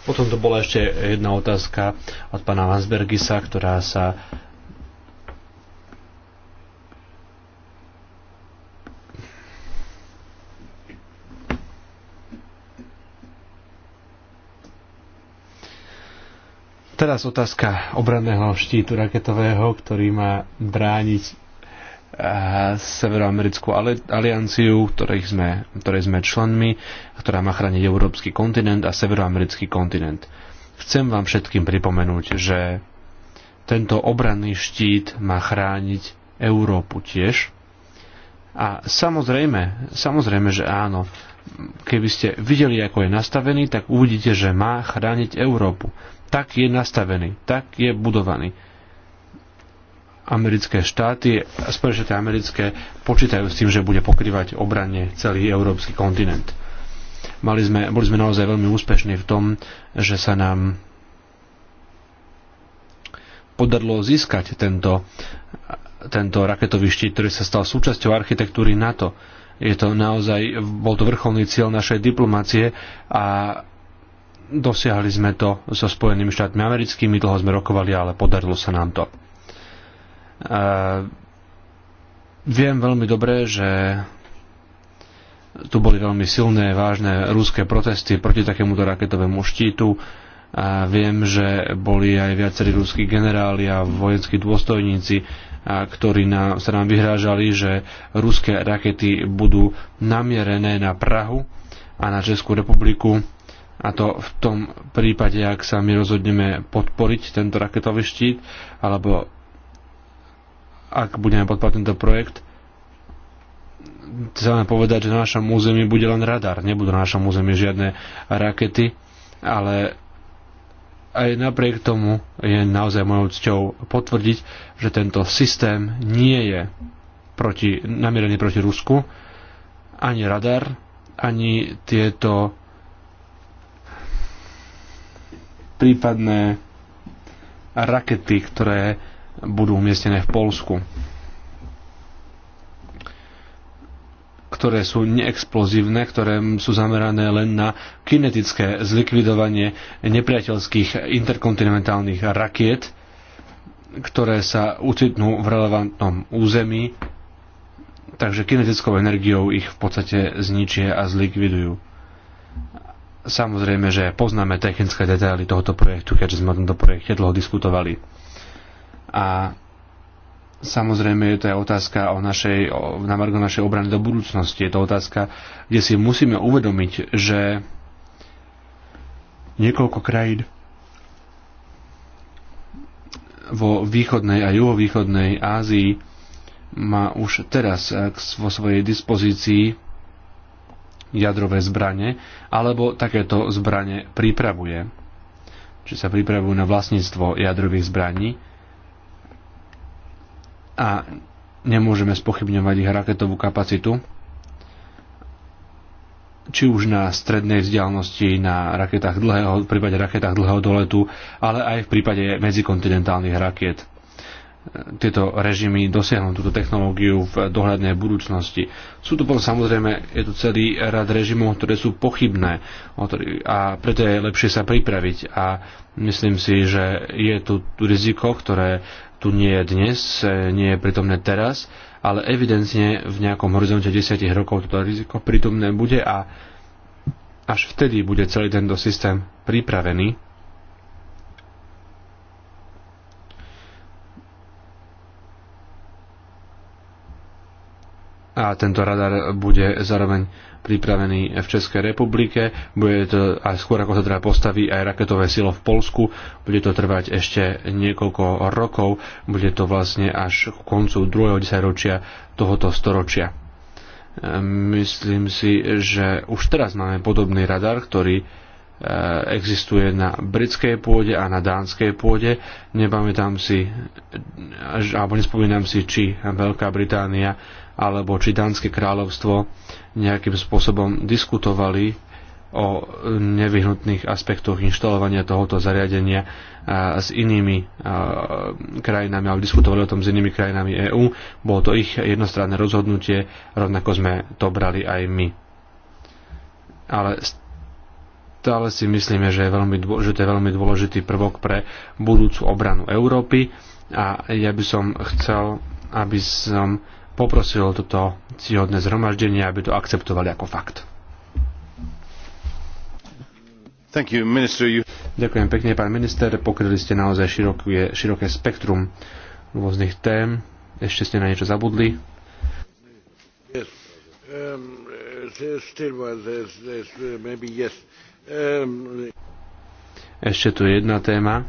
Potom to bola ešte jedna otázka od pána Vansbergisa, ktorá sa Teraz otázka obranného štítu raketového, ktorý má brániť Severoamerickú alianciu, ktorej sme, ktorej sme členmi, ktorá má chrániť európsky kontinent a severoamerický kontinent. Chcem vám všetkým pripomenúť, že tento obranný štít má chrániť Európu tiež. A samozrejme, samozrejme, že áno, keby ste videli, ako je nastavený, tak uvidíte, že má chrániť Európu. Tak je nastavený, tak je budovaný americké štáty, Spojené štáty americké počítajú s tým, že bude pokrývať obranne celý európsky kontinent. Mali sme, boli sme naozaj veľmi úspešní v tom, že sa nám podarilo získať tento, tento raketový štít, ktorý sa stal súčasťou architektúry NATO. Je to naozaj, bol to vrcholný cieľ našej diplomácie a dosiahli sme to so Spojenými štátmi americkými, dlho sme rokovali, ale podarilo sa nám to. Eh, viem veľmi dobre, že tu boli veľmi silné, vážne rúské protesty proti takémuto raketovému štítu. A viem, že boli aj viacerí ruskí generáli a vojenskí dôstojníci, a ktorí na, sa nám vyhrážali, že ruské rakety budú namierené na Prahu a na Českú republiku. A to v tom prípade, ak sa my rozhodneme podporiť tento raketový štít, alebo ak budeme podporovať tento projekt, chceme povedať, že na našom území bude len radar, nebudú na našom území žiadne rakety, ale aj napriek tomu je naozaj mojou cťou potvrdiť, že tento systém nie je proti, namierený proti Rusku, ani radar, ani tieto prípadné rakety, ktoré budú umiestnené v Polsku, ktoré sú neexplozívne, ktoré sú zamerané len na kinetické zlikvidovanie nepriateľských interkontinentálnych rakiet, ktoré sa ucitnú v relevantnom území, takže kinetickou energiou ich v podstate zničia a zlikvidujú. Samozrejme, že poznáme technické detaily tohoto projektu, keďže sme o tomto projekte dlho diskutovali a Samozrejme je to aj otázka o našej, o, na margo našej obrany do budúcnosti. Je to otázka, kde si musíme uvedomiť, že niekoľko krajín vo východnej a juhovýchodnej Ázii má už teraz eh, vo svojej dispozícii jadrové zbranie, alebo takéto zbranie pripravuje. Či sa pripravujú na vlastníctvo jadrových zbraní a nemôžeme spochybňovať ich raketovú kapacitu, či už na strednej vzdialnosti, na raketách dlhého, v prípade raketách dlhého doletu, ale aj v prípade medzikontinentálnych raket. Tieto režimy dosiahnu túto technológiu v dohľadnej budúcnosti. Sú tu potom samozrejme, je tu celý rad režimov, ktoré sú pochybné a preto je lepšie sa pripraviť a myslím si, že je tu riziko, ktoré tu nie je dnes, e, nie je pritomné teraz, ale evidentne v nejakom horizonte 10 rokov toto riziko prítomné bude a až vtedy bude celý tento systém pripravený. A tento radar bude zároveň pripravený v Českej republike. Bude to aj skôr, ako sa teda postaví aj raketové silo v Polsku. Bude to trvať ešte niekoľko rokov. Bude to vlastne až k koncu druhého desaťročia tohoto storočia. Myslím si, že už teraz máme podobný radar, ktorý e, existuje na britskej pôde a na dánskej pôde. Nepamätám si, e, alebo nespomínam si, či Veľká Británia alebo či Dánske kráľovstvo nejakým spôsobom diskutovali o nevyhnutných aspektoch inštalovania tohoto zariadenia s inými krajinami, alebo diskutovali o tom s inými krajinami EÚ. Bolo to ich jednostranné rozhodnutie, rovnako sme to brali aj my. Ale stále si myslíme, že, je veľmi že to je veľmi dôležitý prvok pre budúcu obranu Európy a ja by som chcel, aby som poprosil toto cíhodné zhromaždenie, aby to akceptovali ako fakt. You, minister, you... Ďakujem pekne, pán minister. Pokryli ste naozaj široké, široké spektrum rôznych tém. Ešte ste na niečo zabudli? Yes. Um, there's, there's, there's, uh, yes. um... Ešte tu je jedna téma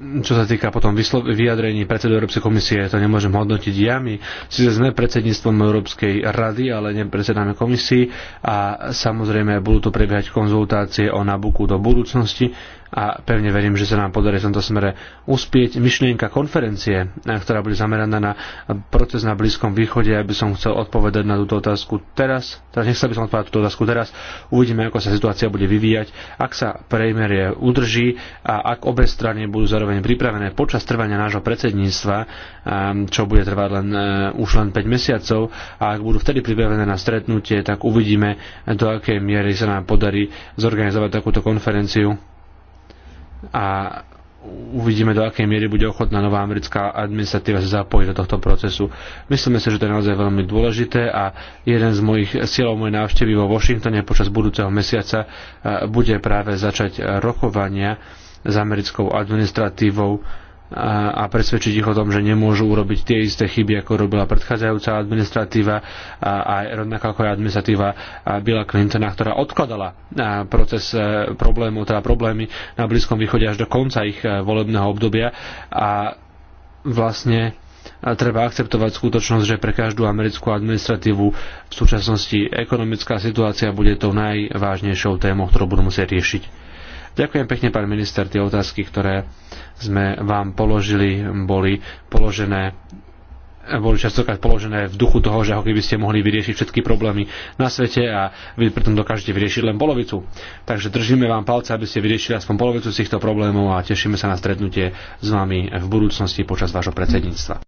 čo sa týka potom vyjadrení predsedu Európskej komisie, to nemôžem hodnotiť ja. My síce sme predsedníctvom Európskej rady, ale nepredsedáme komisii a samozrejme budú tu prebiehať konzultácie o Nabuku do budúcnosti a pevne verím, že sa nám podarí v tomto smere uspieť. Myšlienka konferencie, eh, ktorá bude zameraná na proces na Blízkom východe, aby som chcel odpovedať na túto otázku teraz. Teraz nechcel by som odpovedať túto otázku teraz. Uvidíme, ako sa situácia bude vyvíjať, ak sa prejmerie udrží a ak obe strany budú zároveň pripravené počas trvania nášho predsedníctva, eh, čo bude trvať len, eh, už len 5 mesiacov, a ak budú vtedy pripravené na stretnutie, tak uvidíme, do akej miery sa nám podarí zorganizovať takúto konferenciu a uvidíme, do akej miery bude ochotná nová americká administratíva sa zapojiť do tohto procesu. Myslíme si, že to je naozaj veľmi dôležité a jeden z mojich cieľov mojej návštevy vo Washingtone počas budúceho mesiaca e, bude práve začať rokovania s americkou administratívou a presvedčiť ich o tom, že nemôžu urobiť tie isté chyby, ako robila predchádzajúca administratíva a aj rovnako ako aj administratíva Billa Clintona, ktorá odkladala proces e, problémov, teda problémy na Blízkom východe až do konca ich e, volebného obdobia a vlastne a e, treba akceptovať skutočnosť, že pre každú americkú administratívu v súčasnosti ekonomická situácia bude tou najvážnejšou témou, ktorú budú musieť riešiť. Ďakujem pekne, pán minister, tie otázky, ktoré sme vám položili, boli položené boli častokrát položené v duchu toho, že ako keby ste mohli vyriešiť všetky problémy na svete a vy pritom dokážete vyriešiť len polovicu. Takže držíme vám palce, aby ste vyriešili aspoň polovicu z týchto problémov a tešíme sa na stretnutie s vami v budúcnosti počas vášho predsedníctva.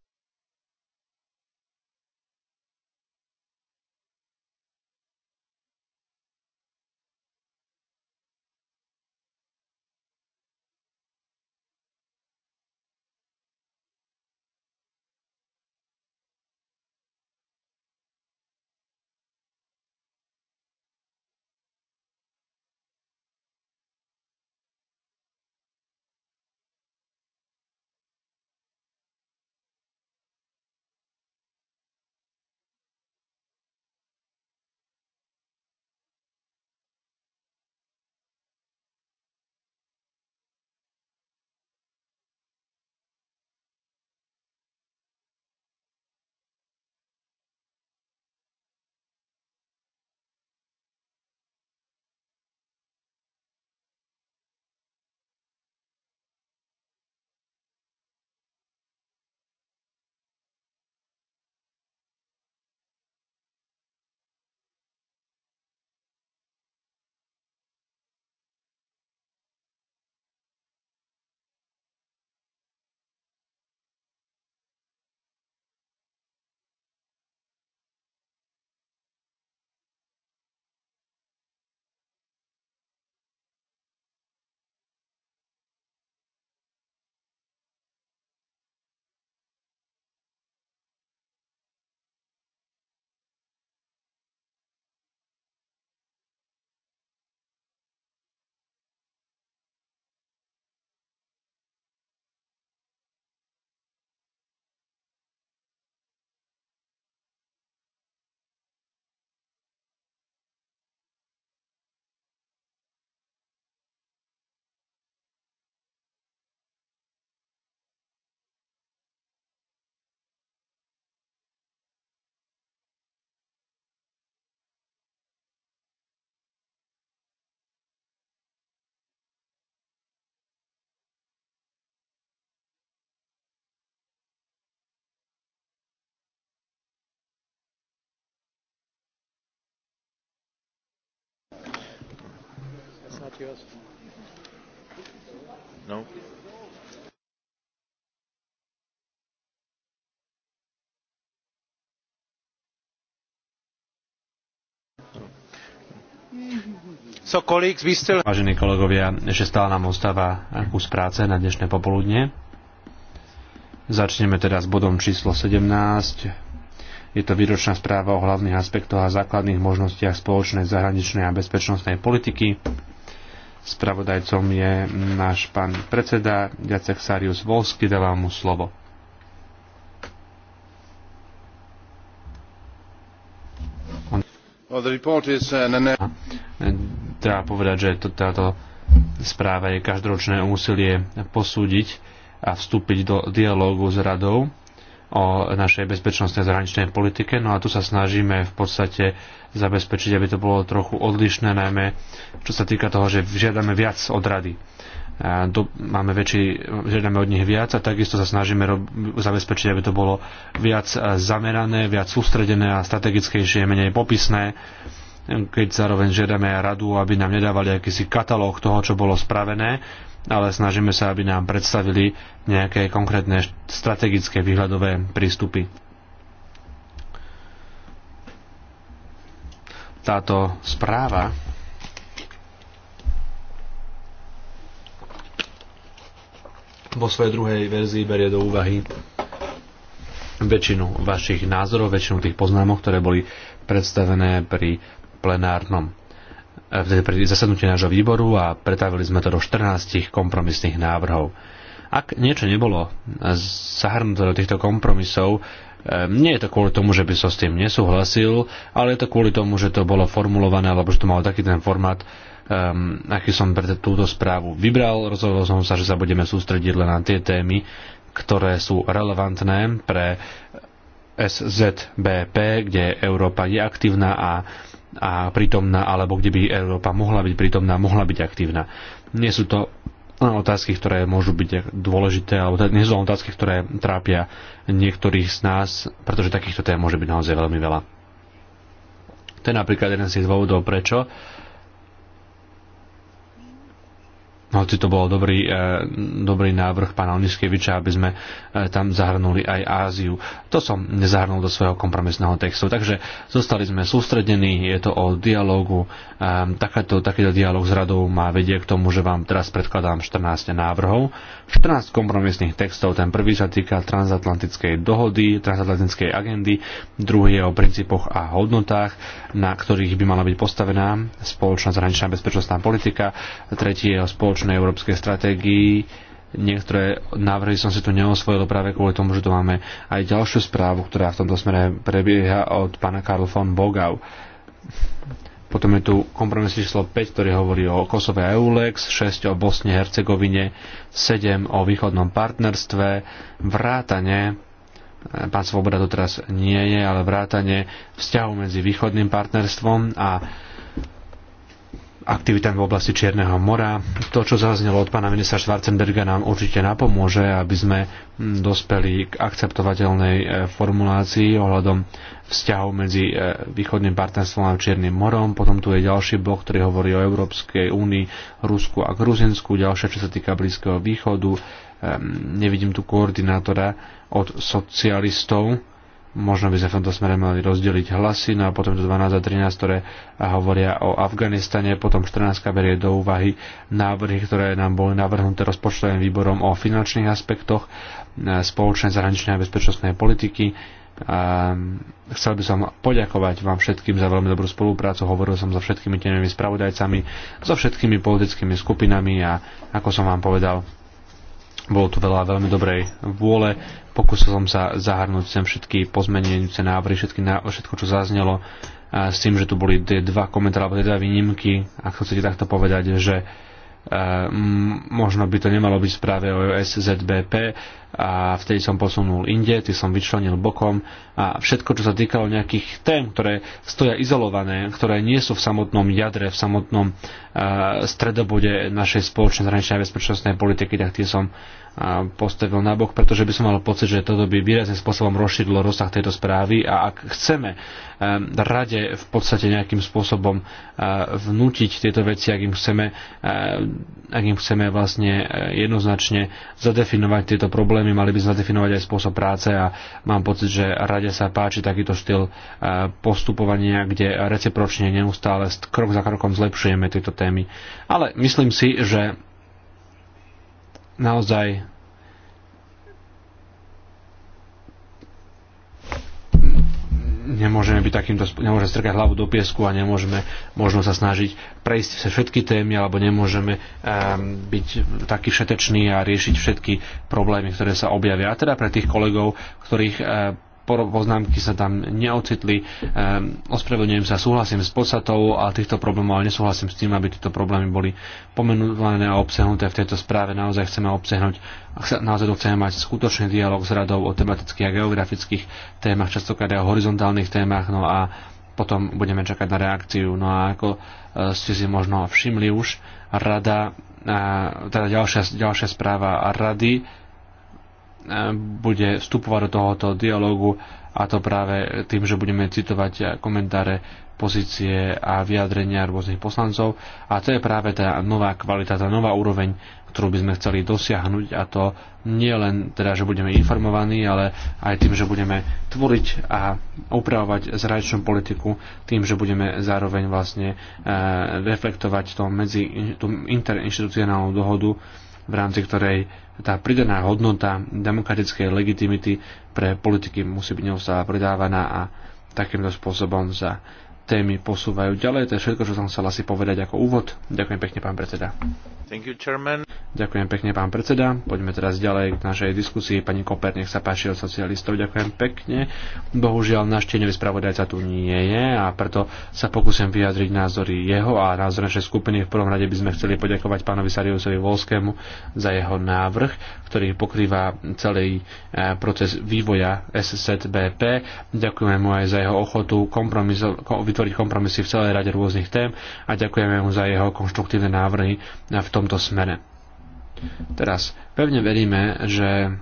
No. So, colleagues, we still... Vážení kolegovia, ešte stále nám ostáva kus práce na dnešné popoludne. Začneme teda s bodom číslo 17, je to výročná správa o hlavných aspektoch a základných možnostiach spoločnej zahraničnej a bezpečnostnej politiky Spravodajcom je náš pán predseda Jacek Sarius Volsky, dávam mu slovo. Uh, Treba povedať, že táto správa je každoročné úsilie posúdiť a vstúpiť do dialógu s radou o našej bezpečnostnej zahraničnej politike. No a tu sa snažíme v podstate zabezpečiť, aby to bolo trochu odlišné, najmä čo sa týka toho, že žiadame viac od rady. Do, máme väčší, žiadame od nich viac a takisto sa snažíme rob, zabezpečiť, aby to bolo viac zamerané, viac sústredené a strategickejšie, menej popisné keď zároveň žiadame radu, aby nám nedávali akýsi katalóg toho, čo bolo spravené, ale snažíme sa, aby nám predstavili nejaké konkrétne strategické výhľadové prístupy. Táto správa vo svojej druhej verzii berie do úvahy väčšinu vašich názorov, väčšinu tých poznámok, ktoré boli predstavené pri plenárnom pri zasadnutí nášho výboru a pretavili sme to do 14 kompromisných návrhov. Ak niečo nebolo zahrnuté do týchto kompromisov, ehm, nie je to kvôli tomu, že by som s tým nesúhlasil, ale je to kvôli tomu, že to bolo formulované, alebo že to malo taký ten formát, um, aký som pre túto správu vybral. Rozhodol som sa, že sa budeme sústrediť len na tie témy, ktoré sú relevantné pre SZBP, kde Európa je aktívna a a prítomná, alebo kde by Európa mohla byť prítomná, mohla byť aktívna. Nie sú to otázky, ktoré môžu byť dôležité, alebo teda nie sú otázky, ktoré trápia niektorých z nás, pretože takýchto tém môže byť naozaj veľmi veľa. To je napríklad jeden z dôvodov, prečo hoci to bol dobrý, e, dobrý návrh pána Oniskeviča, aby sme e, tam zahrnuli aj Áziu. To som nezahrnul do svojho kompromisného textu. Takže zostali sme sústredení, je to o dialogu. E, takáto, takýto dialog s radou má vedie k tomu, že vám teraz predkladám 14 návrhov. 14 kompromisných textov. Ten prvý sa týka transatlantickej dohody, transatlantickej agendy, druhý je o princípoch a hodnotách, na ktorých by mala byť postavená spoločná zahraničná bezpečnostná politika, tretí je o spoločnom spoločnej európskej stratégii. Niektoré návrhy som si tu neosvojil práve kvôli tomu, že tu máme aj ďalšiu správu, ktorá v tomto smere prebieha od pána Karl von Bogau. Potom je tu kompromis číslo 5, ktorý hovorí o Kosove a EULEX, 6 o Bosne a Hercegovine, 7 o východnom partnerstve, vrátane pán Svoboda to teraz nie je, ale vrátane vzťahu medzi východným partnerstvom a aktivitám v oblasti Čierneho mora. To, čo zaznelo od pána ministra Schwarzenberga, nám určite napomôže, aby sme hm, dospeli k akceptovateľnej e, formulácii ohľadom vzťahov medzi e, východným partnerstvom a Čiernym morom. Potom tu je ďalší blok, ktorý hovorí o Európskej únii, Rusku a Gruzinsku. Ďalšie, čo sa týka Blízkeho východu. Ehm, nevidím tu koordinátora od socialistov, Možno by sme v tomto smere mali rozdeliť hlasy, no a potom do 12 a 13, ktoré hovoria o Afganistane, potom 14 berie do úvahy návrhy, ktoré nám boli navrhnuté rozpočtovým výborom o finančných aspektoch e, spoločnej zahraničnej a bezpečnostnej politiky. A mm, chcel by som poďakovať vám všetkým za veľmi dobrú spoluprácu. Hovoril som so všetkými tenými spravodajcami, so všetkými politickými skupinami a ako som vám povedal, bolo tu veľa veľmi dobrej vôle Pokusil som sa zahrnúť sem všetky pozmenujúce návrhy, všetky, všetko, čo zaznelo, s tým, že tu boli tie dva komentáre, alebo tie dva výnimky, ak chcete takto povedať, že e, možno by to nemalo byť správe o SZBP a vtedy som posunul inde, tie som vyčlenil bokom a všetko, čo sa týkalo nejakých tém, ktoré stoja izolované, ktoré nie sú v samotnom jadre, v samotnom uh, stredobode našej spoločnej zahraničnej bezpečnostnej politiky, tak tie som postavil nabok, pretože by som mal pocit, že toto by výrazným spôsobom rozšírilo rozsah tejto správy a ak chceme rade v podstate nejakým spôsobom vnútiť tieto veci, ak im chceme, ak im chceme vlastne jednoznačne zadefinovať tieto problémy, mali by sme zadefinovať aj spôsob práce a mám pocit, že rade sa páči takýto štýl postupovania, kde recipročne neustále krok za krokom zlepšujeme tieto témy. Ale myslím si, že naozaj nemôžeme byť takýmto, nemôžeme strkať hlavu do piesku a nemôžeme možno sa snažiť prejsť sa všetky témy alebo nemôžeme um, byť taký všetečný a riešiť všetky problémy, ktoré sa objavia. A teda pre tých kolegov, ktorých uh, poznámky sa tam neocitli. Ehm, ospravedlňujem sa, súhlasím s podstatou a týchto problémov, ale nesúhlasím s tým, aby tieto problémy boli pomenované a obsiahnuté v tejto správe. Naozaj chceme obsiahnuť, naozaj to chceme mať skutočný dialog s radou o tematických a geografických témach, častokrát aj o horizontálnych témach, no a potom budeme čakať na reakciu. No a ako e, ste si možno všimli už, rada, e, teda ďalšia, ďalšia správa rady E, bude vstupovať do tohoto dialogu a to práve tým, že budeme citovať komentáre, pozície a vyjadrenia rôznych poslancov a to je práve tá nová kvalita, tá nová úroveň, ktorú by sme chceli dosiahnuť a to nie len teda, že budeme informovaní, ale aj tým, že budeme tvoriť a upravovať zračnú politiku, tým, že budeme zároveň vlastne e, reflektovať to medzi, tú interinstitucionálnu dohodu, v rámci ktorej tá pridaná hodnota demokratickej legitimity pre politiky musí byť neustále predávaná a takýmto spôsobom sa témy posúvajú ďalej. To je všetko, čo som chcel asi povedať ako úvod. Ďakujem pekne, pán predseda. Thank you, chairman. Ďakujem pekne, pán predseda. Poďme teraz ďalej k našej diskusii. Pani Koper, nech sa páči od socialistov. Ďakujem pekne. Bohužiaľ, náš tieňový spravodajca tu nie je a preto sa pokúsim vyjadriť názory jeho a názor našej skupiny. V prvom rade by sme chceli poďakovať pánovi Sariusovi Volskému za jeho návrh, ktorý pokrýva celý e, proces vývoja SZBP. Ďakujeme mu aj za jeho ochotu kompromis, vytvoriť kompromisy v celej rade rôznych tém a ďakujeme mu za jeho konštruktívne návrhy v tomto smere. Teraz pevne veríme, že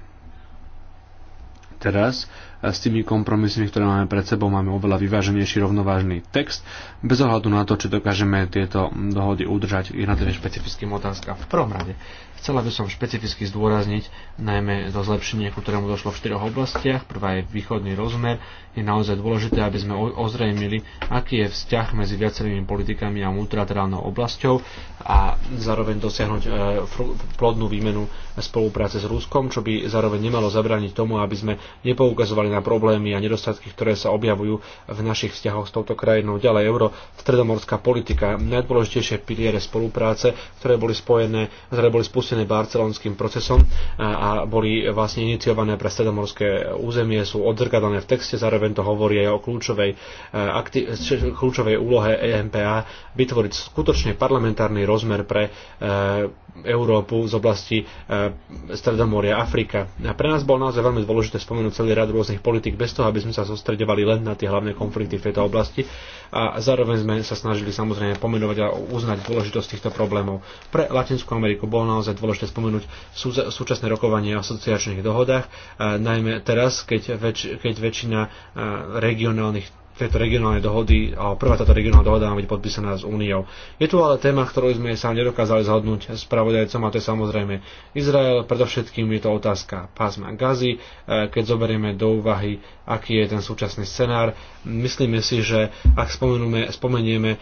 teraz eh, s tými kompromismi, ktoré máme pred sebou, máme oveľa vyváženejší rovnovážny text, bez ohľadu na to, či dokážeme tieto dohody udržať na jednotlivým špecifickým otázka. V prvom rade Chcela by som špecificky zdôrazniť najmä to zlepšenie, ku ktorému došlo v štyroch oblastiach. Prvá je východný rozmer. Je naozaj dôležité, aby sme ozrejmili, aký je vzťah medzi viacerými politikami a multilaterálnou oblasťou a zároveň dosiahnuť e, plodnú výmenu spolupráce s Ruskom, čo by zároveň nemalo zabrániť tomu, aby sme nepoukazovali na problémy a nedostatky, ktoré sa objavujú v našich vzťahoch s touto krajinou. Ďalej euro, stredomorská politika, najdôležitejšie piliere spolupráce, ktoré boli spojené, ktoré boli spustené spustené barcelonským procesom a boli vlastne iniciované pre stredomorské územie, sú odzrkadané v texte, zároveň to hovorí aj o kľúčovej, kľúčovej úlohe EMPA vytvoriť skutočne parlamentárny rozmer pre e, Európu z oblasti e, Stredomoria, Afrika. A pre nás bol naozaj veľmi dôležité spomenúť celý rad rôznych politik bez toho, aby sme sa sústredovali len na tie hlavné konflikty v tejto oblasti a zároveň sme sa snažili samozrejme pomenovať a uznať dôležitosť týchto problémov. Pre Latinskú Ameriku bolo naozaj dôležité spomenúť súčasné rokovanie o asociačných dohodách, najmä teraz, keď, väč, keď väčšina regionálnych tejto regionálnej dohody, a prvá táto regionálna dohoda má byť podpísaná s Úniou. Je tu ale téma, ktorú sme sa nedokázali zhodnúť s pravodajcom, a to je samozrejme Izrael, predovšetkým je to otázka pásma Gazy, e, keď zoberieme do úvahy, aký je ten súčasný scenár. Myslíme si, že ak spomenieme e,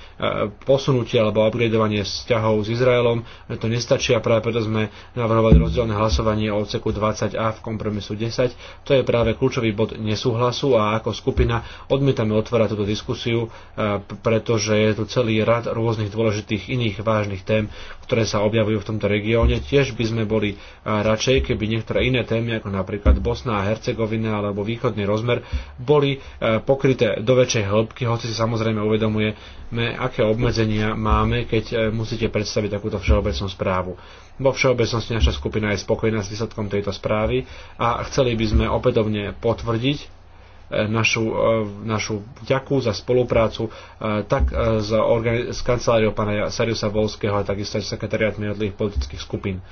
posunutie alebo upgradovanie vzťahov s Izraelom, to nestačí a práve preto sme navrhovali rozdielne hlasovanie o odseku 20a v kompromisu 10. To je práve kľúčový bod nesúhlasu a ako skupina odmietame otvára túto diskusiu, e, pretože je tu celý rad rôznych dôležitých iných vážnych tém, ktoré sa objavujú v tomto regióne. Tiež by sme boli e, radšej, keby niektoré iné témy, ako napríklad Bosna a Hercegovina alebo východný rozmer, boli e, pokryté do väčšej hĺbky, hoci si samozrejme uvedomujeme, aké obmedzenia máme, keď musíte predstaviť takúto všeobecnú správu. Vo všeobecnosti naša skupina je spokojná s výsledkom tejto správy a chceli by sme opätovne potvrdiť našu, e, našu ďakú za spoluprácu e, tak s, e, s kanceláriou pána Sariusa Volského a takisto aj sekretariátmi odlých politických skupín.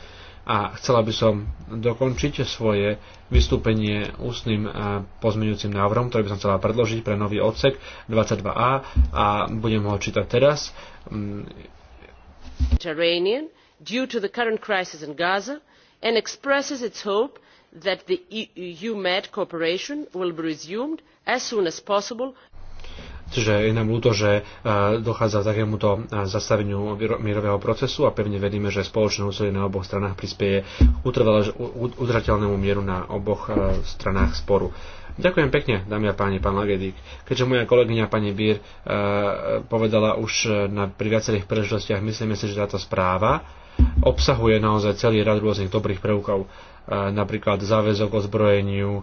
A chcela by som dokončiť svoje vystúpenie ústnym pozmeňujúcim návrhom, ktorý by som chcela predložiť pre nový odsek 22a a budem ho čítať teraz. due to the current crisis in Gaza and expresses its hope that the eu med cooperation will be resumed as soon as possible Čiže je nám ľúto, že e, dochádza k takémuto e, zastaveniu mierového procesu a pevne veríme, že spoločné úsilie na oboch stranách prispieje k udržateľnému mieru na oboch e, stranách sporu. Ďakujem pekne, dámy a páni, pán Lagedík. Keďže moja kolegyňa pani Bír povedala už na, pri viacerých príležitostiach, myslíme si, že táto správa obsahuje naozaj celý rad rôznych dobrých prvkov E, napríklad záväzok o zbrojeniu, e,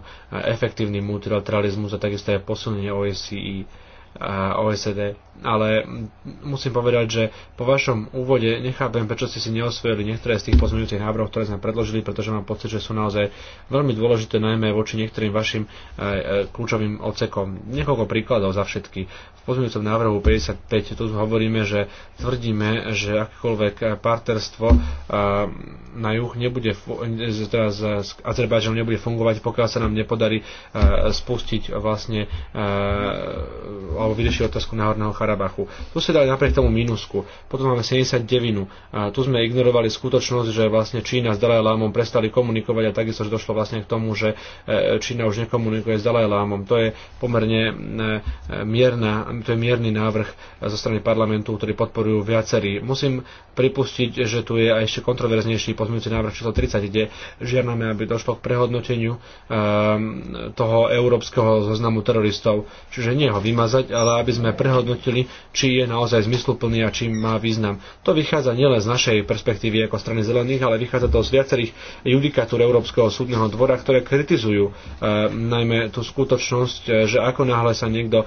efektívny multilateralizmus a takisto aj posunenie OSCE, OSD ale musím povedať, že po vašom úvode nechápem, prečo ste si neosvojili niektoré z tých pozmeňujúcich návrhov, ktoré sme predložili, pretože mám pocit, že sú naozaj veľmi dôležité, najmä voči niektorým vašim e, e, kľúčovým odsekom. Niekoľko príkladov za všetky. V pozmeňujúcom návrhu 55 tu hovoríme, že tvrdíme, že akékoľvek partnerstvo e, na juh nebude, teda s Azerbajdžanom nebude fungovať, pokiaľ sa nám nepodarí spustiť vlastne alebo vyriešiť otázku náhodného Karabachu. Tu sa dali napriek tomu minusku. Potom máme 79. A tu sme ignorovali skutočnosť, že vlastne Čína s lámom prestali komunikovať a takisto, že došlo vlastne k tomu, že e, Čína už nekomunikuje s lámom. To je pomerne e, e, mierna, to je mierny návrh zo strany parlamentu, ktorý podporujú viacerí. Musím pripustiť, že tu je aj ešte kontroverznejší pozmeňujúci návrh číslo 30, kde žiadame, aby došlo k prehodnoteniu toho európskeho zoznamu teroristov. Čiže nie ho vymazať, ale aby sme prehodnotili zhodnotili, či je naozaj zmysluplný a či má význam. To vychádza nielen z našej perspektívy ako strany zelených, ale vychádza to z viacerých judikatúr Európskeho súdneho dvora, ktoré kritizujú e, najmä tú skutočnosť, e, že ako náhle sa niekto e,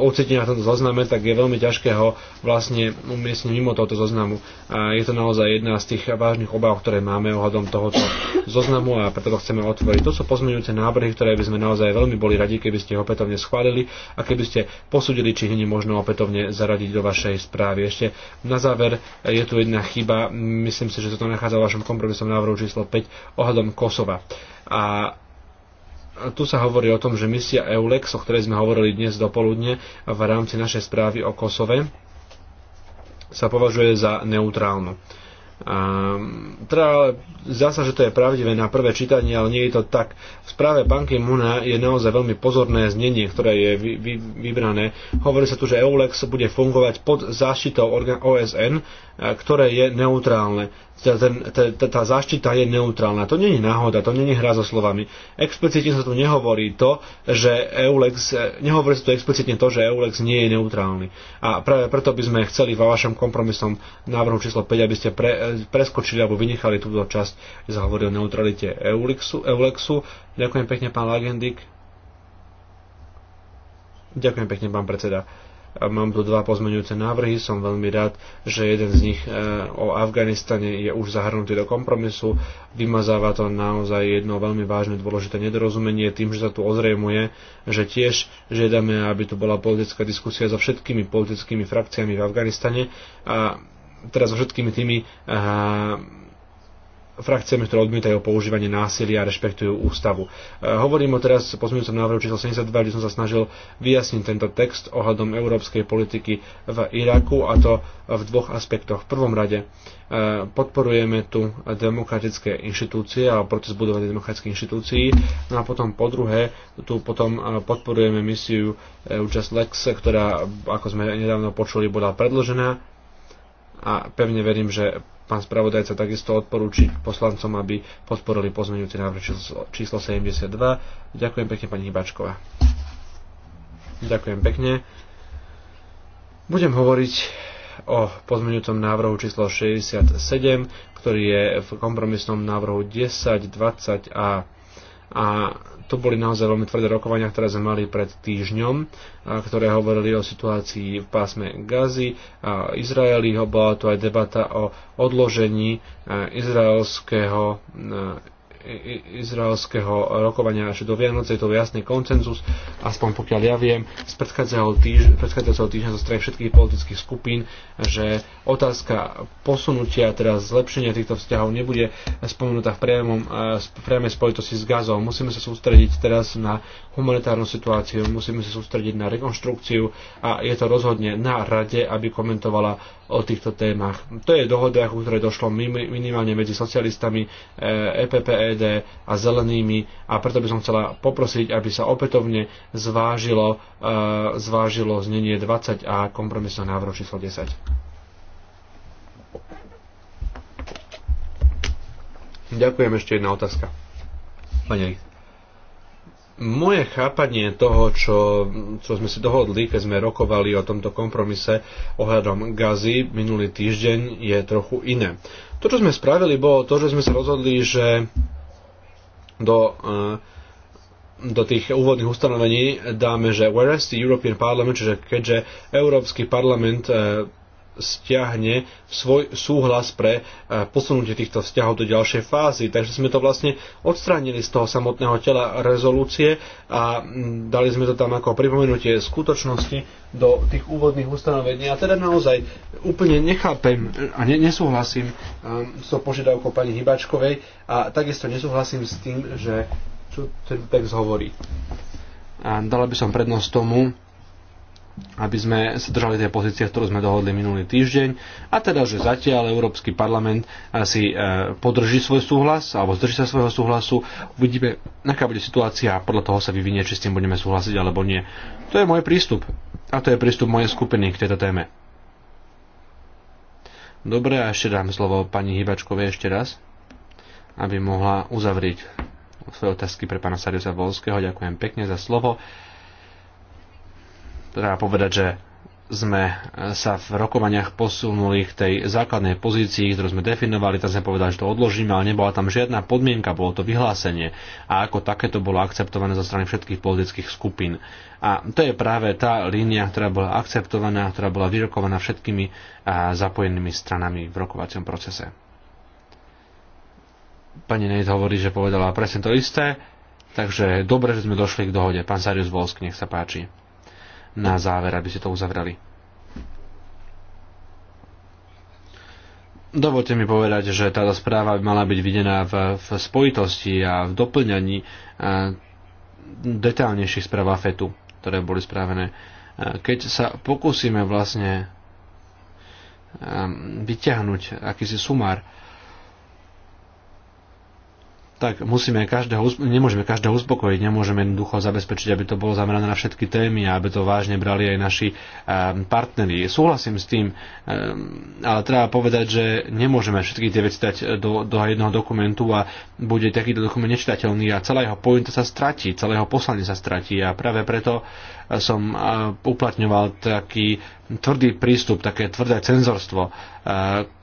ocitne na tomto zozname, tak je veľmi ťažké ho vlastne umiestniť mimo tohto zoznamu a je to naozaj jedna z tých vážnych obáv, ktoré máme ohľadom tohoto zoznamu a preto to chceme otvoriť. To sú pozmeňujúce návrhy, ktoré by sme naozaj veľmi boli radi, keby ste opätovne schválili a keby ste posudili, či nie je možno opätovne zaradiť do vašej správy. Ešte na záver je tu jedna chyba, myslím si, že sa to nachádza v vašom kompromisom návrhu číslo 5 ohľadom Kosova. A tu sa hovorí o tom, že misia EULEX, o ktorej sme hovorili dnes dopoludne v rámci našej správy o Kosove, sa považuje za neutrálnu. Um, teda ale že to je pravdivé na prvé čítanie, ale nie je to tak. V správe banky Muna je naozaj veľmi pozorné znenie, ktoré je vy, vy, vybrané. Hovorí sa tu, že EULEX bude fungovať pod záštitou OSN, e, ktoré je neutrálne. Teda ten, t, tá, tá záštita je neutrálna. To nie je náhoda, to nie je hra so slovami. Explicitne sa tu nehovorí to, že EULEX, e, nehovorí sa tu explicitne to, že EULEX nie je neutrálny. A práve preto by sme chceli vo vašom kompromisnom návrhu číslo 5, aby ste pre, e, preskočili alebo vynechali túto časť, kde sa hovorí o neutralite Eulexu. Eulexu. Ďakujem pekne, pán Lagendik. Ďakujem pekne, pán predseda. Mám tu dva pozmeňujúce návrhy, som veľmi rád, že jeden z nich e, o Afganistane je už zahrnutý do kompromisu. Vymazáva to naozaj jedno veľmi vážne dôležité nedorozumenie tým, že sa tu ozrejmuje, že tiež žiadame, aby tu bola politická diskusia so všetkými politickými frakciami v Afganistane a teraz so všetkými tými eh, frakciami, ktoré odmietajú používanie násilia a rešpektujú ústavu. Eh, hovorím o teraz pozmeňujúcom návrhu číslo 72, kde som sa snažil vyjasniť tento text ohľadom európskej politiky v Iraku a to v dvoch aspektoch. V prvom rade eh, podporujeme tu demokratické inštitúcie a proces budovania demokratických inštitúcií. No a potom po druhé, tu potom podporujeme misiu účast Lex, ktorá, ako sme nedávno počuli, bola predložená a pevne verím, že pán spravodajca takisto odporúči poslancom, aby podporili pozmeňujúci návrh číslo 72. Ďakujem pekne pani Hybačková. Ďakujem pekne. Budem hovoriť o pozmeňujúcom návrhu číslo 67, ktorý je v kompromisnom návrhu 10, 20 a, a to boli naozaj veľmi tvrdé rokovania, ktoré sme mali pred týždňom, ktoré hovorili o situácii v pásme Gazy a Izraeli. Bola tu aj debata o odložení izraelského izraelského rokovania až do Vianoc, je to jasný koncenzus, aspoň pokiaľ ja viem, z predchádzajúceho týždňa, týždňa zo strany všetkých politických skupín, že otázka posunutia, teda zlepšenia týchto vzťahov nebude spomenutá v eh, v priamej spojitosti s Gazou. Musíme sa sústrediť teraz na humanitárnu situáciu, musíme sa sústrediť na rekonštrukciu a je to rozhodne na rade, aby komentovala o týchto témach. To je dohoda, ku ktorej došlo minimálne medzi socialistami, EPPED e a zelenými a preto by som chcela poprosiť, aby sa opätovne zvážilo, e, zvážilo znenie 20 a kompromisné návrh číslo 10. Ďakujem, ešte jedna otázka. Pani moje chápanie toho, čo, čo sme si dohodli, keď sme rokovali o tomto kompromise ohľadom gazy minulý týždeň, je trochu iné. To, čo sme spravili, bolo to, že sme sa rozhodli, že do, eh, do tých úvodných ustanovení dáme, že is the European Parliament, čiže keďže Európsky parlament eh, stiahne svoj súhlas pre e, posunutie týchto vzťahov do ďalšej fázy. Takže sme to vlastne odstránili z toho samotného tela rezolúcie a dali sme to tam ako pripomenutie skutočnosti do tých úvodných ustanovení. A teda naozaj úplne nechápem a ne, nesúhlasím e, s so požiadavkou pani Hybačkovej a takisto nesúhlasím s tým, že čo ten text hovorí. A dala by som prednosť tomu, aby sme sa držali tej pozície, ktorú sme dohodli minulý týždeň, a teda, že zatiaľ Európsky parlament si e, podrží svoj súhlas, alebo zdrží sa svojho súhlasu. Uvidíme, aká bude situácia a podľa toho sa vyvinie, či s tým budeme súhlasiť alebo nie. To je môj prístup. A to je prístup mojej skupiny k tejto téme. Dobre, a ešte dám slovo pani Hybačkovej ešte raz, aby mohla uzavrieť svoje otázky pre pána Sariusa Volského. Ďakujem pekne za slovo treba povedať, že sme e, sa v rokovaniach posunuli k tej základnej pozícii, ktorú sme definovali, tak sme povedali, že to odložíme, ale nebola tam žiadna podmienka, bolo to vyhlásenie a ako takéto bolo akceptované zo strany všetkých politických skupín. A to je práve tá línia, ktorá bola akceptovaná, ktorá bola vyrokovaná všetkými zapojenými stranami v rokovacom procese. Pani Nejt hovorí, že povedala presne to isté, takže dobre, že sme došli k dohode. Pán Sarius Volsk, nech sa páči na záver, aby ste to uzavrali. Dovolte mi povedať, že táto správa by mala byť videná v, v spojitosti a v doplňaní e, detálnejších správ FETu, ktoré boli správené. E, keď sa pokúsime vlastne e, vyťahnuť akýsi sumár tak musíme každého, nemôžeme každého uspokojiť, nemôžeme jednoducho zabezpečiť, aby to bolo zamerané na všetky témy a aby to vážne brali aj naši ehm, partneri. Súhlasím s tým, ehm, ale treba povedať, že nemôžeme všetky tie veci dať eh, do, do jedného dokumentu a bude takýto dokument nečitateľný a celá jeho pointa sa stratí, celého poslanie sa stratí a práve preto som uplatňoval taký tvrdý prístup, také tvrdé cenzorstvo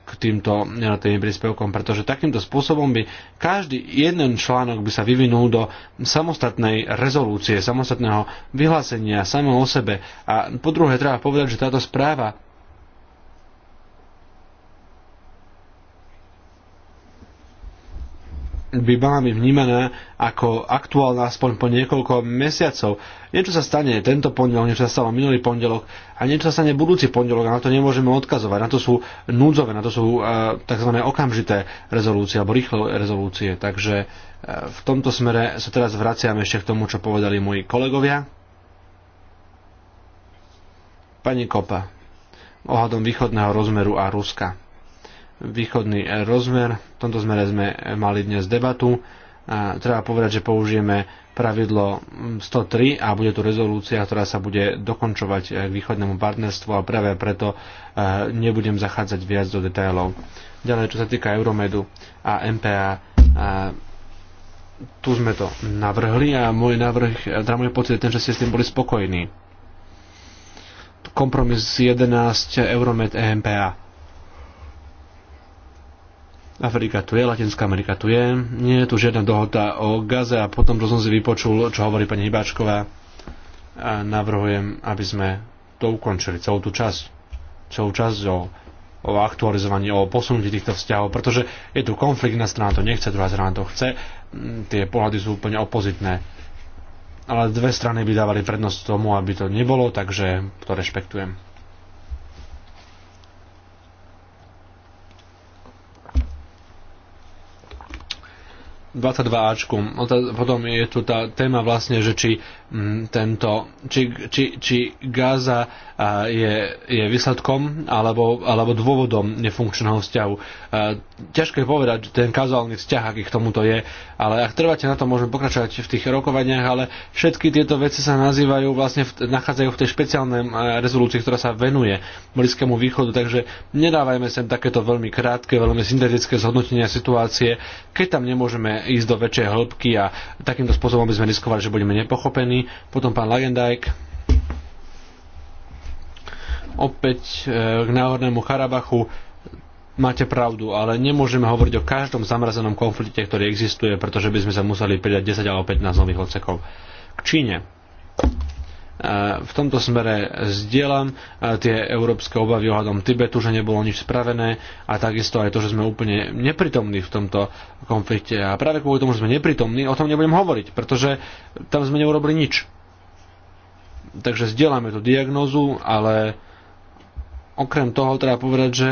k týmto nenotým príspevkom, pretože takýmto spôsobom by každý jeden článok by sa vyvinul do samostatnej rezolúcie, samostatného vyhlásenia samého o sebe. A po druhé treba povedať, že táto správa by mala byť vnímaná ako aktuálna aspoň po niekoľko mesiacov. Niečo sa stane tento pondelok, niečo sa stalo minulý pondelok a niečo sa stane budúci pondelok a na to nemôžeme odkazovať. Na to sú núdzové, na to sú uh, e, tzv. okamžité rezolúcie alebo rýchle rezolúcie. Takže uh, v tomto smere sa teraz vraciame ešte k tomu, čo povedali moji kolegovia. Pani Kopa, ohľadom východného rozmeru a Ruska východný rozmer. V tomto zmere sme mali dnes debatu. A treba povedať, že použijeme pravidlo 103 a bude tu rezolúcia, ktorá sa bude dokončovať k východnému partnerstvu a práve preto e, nebudem zachádzať viac do detailov. Ďalej, čo sa týka Euromedu a MPA, a e, tu sme to navrhli a môj návrh, teda môj pocit je ten, že ste s tým boli spokojní. Kompromis 11 Euromed EMPA. Afrika tu je, Latinská Amerika tu je, nie je tu žiadna dohoda o Gaze a potom, čo som si vypočul, čo hovorí pani Hibáčková, a navrhujem, aby sme to ukončili, celú tú časť, celú časť o, o aktualizovaní, o posunutí týchto vzťahov, pretože je tu konflikt, na strana to nechce, druhá strana to chce, mm, tie pohľady sú úplne opozitné. Ale dve strany by dávali prednosť tomu, aby to nebolo, takže to rešpektujem. 22 Ačkom. Potom je tu tá téma vlastne, že či Mm, tento, či, či, či Gaza je, je výsledkom alebo, alebo dôvodom nefunkčného vzťahu. Ťažké povedať ten kazuálny vzťah, aký k tomuto je, ale ak trváte na to, môžeme pokračovať v tých rokovaniach, ale všetky tieto veci sa nazývajú, vlastne v, nachádzajú v tej špeciálnej rezolúcii, ktorá sa venuje Blízkému východu, takže nedávajme sem takéto veľmi krátke, veľmi syntetické zhodnotenia situácie, keď tam nemôžeme ísť do väčšej hĺbky a takýmto spôsobom by sme riskovali, že budeme nepochopení potom pán Lagendajk opäť e, k náhornému Karabachu máte pravdu, ale nemôžeme hovoriť o každom zamrazenom konflikte, ktorý existuje, pretože by sme sa museli pridať 10 alebo 15 nových odsekov. K Číne v tomto smere zdieľam tie európske obavy ohľadom Tibetu, že nebolo nič spravené a takisto aj to, že sme úplne nepritomní v tomto konflikte. A práve kvôli tomu, že sme nepritomní, o tom nebudem hovoriť, pretože tam sme neurobili nič. Takže zdieľame tú diagnózu, ale okrem toho treba povedať, že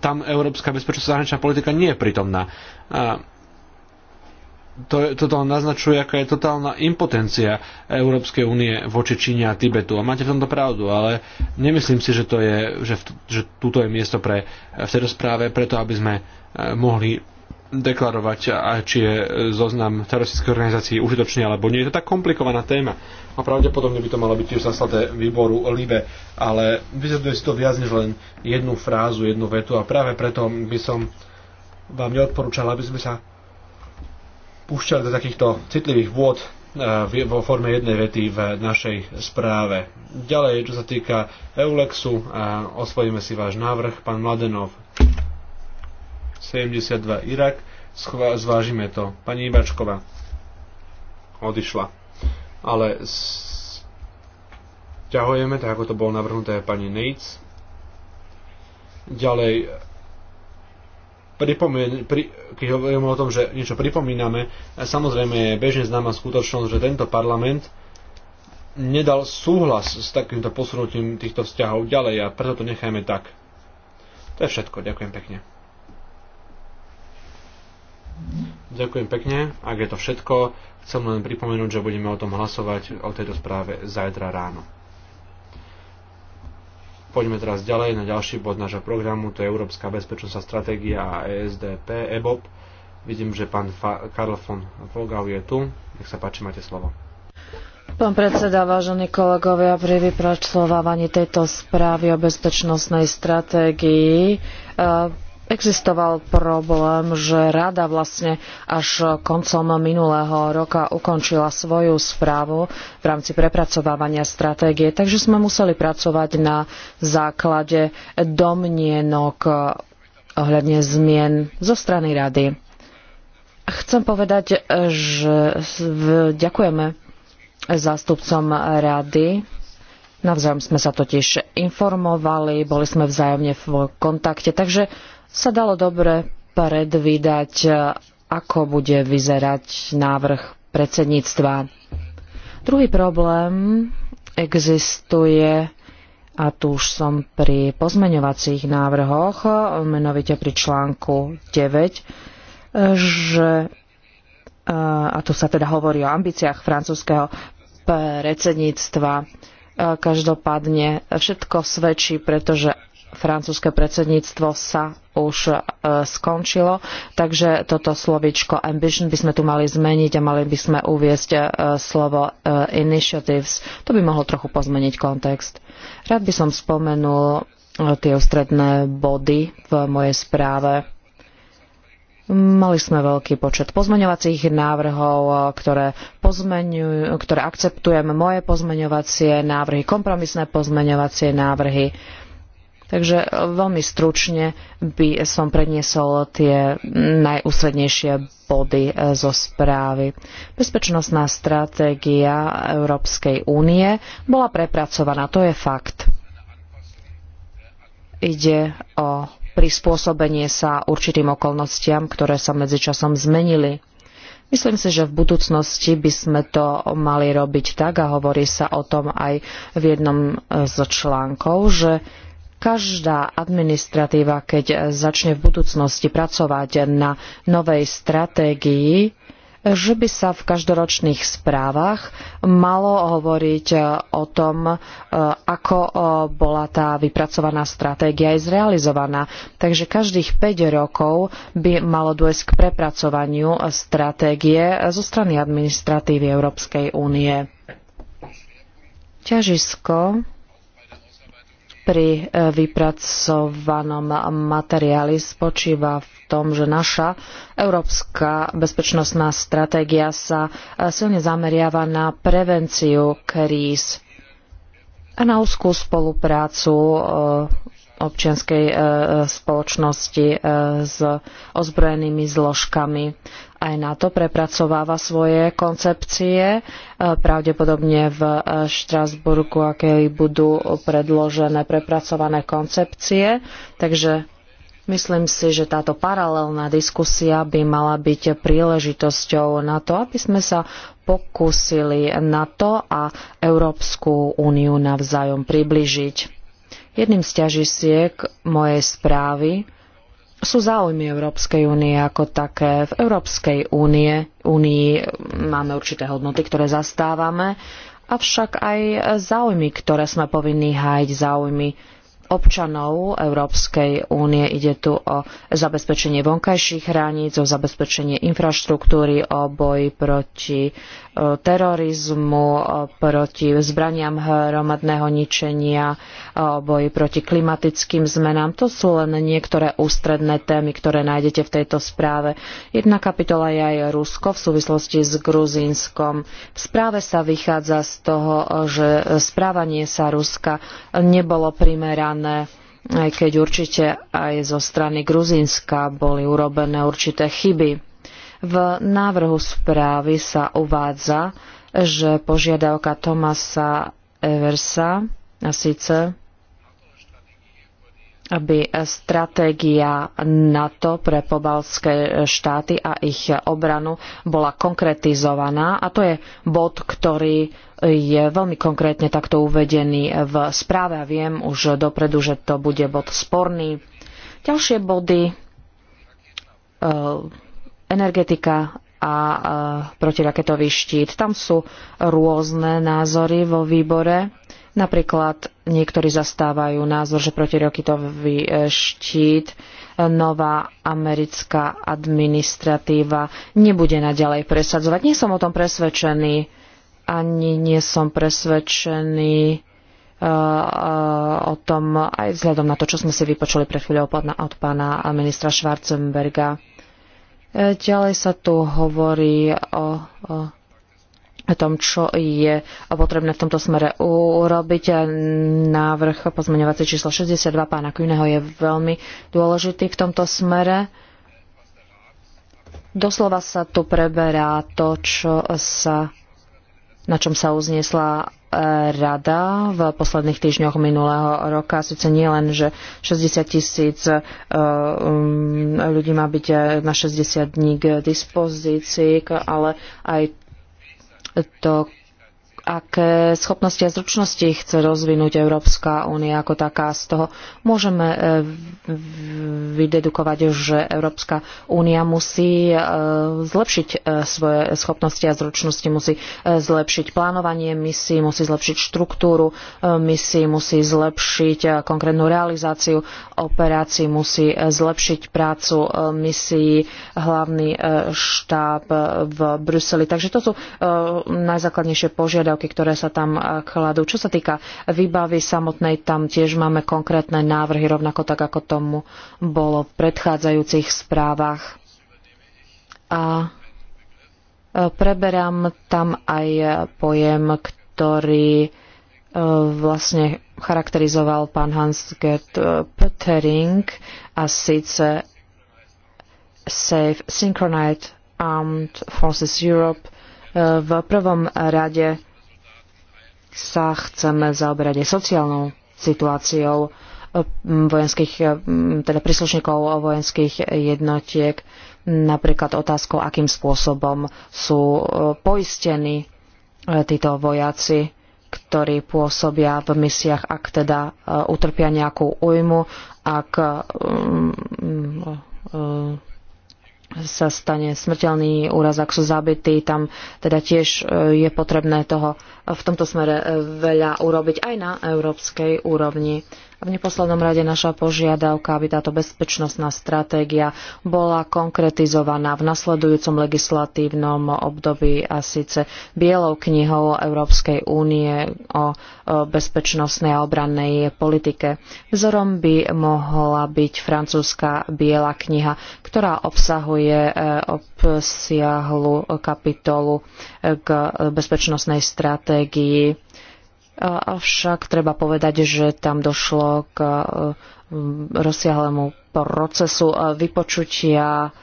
tam európska bezpečnostná zahraničná politika nie je pritomná. A to, toto naznačuje, aká je totálna impotencia Európskej únie voči Číne a Tibetu. A máte v tomto pravdu, ale nemyslím si, že, to je, že, že túto je miesto pre, v tejto správe preto, aby sme eh, mohli deklarovať, a či je eh, zoznam teroristických organizácií užitočný alebo nie. Je to tak komplikovaná téma. A pravdepodobne by to malo byť tiež zaslaté výboru LIBE, ale vyzerduje si to viac než len jednu frázu, jednu vetu a práve preto by som vám neodporúčal, aby sme sa púšťali do takýchto citlivých vôd e, vo forme jednej vety v našej správe. Ďalej, čo sa týka Eulexu, e, osvojíme si váš návrh, pán Mladenov. 72 Irak, zvážime to. Pani Ibačková odišla. Ale ťahujeme, tak ako to bolo navrhnuté pani Nates. Ďalej, pripomien, pri, keď hovoríme o tom, že niečo pripomíname, samozrejme je bežne známa skutočnosť, že tento parlament nedal súhlas s takýmto posunutím týchto vzťahov ďalej a preto to nechajme tak. To je všetko. Ďakujem pekne. Ďakujem pekne. Ak je to všetko, chcem len pripomenúť, že budeme o tom hlasovať o tejto správe zajtra ráno. Poďme teraz ďalej na ďalší bod nášho programu, to je Európska bezpečnostná stratégia a ESDP, EBOP. Vidím, že pán Fa- Karl von Vogau je tu. Nech sa páči, máte slovo. Pán predseda, vážení kolegovia, pri vypračovávaní tejto správy o bezpečnostnej stratégii existoval problém, že rada vlastne až koncom minulého roka ukončila svoju správu v rámci prepracovávania stratégie, takže sme museli pracovať na základe domnienok ohľadne zmien zo strany rady. Chcem povedať, že ďakujeme zástupcom rady Navzájom sme sa totiž informovali, boli sme vzájomne v kontakte, takže sa dalo dobre predvídať, ako bude vyzerať návrh predsedníctva. Druhý problém existuje a tu už som pri pozmeňovacích návrhoch, menovite pri článku 9, že, a tu sa teda hovorí o ambíciách francúzského predsedníctva, každopádne všetko svedčí, pretože francúzske predsedníctvo sa už e, skončilo, takže toto slovičko ambition by sme tu mali zmeniť a mali by sme uviesť e, slovo e, initiatives. To by mohlo trochu pozmeniť kontext. Rád by som spomenul tie ústredné body v mojej správe. Mali sme veľký počet pozmeňovacích návrhov, ktoré, ktoré akceptujem moje pozmeňovacie návrhy, kompromisné pozmeňovacie návrhy. Takže e, veľmi stručne by som predniesol tie najúslednejšie body e, zo správy. Bezpečnostná stratégia Európskej únie bola prepracovaná, to je fakt. Ide o prispôsobenie sa určitým okolnostiam, ktoré sa medzičasom zmenili. Myslím si, že v budúcnosti by sme to mali robiť tak, a hovorí sa o tom aj v jednom e, z článkov, že Každá administratíva, keď začne v budúcnosti pracovať na novej stratégii, že by sa v každoročných správach malo hovoriť eh, o tom, eh, ako eh, bola tá vypracovaná stratégia aj zrealizovaná. Takže každých 5 rokov by malo dôjsť k prepracovaniu stratégie zo strany administratívy Európskej únie. Ťažisko pri e, vypracovanom materiáli spočíva v tom, že naša európska bezpečnostná stratégia sa e, silne zameriava na prevenciu kríz a na úzkú spoluprácu e, občianskej e, spoločnosti e, s ozbrojenými zložkami. Aj NATO prepracováva svoje koncepcie, e, pravdepodobne v Štrasburgu, aké budú predložené prepracované koncepcie. Takže Myslím si, že táto paralelná diskusia by mala byť príležitosťou na to, aby sme sa pokúsili to a Európsku úniu navzájom približiť. Jedným z ťažisiek mojej správy sú záujmy Európskej únie ako také. V Európskej únie, únii máme určité hodnoty, ktoré zastávame, avšak aj záujmy, ktoré sme povinní hájiť, záujmy občanov Európskej únie. Ide tu o zabezpečenie vonkajších hraníc, o zabezpečenie infraštruktúry, o boj proti terorizmu, e, proti zbraniam hromadného ničenia, e, boji proti klimatickým zmenám. To sú len niektoré ústredné témy, ktoré nájdete v tejto správe. Jedna kapitola je aj Rusko v súvislosti s Gruzínskom. V správe sa vychádza z toho, že správanie sa Ruska nebolo primerané aj keď určite aj zo strany Gruzínska boli urobené určité chyby v návrhu správy sa uvádza, že požiadavka Tomasa Eversa, a síce aby stratégia NATO pre Pobalské štáty a ich obranu bola konkretizovaná. A to je bod, ktorý je veľmi konkrétne takto uvedený v správe a viem už dopredu, že to bude bod sporný. Ďalšie body eh, energetika a e, protiraketový štít. Tam sú rôzne názory vo výbore. Napríklad niektorí zastávajú názor, že protiraketový e, štít e, nová americká administratíva nebude naďalej presadzovať. Nie som o tom presvedčený, ani nie som presvedčený o tom, aj vzhľadom na to, čo sme si vypočuli pred chvíľou od pána ministra Schwarzenberga Ďalej sa tu hovorí o, o tom, čo je potrebné v tomto smere urobiť. Návrh pozmeňovacie číslo 62 pána Kuneho je veľmi dôležitý v tomto smere. Doslova sa tu preberá to, čo sa, na čom sa uzniesla rada v posledných týždňoch minulého roka. Sice nie len, že 60 tisíc e, mm, ľudí má byť e, na 60 dní k dispozícii, ale aj to, aké schopnosti a zručnosti chce rozvinúť Európska únia ako taká. Z toho môžeme e, vydedukovať, že Európska únia musí e, zlepšiť e, svoje schopnosti a zručnosti, musí zlepšiť plánovanie misií, musí zlepšiť štruktúru misií, musí zlepšiť konkrétnu realizáciu operácií, musí zlepšiť prácu misií hlavný štáb v Bruseli. Takže to sú najzákladnejšie požiadavky požiadavky, ktoré sa tam e, kladú. Čo sa týka výbavy samotnej, tam tiež máme konkrétne návrhy, rovnako tak, ako tomu bolo v predchádzajúcich správach. A e, preberám tam aj e, pojem, ktorý vlastne charakterizoval pán hans Gert Pöttering a síce Safe Synchronized Armed Forces Europe v prvom rade sa chceme zaoberať aj sociálnou situáciou e, vojenských, e, teda príslušníkov vojenských jednotiek, napríklad otázkou, akým spôsobom sú e, poistení títo vojaci, ktorí pôsobia v misiach, ak teda utrpia nejakú újmu, ak sa stane smrteľný úraz, ak sú zabití. Tam teda tiež e, je potrebné toho v tomto smere e, veľa urobiť aj na európskej úrovni v neposlednom rade naša požiadavka, aby táto bezpečnostná stratégia bola konkretizovaná v nasledujúcom legislatívnom období a síce Bielou knihou Európskej únie o bezpečnostnej a obrannej politike. Vzorom by mohla byť francúzska Biela kniha, ktorá obsahuje e, obsiahlu kapitolu k bezpečnostnej stratégii Avšak treba povedať, že tam došlo k eh, rozsiahlemu procesu eh, vypočutia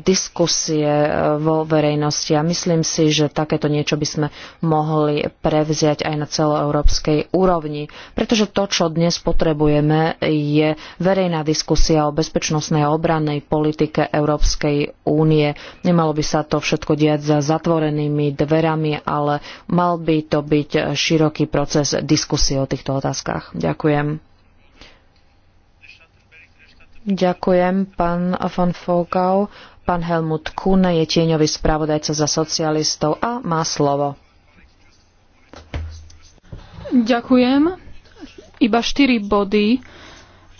diskusie eh, vo verejnosti a myslím si, že takéto niečo by sme mohli prevziať aj na celoeurópskej úrovni, pretože to, čo dnes potrebujeme, je verejná diskusia o bezpečnostnej a obrannej politike Európskej únie. Nemalo by sa to všetko diať za zatvorenými dverami, ale mal by to byť široký proces diskusie o týchto otázkach. Ďakujem. Ďakujem, pán von Fogau. Pán Helmut Kuhn je tieňový spravodajca za socialistov a má slovo. Ďakujem. Iba štyri body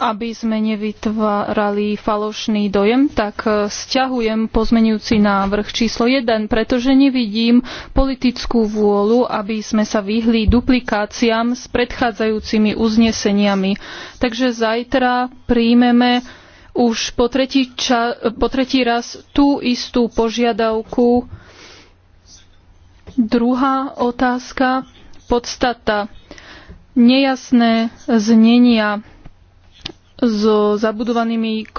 aby sme nevytvárali falošný dojem, tak e, stiahujem pozmenujúci návrh číslo 1, pretože nevidím politickú vôľu, aby sme sa vyhli duplikáciám s predchádzajúcimi uzneseniami. Takže zajtra príjmeme už po tretí, ča, po tretí raz tú istú požiadavku. Druhá otázka, podstata nejasné znenia so zabudovanými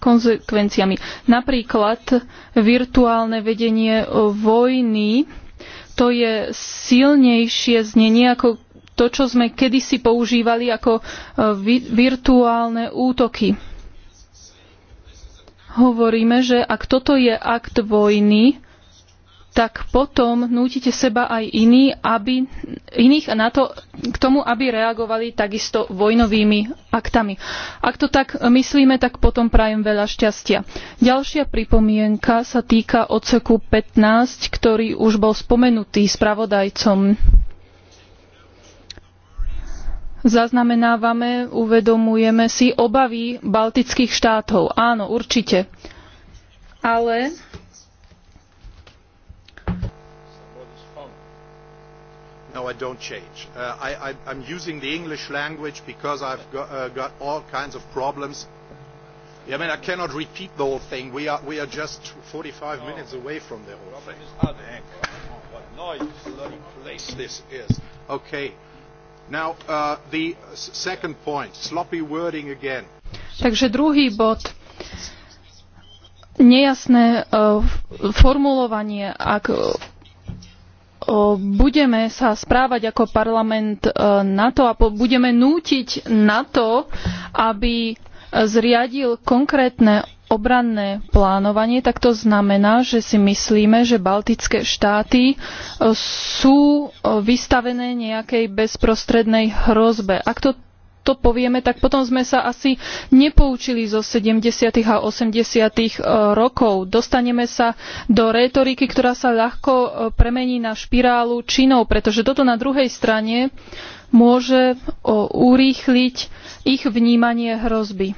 konzekvenciami. Napríklad virtuálne vedenie vojny, to je silnejšie znenie ako to, čo sme kedysi používali ako e, virtuálne útoky. Hovoríme, že ak toto je akt vojny, tak potom nútite seba aj iní, aby, iných na to, k tomu, aby reagovali takisto vojnovými aktami. Ak to tak myslíme, tak potom prajem veľa šťastia. Ďalšia pripomienka sa týka odseku 15, ktorý už bol spomenutý spravodajcom. Zaznamenávame, uvedomujeme si obavy baltických štátov. Áno, určite. Ale No, I don't change. Uh, I, I, I'm using the English language because I've got, uh, got all kinds of problems. I mean, I cannot repeat the whole thing. We are, we are just 45 no. minutes away from the whole thing. What noise, bloody place this is. Okay. Now, uh, the second point, sloppy wording again. Takže druhý bod, nejasné uh, formulovanie, ak budeme sa správať ako parlament e, NATO a budeme nútiť na to, aby e, zriadil konkrétne obranné plánovanie, tak to znamená, že si myslíme, že baltické štáty e, sú vystavené nejakej bezprostrednej hrozbe. Ak to to povieme, tak potom sme sa asi nepoučili zo 70. a 80. E, rokov. Dostaneme sa do rétoriky, ktorá sa ľahko e, premení na špirálu činov, pretože toto na druhej strane môže e, urýchliť ich vnímanie hrozby.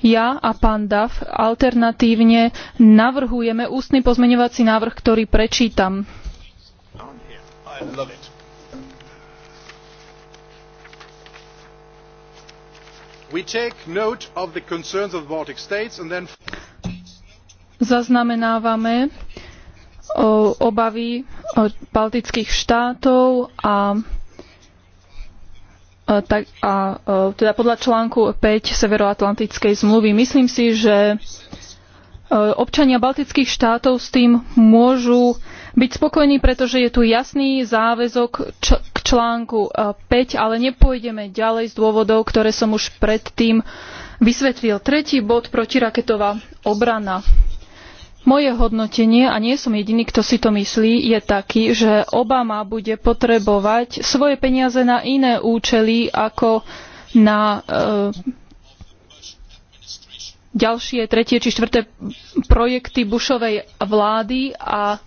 Ja a pán DAF alternatívne navrhujeme ústny pozmeňovací návrh, ktorý prečítam. I love it. we take note of the concerns of the Baltic states and then zaznamenávame obavy baltických štátov a, e, a, a e, teda podľa článku 5 Severoatlantickej zmluvy. Myslím si, že e, občania baltických štátov s tým môžu byť spokojní, pretože je tu jasný záväzok k článku 5, e, ale nepôjdeme ďalej z dôvodov, ktoré som už predtým vysvetlil. Tretí bod, protiraketová obrana. Moje hodnotenie, a nie som jediný, kto si to myslí, je taký, že Obama bude potrebovať svoje peniaze na iné účely ako na e, ďalšie, tretie či štvrté projekty Bushovej vlády a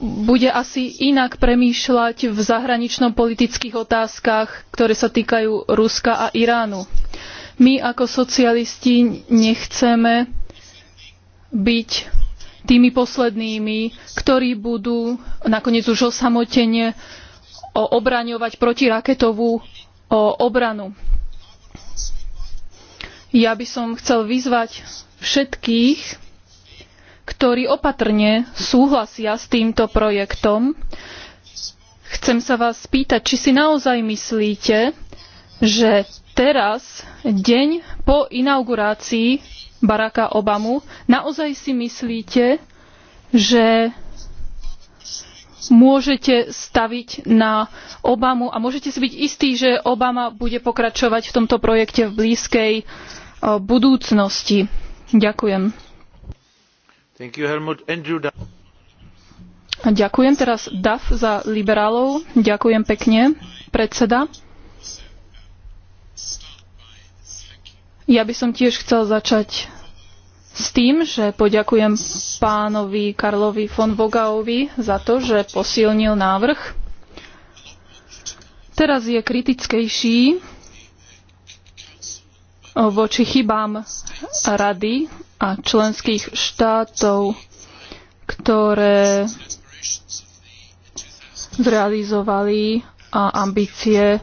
bude asi inak premýšľať v zahranično-politických otázkach, ktoré sa týkajú Ruska a Iránu. My ako socialisti nechceme byť tými poslednými, ktorí budú nakoniec už osamotene obraňovať protiraketovú obranu. Ja by som chcel vyzvať všetkých, ktorí opatrne súhlasia s týmto projektom. Chcem sa vás spýtať, či si naozaj myslíte, že teraz, deň po inaugurácii Baracka Obamu, naozaj si myslíte, že môžete staviť na Obamu a môžete si byť istí, že Obama bude pokračovať v tomto projekte v blízkej eh, budúcnosti. Ďakujem. Ďakujem teraz DAF za liberálov. Ďakujem pekne, predseda. Ja by som tiež chcel začať s tým, že poďakujem pánovi Karlovi von Vogaovi za to, že posilnil návrh. Teraz je kritickejší voči chybám rady a členských štátov, ktoré zrealizovali ambície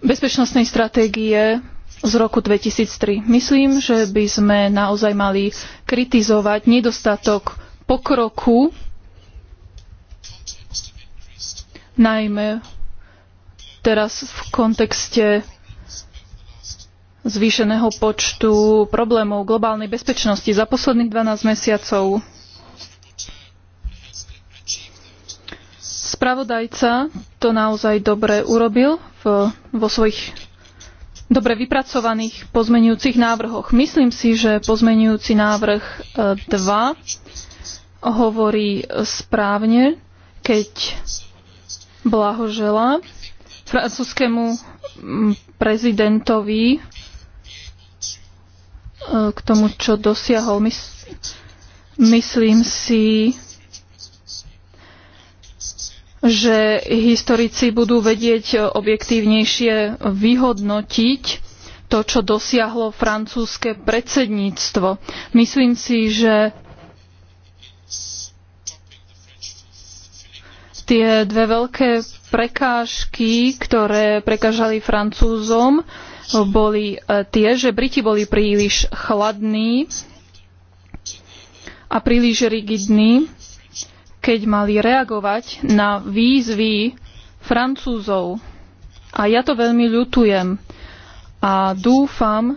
bezpečnostnej stratégie z roku 2003. Myslím, že by sme naozaj mali kritizovať nedostatok pokroku, najmä teraz v kontexte zvýšeného počtu problémov globálnej bezpečnosti za posledných 12 mesiacov. Spravodajca to naozaj dobre urobil v, vo svojich dobre vypracovaných pozmenujúcich návrhoch. Myslím si, že pozmenujúci návrh 2 e, hovorí správne, keď blahožela francúzskému prezidentovi k tomu, čo dosiahol. Myslím si, že historici budú vedieť objektívnejšie vyhodnotiť to, čo dosiahlo francúzske predsedníctvo. Myslím si, že tie dve veľké prekážky, ktoré prekážali Francúzom, boli e, tie, že Briti boli príliš chladní a príliš rigidní, keď mali reagovať na výzvy Francúzov. A ja to veľmi ľutujem a dúfam,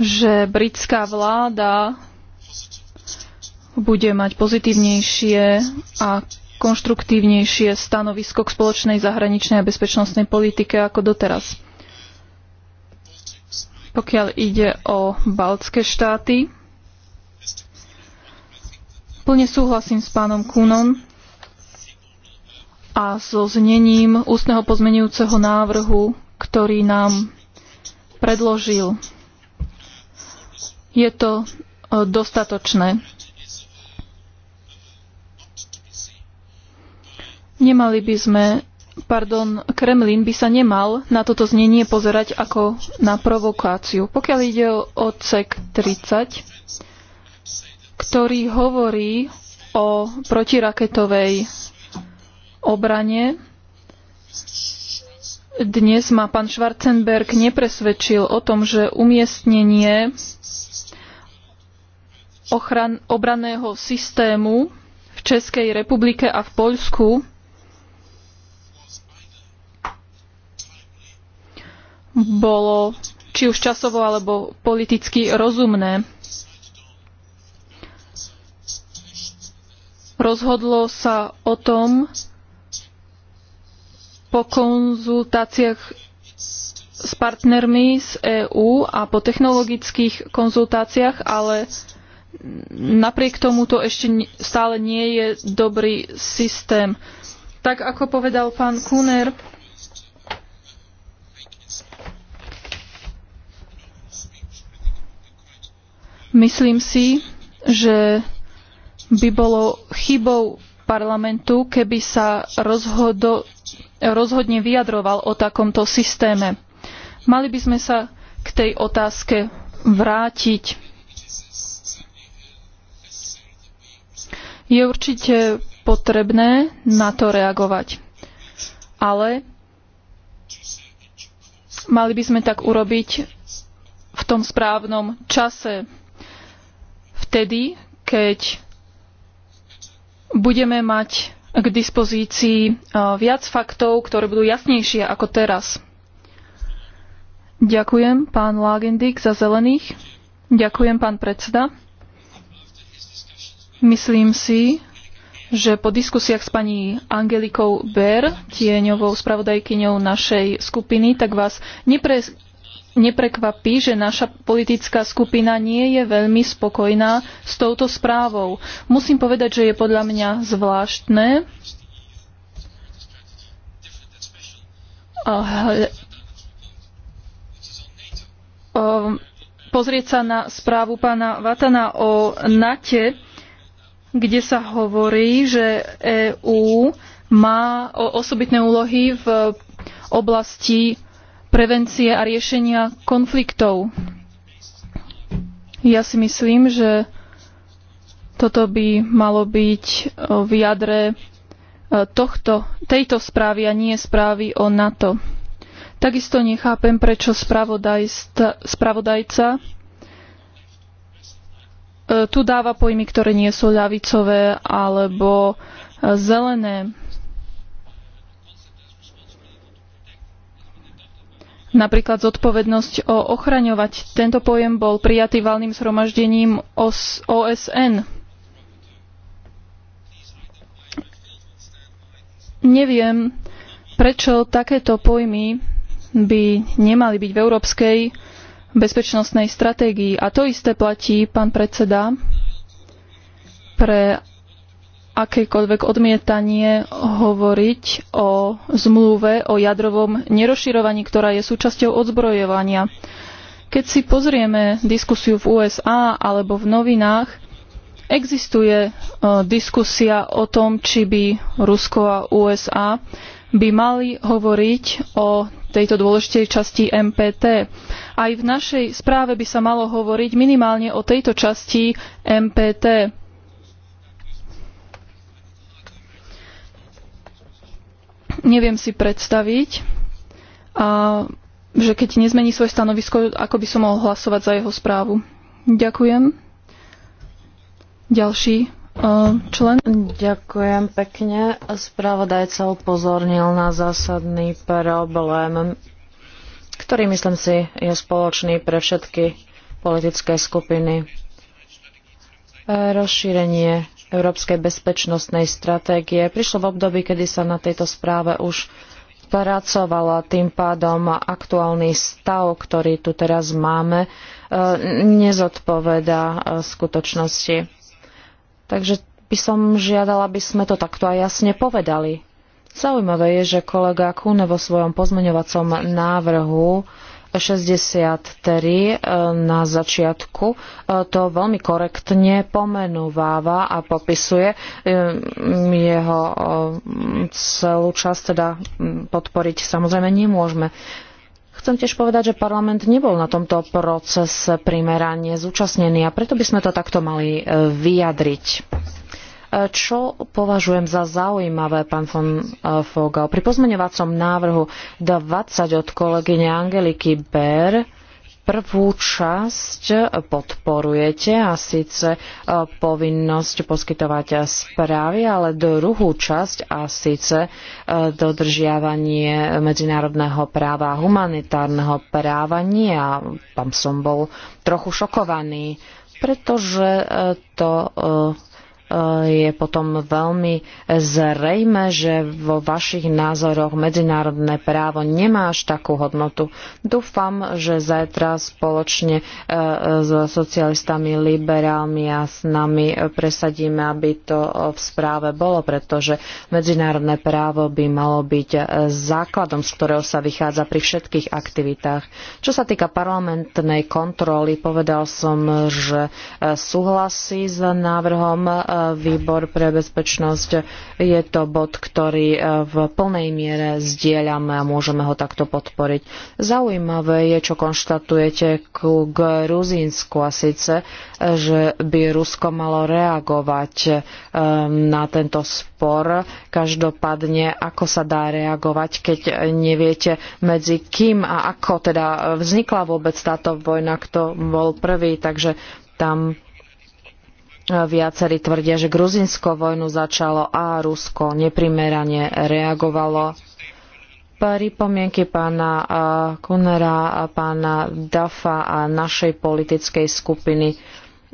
že britská vláda bude mať pozitívnejšie a konštruktívnejšie stanovisko k spoločnej zahraničnej a bezpečnostnej politike ako doteraz. Pokiaľ ide o baltské štáty, plne súhlasím s pánom Kunom a so znením ústneho pozmenujúceho návrhu, ktorý nám predložil. Je to e, dostatočné. Nemali by sme pardon, Kremlin by sa nemal na toto znenie pozerať ako na provokáciu. Pokiaľ ide o odsek 30, ktorý hovorí o protiraketovej obrane, dnes ma pán Schwarzenberg nepresvedčil o tom, že umiestnenie ochran- obraného systému v Českej republike a v Poľsku Mhm. bolo či už časovo alebo politicky rozumné. Rozhodlo sa o tom po konzultáciách s partnermi z EÚ a po technologických konzultáciách, ale napriek tomu to ešte stále nie je dobrý systém. Tak ako povedal pán Kuner, Myslím si, že by bolo chybou parlamentu, keby sa rozhodo, rozhodne vyjadroval o takomto systéme. Mali by sme sa k tej otázke vrátiť. Je určite potrebné na to reagovať. Ale mali by sme tak urobiť v tom správnom čase vtedy, keď budeme mať k dispozícii e, viac faktov, ktoré budú jasnejšie ako teraz. Ďakujem, pán Lagendik za zelených. Ďakujem, pán predseda. Myslím si, že po diskusiách s pani Angelikou Ber, tieňovou spravodajkyňou našej skupiny, tak vás nepre, neprekvapí, že naša politická skupina nie je veľmi spokojná s touto správou. Musím povedať, že je podľa mňa zvláštne pozrieť sa na správu pána Vatana o NATE, kde sa hovorí, že EÚ má osobitné úlohy v oblasti prevencie a riešenia konfliktov. Ja si myslím, že toto by malo byť e, v jadre e, tohto, tejto správy a nie správy o NATO. Takisto nechápem, prečo spravodajca e, tu dáva pojmy, ktoré nie sú ľavicové alebo zelené. Napríklad zodpovednosť o ochraňovať. Tento pojem bol prijatý valným zhromaždením OSN. Neviem, prečo takéto pojmy by nemali byť v európskej bezpečnostnej stratégii. A to isté platí, pán predseda, pre akékoľvek odmietanie hovoriť o zmluve o jadrovom nerozširovaní, ktorá je súčasťou odzbrojovania. Keď si pozrieme diskusiu v USA alebo v novinách, existuje e, diskusia o tom, či by Rusko a USA by mali hovoriť o tejto dôležitej časti MPT. Aj v našej správe by sa malo hovoriť minimálne o tejto časti MPT neviem si predstaviť, a, že keď nezmení svoje stanovisko, ako by som mohol hlasovať za jeho správu. Ďakujem. Ďalší e, člen. Ďakujem pekne. Spravodajca upozornil na zásadný problém, ktorý, myslím si, je spoločný pre všetky politické skupiny. Rozšírenie európskej bezpečnostnej stratégie. Prišlo v období, kedy sa na tejto správe už pracovala tým pádom aktuálny stav, ktorý tu teraz máme, e, nezodpovedá e, skutočnosti. Takže by som žiadala, aby sme to takto aj jasne povedali. Zaujímavé je, že kolega Kune vo svojom pozmeňovacom návrhu 63 eh, na začiatku eh, to veľmi korektne pomenúváva a popisuje eh, jeho celú časť, teda hm, podporiť samozrejme nemôžeme. Chcem tiež povedať, že parlament nebol na tomto procese primerane zúčastnený a preto by sme to takto mali vyjadriť. Čo považujem za zaujímavé, pán von Fogel? E, Pri pozmeňovacom návrhu 20 od kolegyne Angeliky Ber prvú časť podporujete a síce e, povinnosť poskytovať správy, ale druhú časť a síce e, dodržiavanie medzinárodného práva a humanitárneho práva nie. A tam som bol trochu šokovaný, pretože to je potom veľmi zrejme, že vo vašich názoroch medzinárodné právo nemá až takú hodnotu. Dúfam, že zajtra spoločne e, e, s socialistami, liberálmi a s nami presadíme, aby to v správe bolo, pretože medzinárodné právo by malo byť e, základom, z ktorého sa vychádza pri všetkých aktivitách. Čo sa týka parlamentnej kontroly, povedal som, že súhlasí s návrhom výbor pre bezpečnosť. Je to bod, ktorý e, v plnej miere zdieľame a môžeme ho takto podporiť. Zaujímavé je, čo konštatujete ku Gruzínsku a síce, že by Rusko malo reagovať e, na tento spor. Každopádne, ako sa dá reagovať, keď neviete medzi kým a ako teda vznikla vôbec táto vojna, kto bol prvý. Takže tam Viacerí tvrdia, že Gruzinsko vojnu začalo a Rusko neprimerane reagovalo. Pripomienky pána eh, Kunera, pána Dafa a našej politickej skupiny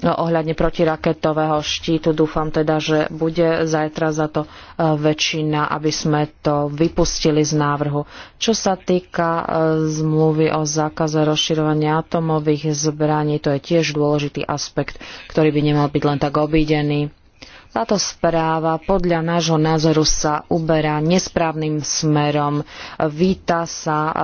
No, ohľadne protiraketového štítu. Dúfam teda, že bude zajtra za to e, väčšina, aby sme to vypustili z návrhu. Čo sa týka e, zmluvy o zákaze rozširovania atomových zbraní, to je tiež dôležitý aspekt, ktorý by nemal byť len tak obídený. Táto správa podľa nášho názoru sa uberá nesprávnym smerom. Víta sa e, e,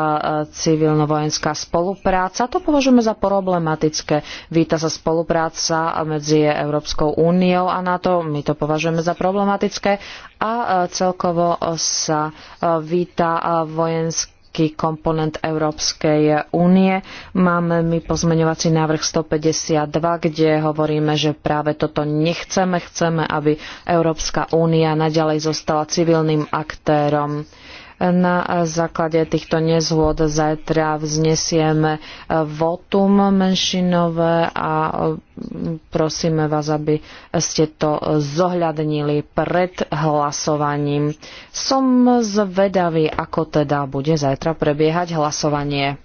civilno-vojenská spolupráca. To považujeme za problematické. Víta sa spolupráca medzi Európskou úniou a NATO. My to považujeme za problematické. A e, celkovo sa víta vojenská veľký komponent Európskej únie. Máme my pozmeňovací návrh 152, kde hovoríme, že práve toto nechceme. Chceme, aby Európska únia naďalej zostala civilným aktérom. Na základe týchto nezhôd zajtra vznesieme eh, votum menšinové a eh, prosíme vás, aby ste to zohľadnili pred hlasovaním. Som zvedavý, ako teda bude zajtra prebiehať hlasovanie.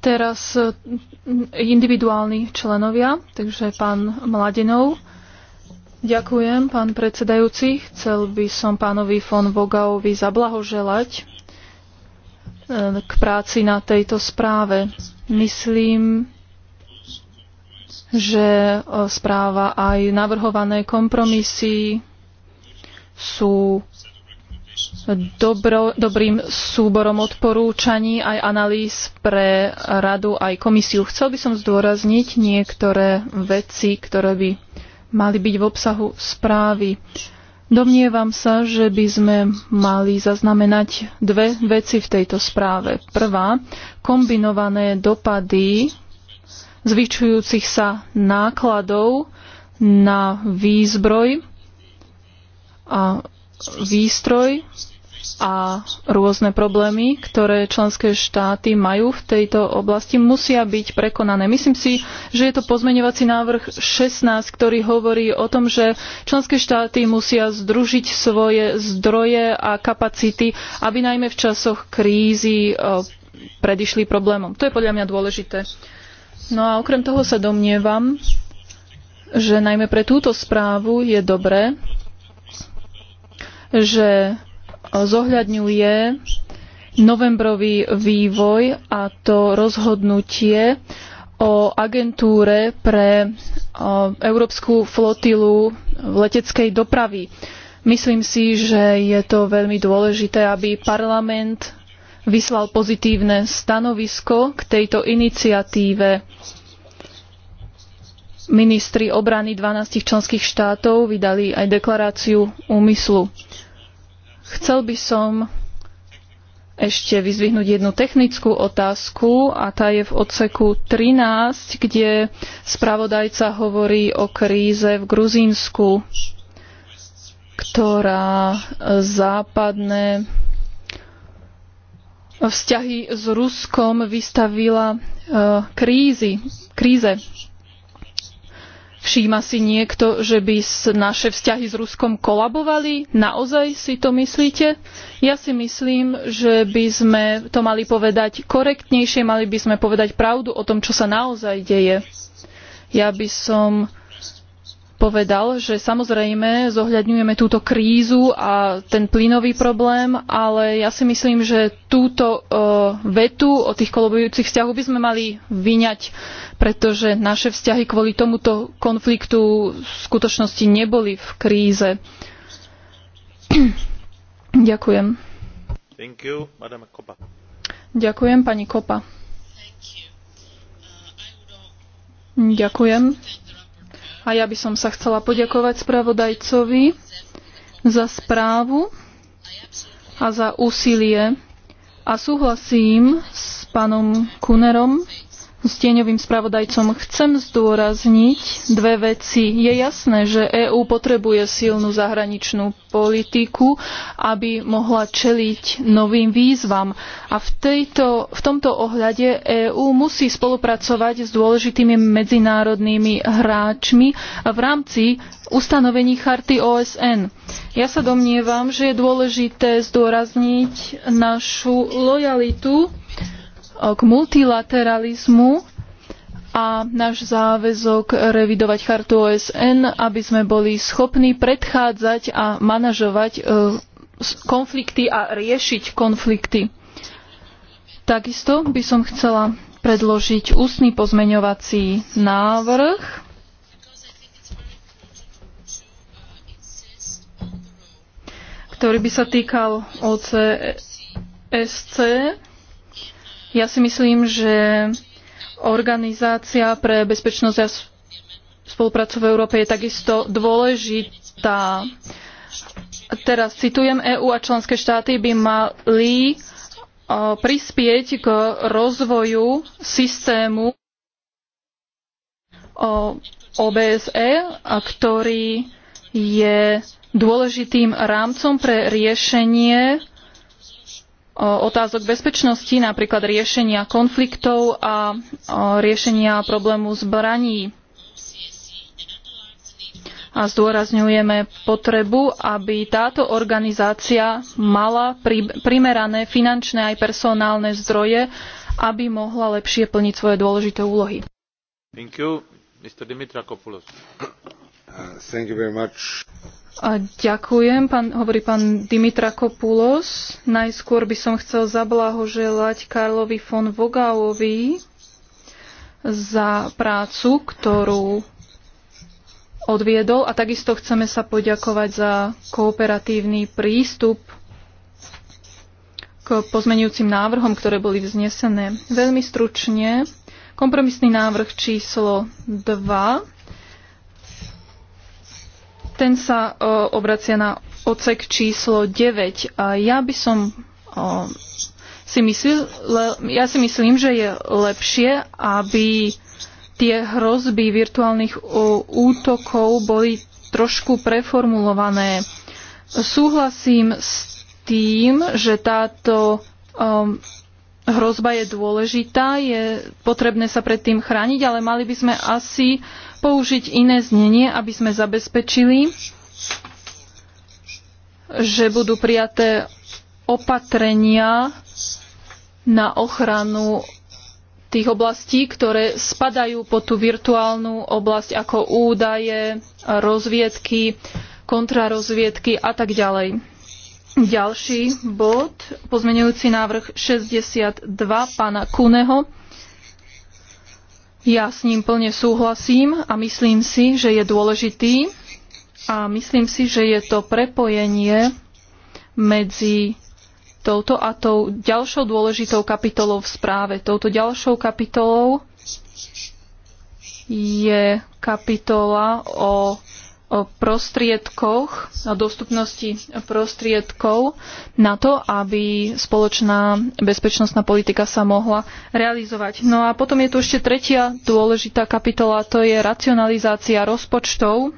Teraz eh, individuálni členovia, takže pán Mladinov. Ďakujem, pán predsedajúci. Chcel by som pánovi von Vogaovi zablahoželať e, k práci na tejto správe. Myslím, že e, správa aj navrhované kompromisy sú dobro, dobrým súborom odporúčaní aj analýz pre radu aj komisiu. Chcel by som zdôrazniť niektoré veci, ktoré by mali byť v obsahu správy. Domnievam sa, že by sme mali zaznamenať dve veci v tejto správe. Prvá, kombinované dopady zvyčujúcich sa nákladov na výzbroj a výstroj a rôzne problémy, ktoré členské štáty majú v tejto oblasti, musia byť prekonané. Myslím si, že je to pozmeňovací návrh 16, ktorý hovorí o tom, že členské štáty musia združiť svoje zdroje a kapacity, aby najmä v časoch krízy e, predišli problémom. To je podľa mňa dôležité. No a okrem toho sa domnievam, že najmä pre túto správu je dobré, že zohľadňuje novembrový vývoj a to rozhodnutie o agentúre pre európsku flotilu leteckej dopravy. Myslím si, že je to veľmi dôležité, aby parlament vyslal pozitívne stanovisko k tejto iniciatíve. Ministri obrany 12 členských štátov vydali aj deklaráciu úmyslu. Chcel by som ešte vyzvihnúť jednu technickú otázku a tá je v odseku 13, kde spravodajca hovorí o kríze v Gruzínsku, ktorá západné vzťahy s Ruskom vystavila e, krízy, kríze. Všíma si niekto, že by naše vzťahy s Ruskom kolabovali? Naozaj si to myslíte? Ja si myslím, že by sme to mali povedať korektnejšie, mali by sme povedať pravdu o tom, čo sa naozaj deje. Ja by som povedal, že samozrejme zohľadňujeme túto krízu a ten plynový problém, ale ja si myslím, že túto e, vetu o tých kolobujúcich vzťahoch by sme mali vyňať, pretože naše vzťahy kvôli tomuto konfliktu v skutočnosti neboli v kríze. Ďakujem. You, Ďakujem, pani Kopa. Ďakujem. A ja by som sa chcela poďakovať spravodajcovi za správu a za úsilie. A súhlasím s pánom Kunerom s tieňovým spravodajcom chcem zdôrazniť dve veci. Je jasné, že EÚ potrebuje silnú zahraničnú politiku, aby mohla čeliť novým výzvam. A v, tejto, v tomto ohľade EÚ musí spolupracovať s dôležitými medzinárodnými hráčmi v rámci ustanovení charty OSN. Ja sa domnievam, že je dôležité zdôrazniť našu lojalitu k multilateralizmu a náš záväzok revidovať chartu OSN, aby sme boli schopní predchádzať a manažovať e, konflikty a riešiť konflikty. Takisto by som chcela predložiť ústny pozmeňovací návrh, ktorý by sa týkal OCSC ja si myslím, že Organizácia pre bezpečnosť a spoluprácu v Európe je takisto dôležitá. Teraz citujem, EÚ a členské štáty by mali prispieť k rozvoju systému OBSE, ktorý je dôležitým rámcom pre riešenie otázok bezpečnosti, napríklad riešenia konfliktov a riešenia problému zbraní. A zdôrazňujeme potrebu, aby táto organizácia mala primerané finančné aj personálne zdroje, aby mohla lepšie plniť svoje dôležité úlohy. Thank you, Mr. Uh, thank you very much. Ďakujem, pán, hovorí pán Dimitra Kopulos. Najskôr by som chcel zablahoželať Karlovi von Vogalovi za prácu, ktorú odviedol a takisto chceme sa poďakovať za kooperatívny prístup k pozmenujúcim návrhom, ktoré boli vznesené. Veľmi stručne, kompromisný návrh číslo 2 ten sa e, obracia na ocek číslo 9. A ja by som e, si le, ja si myslím, že je lepšie, aby tie hrozby virtuálnych e, útokov boli trošku preformulované. Súhlasím s tým, že táto um, hrozba je dôležitá, je potrebné sa pred tým chrániť, ale mali by sme asi použiť iné znenie, aby sme zabezpečili, že budú prijaté opatrenia na ochranu tých oblastí, ktoré spadajú pod tú virtuálnu oblasť ako údaje, rozviedky, kontrarozviedky a tak ďalej. Ďalší bod, pozmenujúci návrh 62 pána Kuneho ja s ním plne súhlasím a myslím si, že je dôležitý a myslím si, že je to prepojenie medzi touto a tou ďalšou dôležitou kapitolou v správe. Touto ďalšou kapitolou je kapitola o o prostriedkoch, o dostupnosti prostriedkov na to, aby spoločná bezpečnostná politika sa mohla realizovať. No a potom je tu ešte tretia dôležitá kapitola, to je racionalizácia rozpočtov,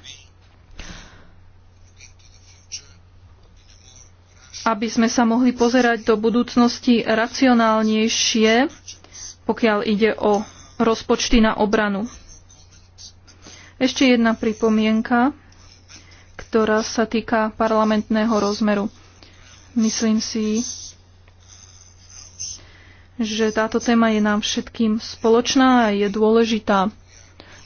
aby sme sa mohli pozerať do budúcnosti racionálnejšie, pokiaľ ide o rozpočty na obranu. Ešte jedna pripomienka ktorá sa týka parlamentného rozmeru. Myslím si, že táto téma je nám všetkým spoločná a je dôležitá.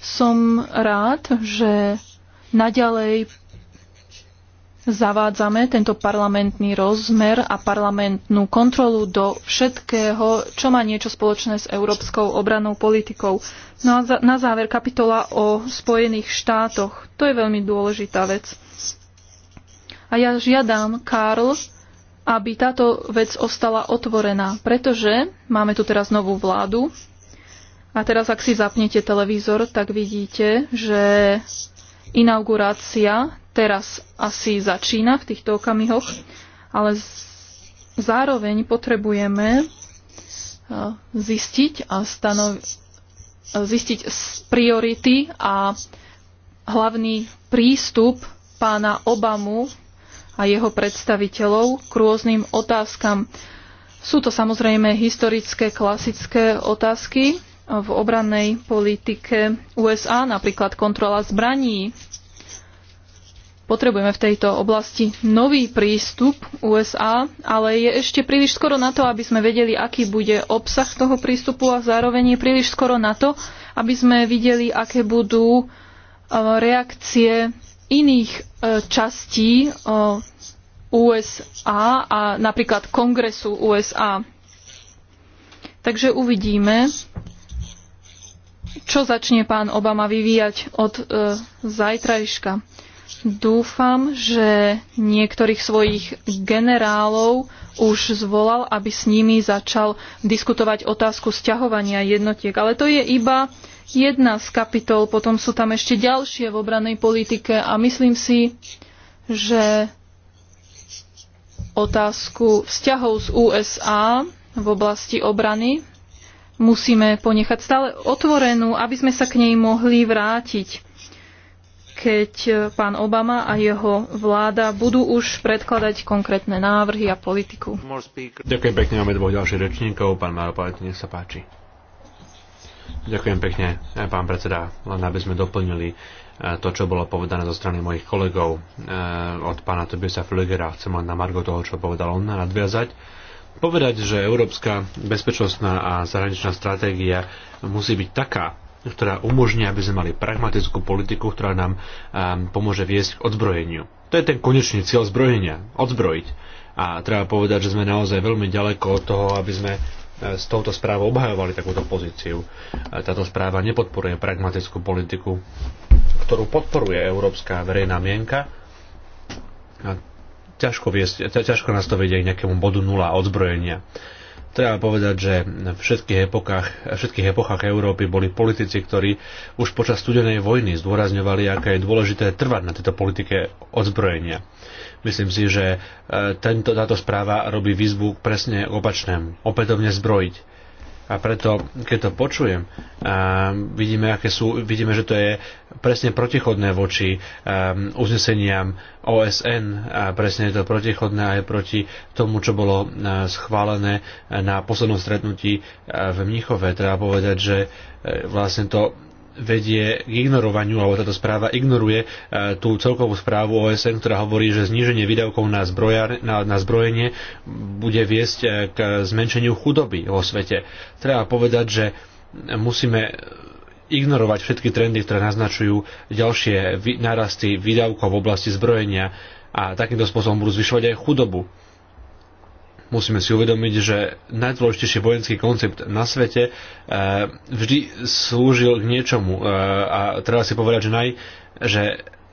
Som rád, že naďalej zavádzame tento parlamentný rozmer a parlamentnú kontrolu do všetkého, čo má niečo spoločné s európskou obranou politikou. No a na záver kapitola o Spojených štátoch. To je veľmi dôležitá vec. A ja žiadam, Karl, aby táto vec ostala otvorená, pretože máme tu teraz novú vládu. A teraz, ak si zapnete televízor, tak vidíte, že inaugurácia teraz asi začína v týchto okamihoch, ale zároveň potrebujeme e, zistiť a stanoviť e, zistiť priority a hlavný prístup pána Obamu a jeho predstaviteľov k rôznym otázkam. Sú to samozrejme historické, klasické otázky v obrannej politike USA, napríklad kontrola zbraní. Potrebujeme v tejto oblasti nový prístup USA, ale je ešte príliš skoro na to, aby sme vedeli, aký bude obsah toho prístupu a zároveň je príliš skoro na to, aby sme videli, aké budú eh, reakcie iných eh, častí eh, USA a napríklad Kongresu USA. Takže uvidíme, čo začne pán Obama vyvíjať od e, zajtrajška. Dúfam, že niektorých svojich generálov už zvolal, aby s nimi začal diskutovať otázku sťahovania jednotiek. Ale to je iba jedna z kapitol, potom sú tam ešte ďalšie v obranej politike a myslím si, že otázku vzťahov z USA v oblasti obrany musíme ponechať stále otvorenú, aby sme sa k nej mohli vrátiť, keď pán Obama a jeho vláda budú už predkladať konkrétne návrhy a politiku. Ďakujem pekne, máme dvoch ďalších rečníkov. Pán Maro, povedz, nech sa páči. Ďakujem pekne, pán predseda, len aby sme doplnili to, čo bolo povedané zo strany mojich kolegov eh, od pána Tobiasa Flügera. Chcem len na Margo toho, čo povedal on, nadviazať. Povedať, že európska bezpečnostná a zahraničná stratégia musí byť taká, ktorá umožní, aby sme mali pragmatickú politiku, ktorá nám ehm, pomôže viesť k odzbrojeniu. To je ten konečný cieľ zbrojenia, odzbrojiť. A treba povedať, že sme naozaj veľmi ďaleko od toho, aby sme E, s touto správou obhajovali takúto pozíciu. E, táto správa nepodporuje pragmatickú politiku, ktorú podporuje európska verejná mienka. A ťažko, viesť, ťažko nás to vedie k nejakému bodu nula odzbrojenia. Treba povedať, že v všetkých epochách, všetkých epochách Európy boli politici, ktorí už počas studenej vojny zdôrazňovali, aké je dôležité trvať na tejto politike odzbrojenia. Myslím si, že e, tento, táto správa robí výzvu presne opačnému. Opätovne zbrojiť. A preto, keď to počujem, a e, vidíme, aké sú, vidíme, že to je presne protichodné voči um, uzneseniam OSN a presne je to protichodné aj proti tomu, čo bolo schválené na poslednom stretnutí v Mníchove. Treba povedať, že vlastne to vedie k ignorovaniu, alebo táto správa ignoruje e, tú celkovú správu OSN, ktorá hovorí, že zníženie výdavkov na, zbrojar, na, na zbrojenie bude viesť e, k zmenšeniu chudoby vo svete. Treba povedať, že musíme ignorovať všetky trendy, ktoré naznačujú ďalšie narasty výdavkov v oblasti zbrojenia a takýmto spôsobom budú zvyšovať aj chudobu. Musíme si uvedomiť, že najdôležitejší vojenský koncept na svete eh, vždy slúžil k niečomu eh, a treba si povedať, že, naj, že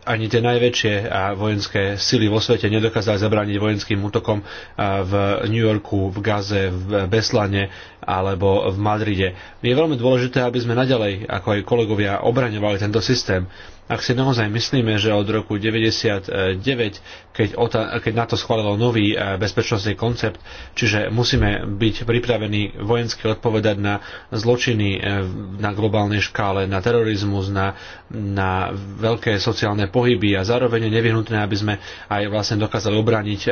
ani tie najväčšie eh, vojenské sily vo svete nedokázali zabrániť vojenským útokom v New Yorku, v Gaze, v Beslane alebo v Madride. Je veľmi dôležité, aby sme naďalej, ako aj kolegovia, obraňovali tento systém ak si naozaj myslíme, že od roku 1999, keď, keď NATO schválilo nový e, bezpečnostný koncept, čiže musíme byť pripravení vojensky odpovedať na zločiny e, na globálnej škále, na terorizmus, na, na veľké sociálne pohyby a zároveň je nevyhnutné, aby sme aj vlastne dokázali obraniť e,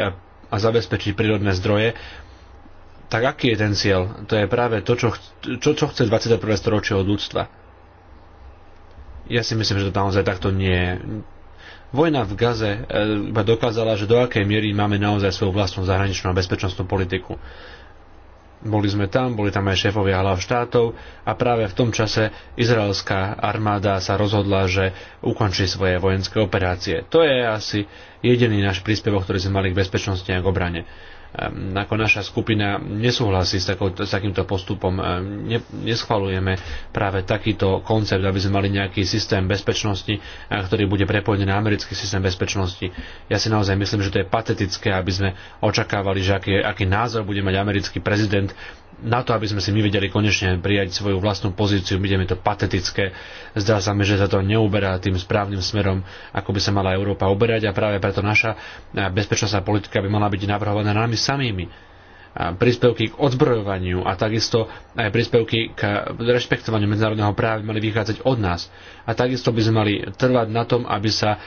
a zabezpečiť prírodné zdroje, tak aký je ten cieľ? To je práve to, čo, čo, čo chce 21. storočie od ľudstva ja si myslím, že to naozaj takto nie je. Vojna v Gaze e, iba dokázala, že do akej miery máme naozaj svoju vlastnú zahraničnú a bezpečnostnú politiku. Boli sme tam, boli tam aj šéfovia hlav štátov a práve v tom čase izraelská armáda sa rozhodla, že ukončí svoje vojenské operácie. To je asi jediný náš príspevok, ktorý sme mali k bezpečnosti a k obrane. Ehm, ako naša skupina nesúhlasí s, takou, s takýmto postupom. Ehm, ne, neschvalujeme práve takýto koncept, aby sme mali nejaký systém bezpečnosti, eh, ktorý bude prepojený na americký systém bezpečnosti. Ja si naozaj myslím, že to je patetické, aby sme očakávali, že aký, aký názor bude mať americký prezident na to, aby sme si my vedeli konečne prijať svoju vlastnú pozíciu, mi to patetické. Zdá sa mi, že sa to neuberá tým správnym smerom, ako by sa mala Európa uberať a práve preto naša eh, bezpečnostná politika by mala byť navrhovaná na mysle samými príspevky k odzbrojovaniu a takisto aj príspevky k rešpektovaniu medzinárodného práva mali vychádzať od nás. A takisto by sme mali trvať na tom, aby sa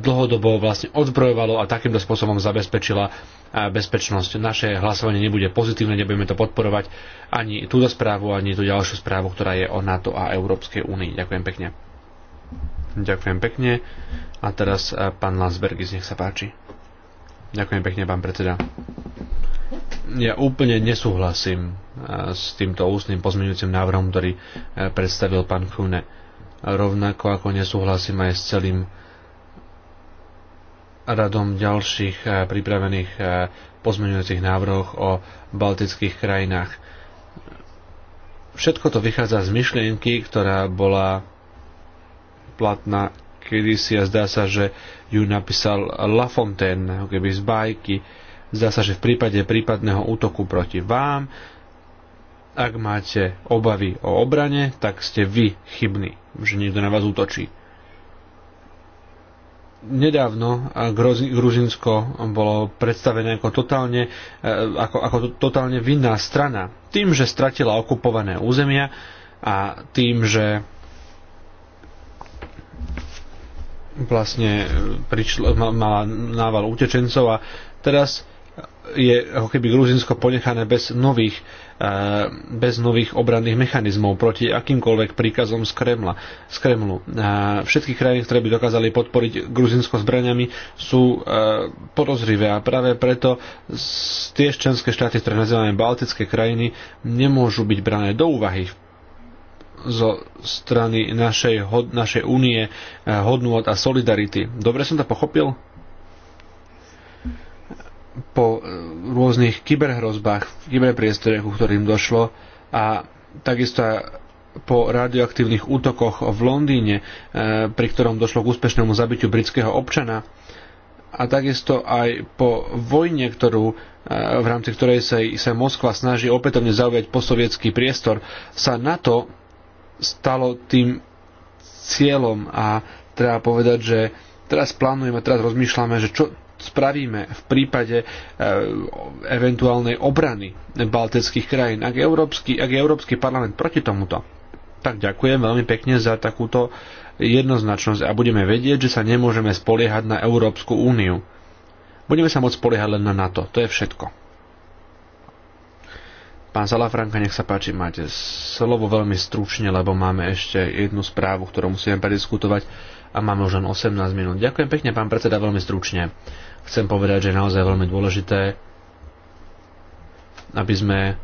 dlhodobo vlastne odzbrojovalo a takýmto spôsobom zabezpečila bezpečnosť. Naše hlasovanie nebude pozitívne, nebudeme to podporovať ani túto správu, ani tú ďalšiu správu, ktorá je o NATO a Európskej únii. Ďakujem pekne. Ďakujem pekne. A teraz pán Lansbergis, nech sa páči. Ďakujem pekne, pán predseda. Ja úplne nesúhlasím e, s týmto ústnym pozmeňujúcim návrhom, ktorý e, predstavil pán Kune. Rovnako ako nesúhlasím aj s celým radom ďalších e, pripravených pozmeňujúcich návrhoch o baltických krajinách. Všetko to vychádza z myšlienky, ktorá bola platná kedysi a zdá sa, že ju napísal Lafontaine, keby z bajky. Zdá sa, že v prípade prípadného útoku proti vám, ak máte obavy o obrane, tak ste vy chybní, že niekto na vás útočí. Nedávno Gruzinsko bolo predstavené ako totálne, e, ako, ako totálne vinná strana. Tým, že stratila okupované územia a tým, že vlastne e, prišlo, mala nával utečencov a teraz je ako keby Gruzinsko ponechané bez nových, e, bez nových obranných mechanizmov proti akýmkoľvek príkazom z, Kremla, z Kremlu. E, všetky krajiny, ktoré by dokázali podporiť Gruzinsko zbraniami, sú podozrivé a práve preto tie členské štáty, ktoré nazývame Baltické krajiny, nemôžu byť brané do úvahy v zo strany našej, hod, našej únie eh, hodnú a solidarity. Dobre som to pochopil? Po eh, rôznych kyberhrozbách v kyberpriestore, ku ktorým došlo a takisto po radioaktívnych útokoch v Londýne, eh, pri ktorom došlo k úspešnému zabitiu britského občana, a takisto aj po vojne, ktorú, v rámci ktorej sa, sa Moskva snaží opätovne zaujať posovietský priestor, sa NATO stalo tým cieľom a treba povedať, že teraz plánujeme, teraz rozmýšľame, že čo spravíme v prípade e, eventuálnej obrany baltických krajín. Ak je, Európsky, ak je Európsky parlament proti tomuto, tak ďakujem veľmi pekne za takúto jednoznačnosť a budeme vedieť, že sa nemôžeme spoliehať na Európsku úniu. Budeme sa môcť spoliehať len na NATO. To je všetko. Pán Salafranka, nech sa páči, máte slovo veľmi stručne, lebo máme ešte jednu správu, ktorú musíme prediskutovať a máme už len 18 minút. Ďakujem pekne, pán predseda, veľmi stručne. Chcem povedať, že je naozaj veľmi dôležité, aby sme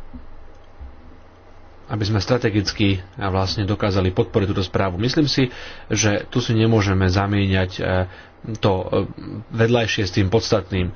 aby sme strategicky vlastne dokázali podporiť túto správu. Myslím si, že tu si nemôžeme zamieňať eh, to eh, vedľajšie s tým podstatným.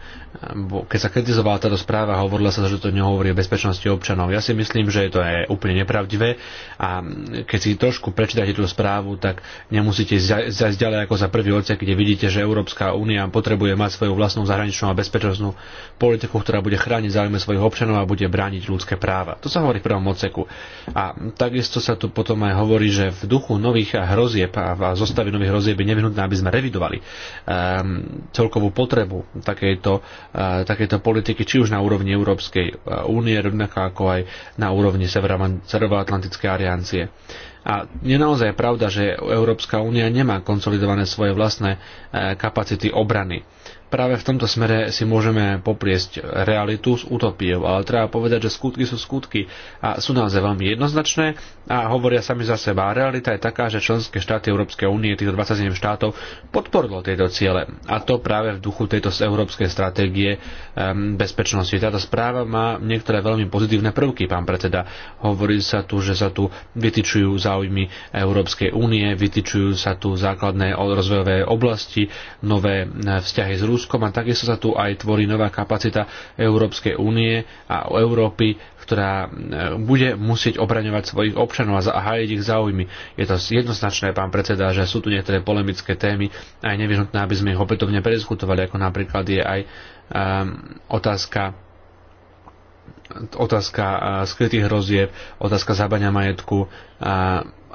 Keď sa kritizovala táto správa, hovorila sa, že to nehovorí o bezpečnosti občanov. Ja si myslím, že to je úplne nepravdivé a keď si trošku prečítate tú správu, tak nemusíte zajsť ďalej ako za prvý odsek, kde vidíte, že Európska únia potrebuje mať svoju vlastnú zahraničnú a bezpečnostnú politiku, ktorá bude chrániť záujme svojich občanov a bude brániť ľudské práva. To sa hovorí v prvom odseku. A takisto sa tu potom aj hovorí, že v duchu nových hrozieb a zostavy nových hrozieb je nevyhnutné, aby sme revidovali Ehm, celkovú potrebu takejto, eh, takejto politiky, či už na úrovni Európskej eh, únie, rovnako ako aj na úrovni Severoatlantickej aliancie. A je naozaj pravda, že Európska únia nemá konsolidované svoje vlastné eh, kapacity obrany Práve v tomto smere si môžeme popriesť realitu s utopiou, ale treba povedať, že skutky sú skutky a sú naozaj veľmi jednoznačné a hovoria sami za seba. Realita je taká, že členské štáty Európskej únie, týchto 27 štátov, podporilo tieto ciele a to práve v duchu tejto európskej stratégie bezpečnosti. Táto správa má niektoré veľmi pozitívne prvky, pán predseda. Hovorí sa tu, že sa tu vytyčujú záujmy Európskej únie, vytyčujú sa tu základné rozvojové oblasti, nové vzťahy s Ruskou, Ruskom a takisto sa tu aj tvorí nová kapacita Európskej únie a Európy, ktorá e, bude musieť obraňovať svojich občanov a zahájiť ich záujmy. Je to jednoznačné, pán predseda, že sú tu niektoré polemické témy a je nevyhnutné, aby sme ich opätovne prediskutovali, ako napríklad je aj um, otázka otázka e, skrytých hrozieb, otázka zabania majetku,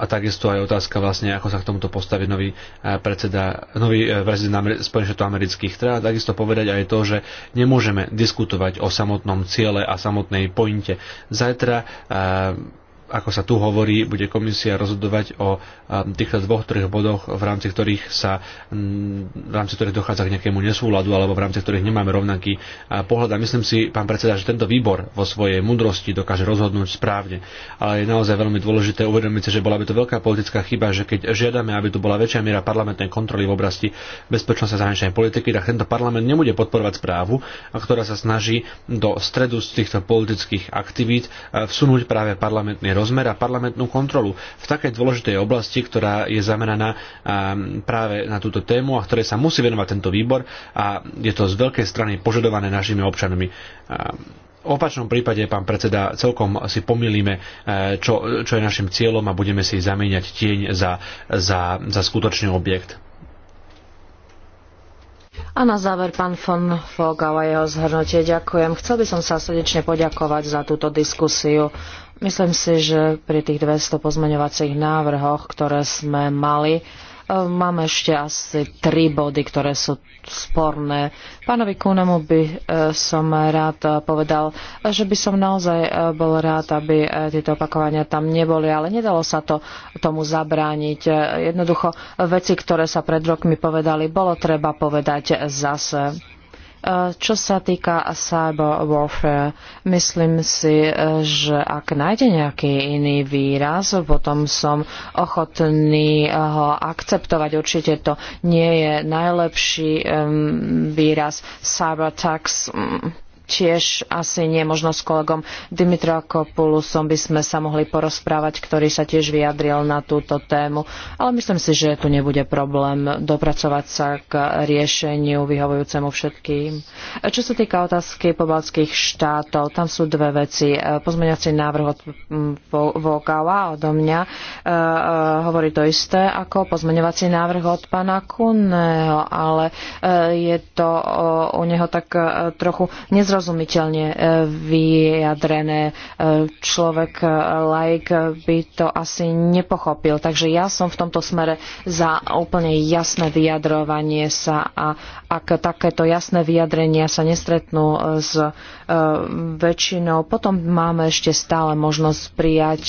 a takisto aj otázka vlastne, ako sa k tomuto postaví nový eh, predseda, nový eh, prezident Spojených štátov amerických. Treba takisto povedať aj to, že nemôžeme diskutovať o samotnom ciele a samotnej pointe. Zajtra eh, ako sa tu hovorí, bude komisia rozhodovať o týchto dvoch, troch bodoch, v rámci ktorých sa v rámci ktorých dochádza k nejakému nesúladu alebo v rámci ktorých nemáme rovnaký pohľad. A myslím si, pán predseda, že tento výbor vo svojej mudrosti dokáže rozhodnúť správne. Ale je naozaj veľmi dôležité uvedomiť si, že bola by to veľká politická chyba, že keď žiadame, aby tu bola väčšia miera parlamentnej kontroly v oblasti bezpečnosti a zahraničnej politiky, tak tento parlament nebude podporovať správu, ktorá sa snaží do stredu z týchto politických aktivít vsunúť práve parlamentný rozmer a parlamentnú kontrolu v takej dôležitej oblasti, ktorá je zameraná práve na túto tému a ktoré sa musí venovať tento výbor a je to z veľkej strany požadované našimi občanmi. V opačnom prípade, pán predseda, celkom si pomýlime, e, čo, čo je našim cieľom a budeme si zamieňať tieň za, za, za skutočný objekt. A na záver pán von Fogel a jeho zhrnutie ďakujem. Chcel by som sa srdečne poďakovať za túto diskusiu. Myslím si, že pri tých 200 pozmeňovacích návrhoch, ktoré sme mali, e, Mám ešte asi tri body, ktoré sú sporné. Pánovi Kunemu by e, som rád e, povedal, že by som naozaj bol rád, aby tieto opakovania tam neboli, ale nedalo sa to tomu zabrániť. Jednoducho veci, ktoré sa pred rokmi povedali, bolo treba povedať zase Eh, čo sa týka cyber warfare, myslím si, eh, že ak nájde nejaký iný výraz, potom som ochotný eh, ho akceptovať. Určite to nie je najlepší výraz. Cyber tax mm, tiež asi nie, možno s kolegom Dimitrakopulusom by sme sa mohli porozprávať, ktorý sa tiež vyjadril na túto tému. Ale myslím si, že tu nebude problém dopracovať sa k riešeniu vyhovujúcemu všetkým. Čo sa týka otázky pobaltských štátov, tam sú dve veci. E, Pozmeňací návrh od Vokala odo mňa e, e, hovorí to isté ako pozmeňovací návrh od pána Kunného, ale je to u neho tak trochu nezrozumiteľné zrozumiteľne e, vyjadrené. E, človek e, like by to asi nepochopil. Takže ja som v tomto smere za úplne jasné vyjadrovanie sa a ak takéto jasné vyjadrenia sa nestretnú s väčšinou, potom máme ešte stále možnosť prijať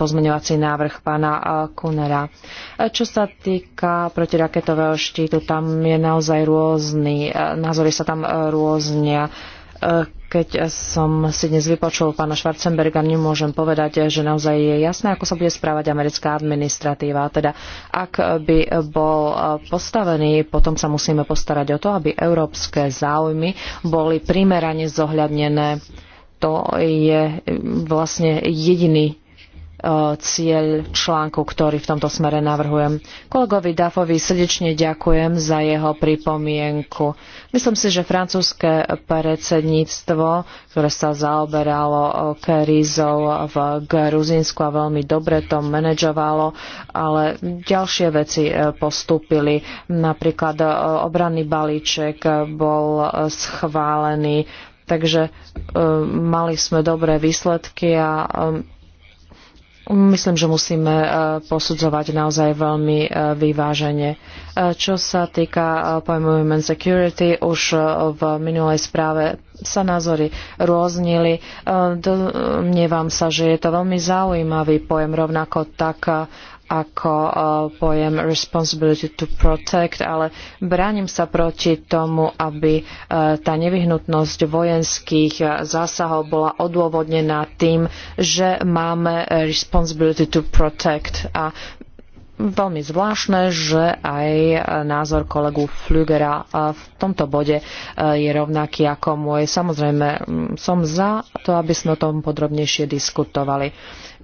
pozmeňovací návrh pána Kunera. Čo sa týka protiraketového štítu, tam je naozaj rôzny, názory sa tam rôznia. Keď som si dnes vypočul pána Schwarzenberga, nemôžem povedať, že naozaj je jasné, ako sa bude správať americká administratíva. Teda ak by bol postavený, potom sa musíme postarať o to, aby európske záujmy boli primerane zohľadnené. To je vlastne jediný E, cieľ článku, ktorý v tomto smere navrhujem. Kolegovi Dafovi srdečne ďakujem za jeho pripomienku. Myslím si, že francúzske predsedníctvo, ktoré sa zaoberalo e, krízou v Gruzínsku a veľmi dobre to manažovalo, ale ďalšie veci e, postúpili. Napríklad obranný balíček bol schválený, takže mali sme dobré výsledky a Myslím, že musíme e, posudzovať naozaj veľmi e, vyvážene. E, čo sa týka pojmu Human Security, už v minulej správe sa názory rôznili. Domnievam sa, že je to veľmi zaujímavý pojem, rovnako tak ako eh, pojem responsibility to protect, ale bránim sa proti tomu, aby eh, tá nevyhnutnosť vojenských eh, zásahov bola odôvodnená tým, že máme responsibility to protect. A veľmi zvláštne, že aj názor kolegu Flügera v tomto bode je rovnaký ako môj. Samozrejme, mm, som za to, aby sme o tom podrobnejšie diskutovali.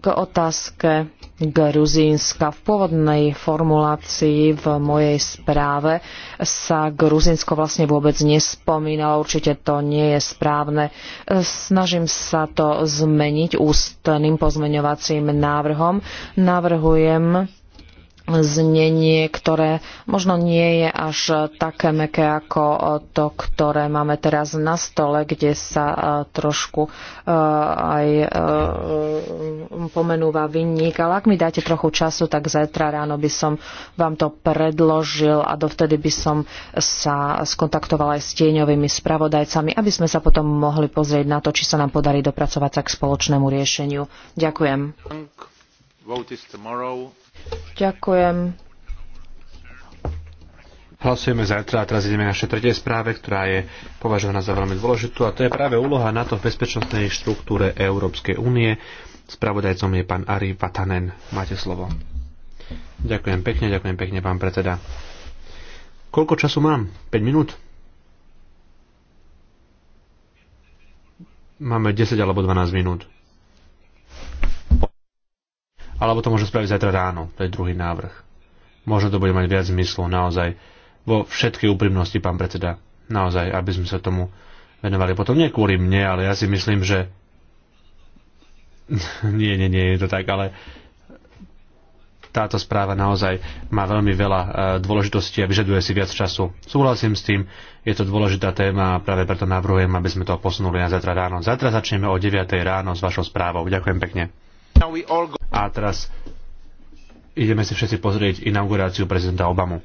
K otázke Gruzínska. V pôvodnej formulácii v mojej správe sa Gruzínsko vlastne vôbec nespomínalo. Určite to nie je správne. Snažím sa to zmeniť ústným pozmeňovacím návrhom. Navrhujem znenie, ktoré možno nie je až také meké ako e, to, ktoré máme teraz na stole, kde sa e, trošku e, aj pomenúva vinník. Ale ak mi dáte trochu času, tak zajtra ráno by som vám to predložil a dovtedy by som sa skontaktovala aj s tieňovými spravodajcami, aby sme sa potom mohli pozrieť na to, či sa nám podarí dopracovať sa k spoločnému riešeniu. Ďakujem. Vote is tomorrow Ďakujem. Hlasujeme zajtra a teraz ideme na naše tretie správe, ktorá je považovaná za veľmi dôležitú a to je práve úloha NATO v bezpečnostnej štruktúre Európskej únie. Spravodajcom je pán Ari Vatanen. Máte slovo. Ďakujem pekne, ďakujem pekne, pán predseda. Koľko času mám? 5 minút? Máme 10 alebo 12 minút alebo to môže spraviť zajtra ráno, to je druhý návrh. Možno to bude mať viac zmyslu, naozaj. Vo všetkej úprimnosti, pán predseda, naozaj, aby sme sa tomu venovali. Potom nie kvôli mne, ale ja si myslím, že... nie, nie, nie, je to tak, ale táto správa naozaj má veľmi veľa e, dôležitosti a vyžaduje si viac času. Súhlasím s tým, je to dôležitá téma a práve preto navrhujem, aby sme to posunuli na zajtra ráno. Zajtra začneme o 9 ráno s vašou správou. Ďakujem pekne. A teraz ideme si všetci pozrieť inauguráciu prezidenta Obamu.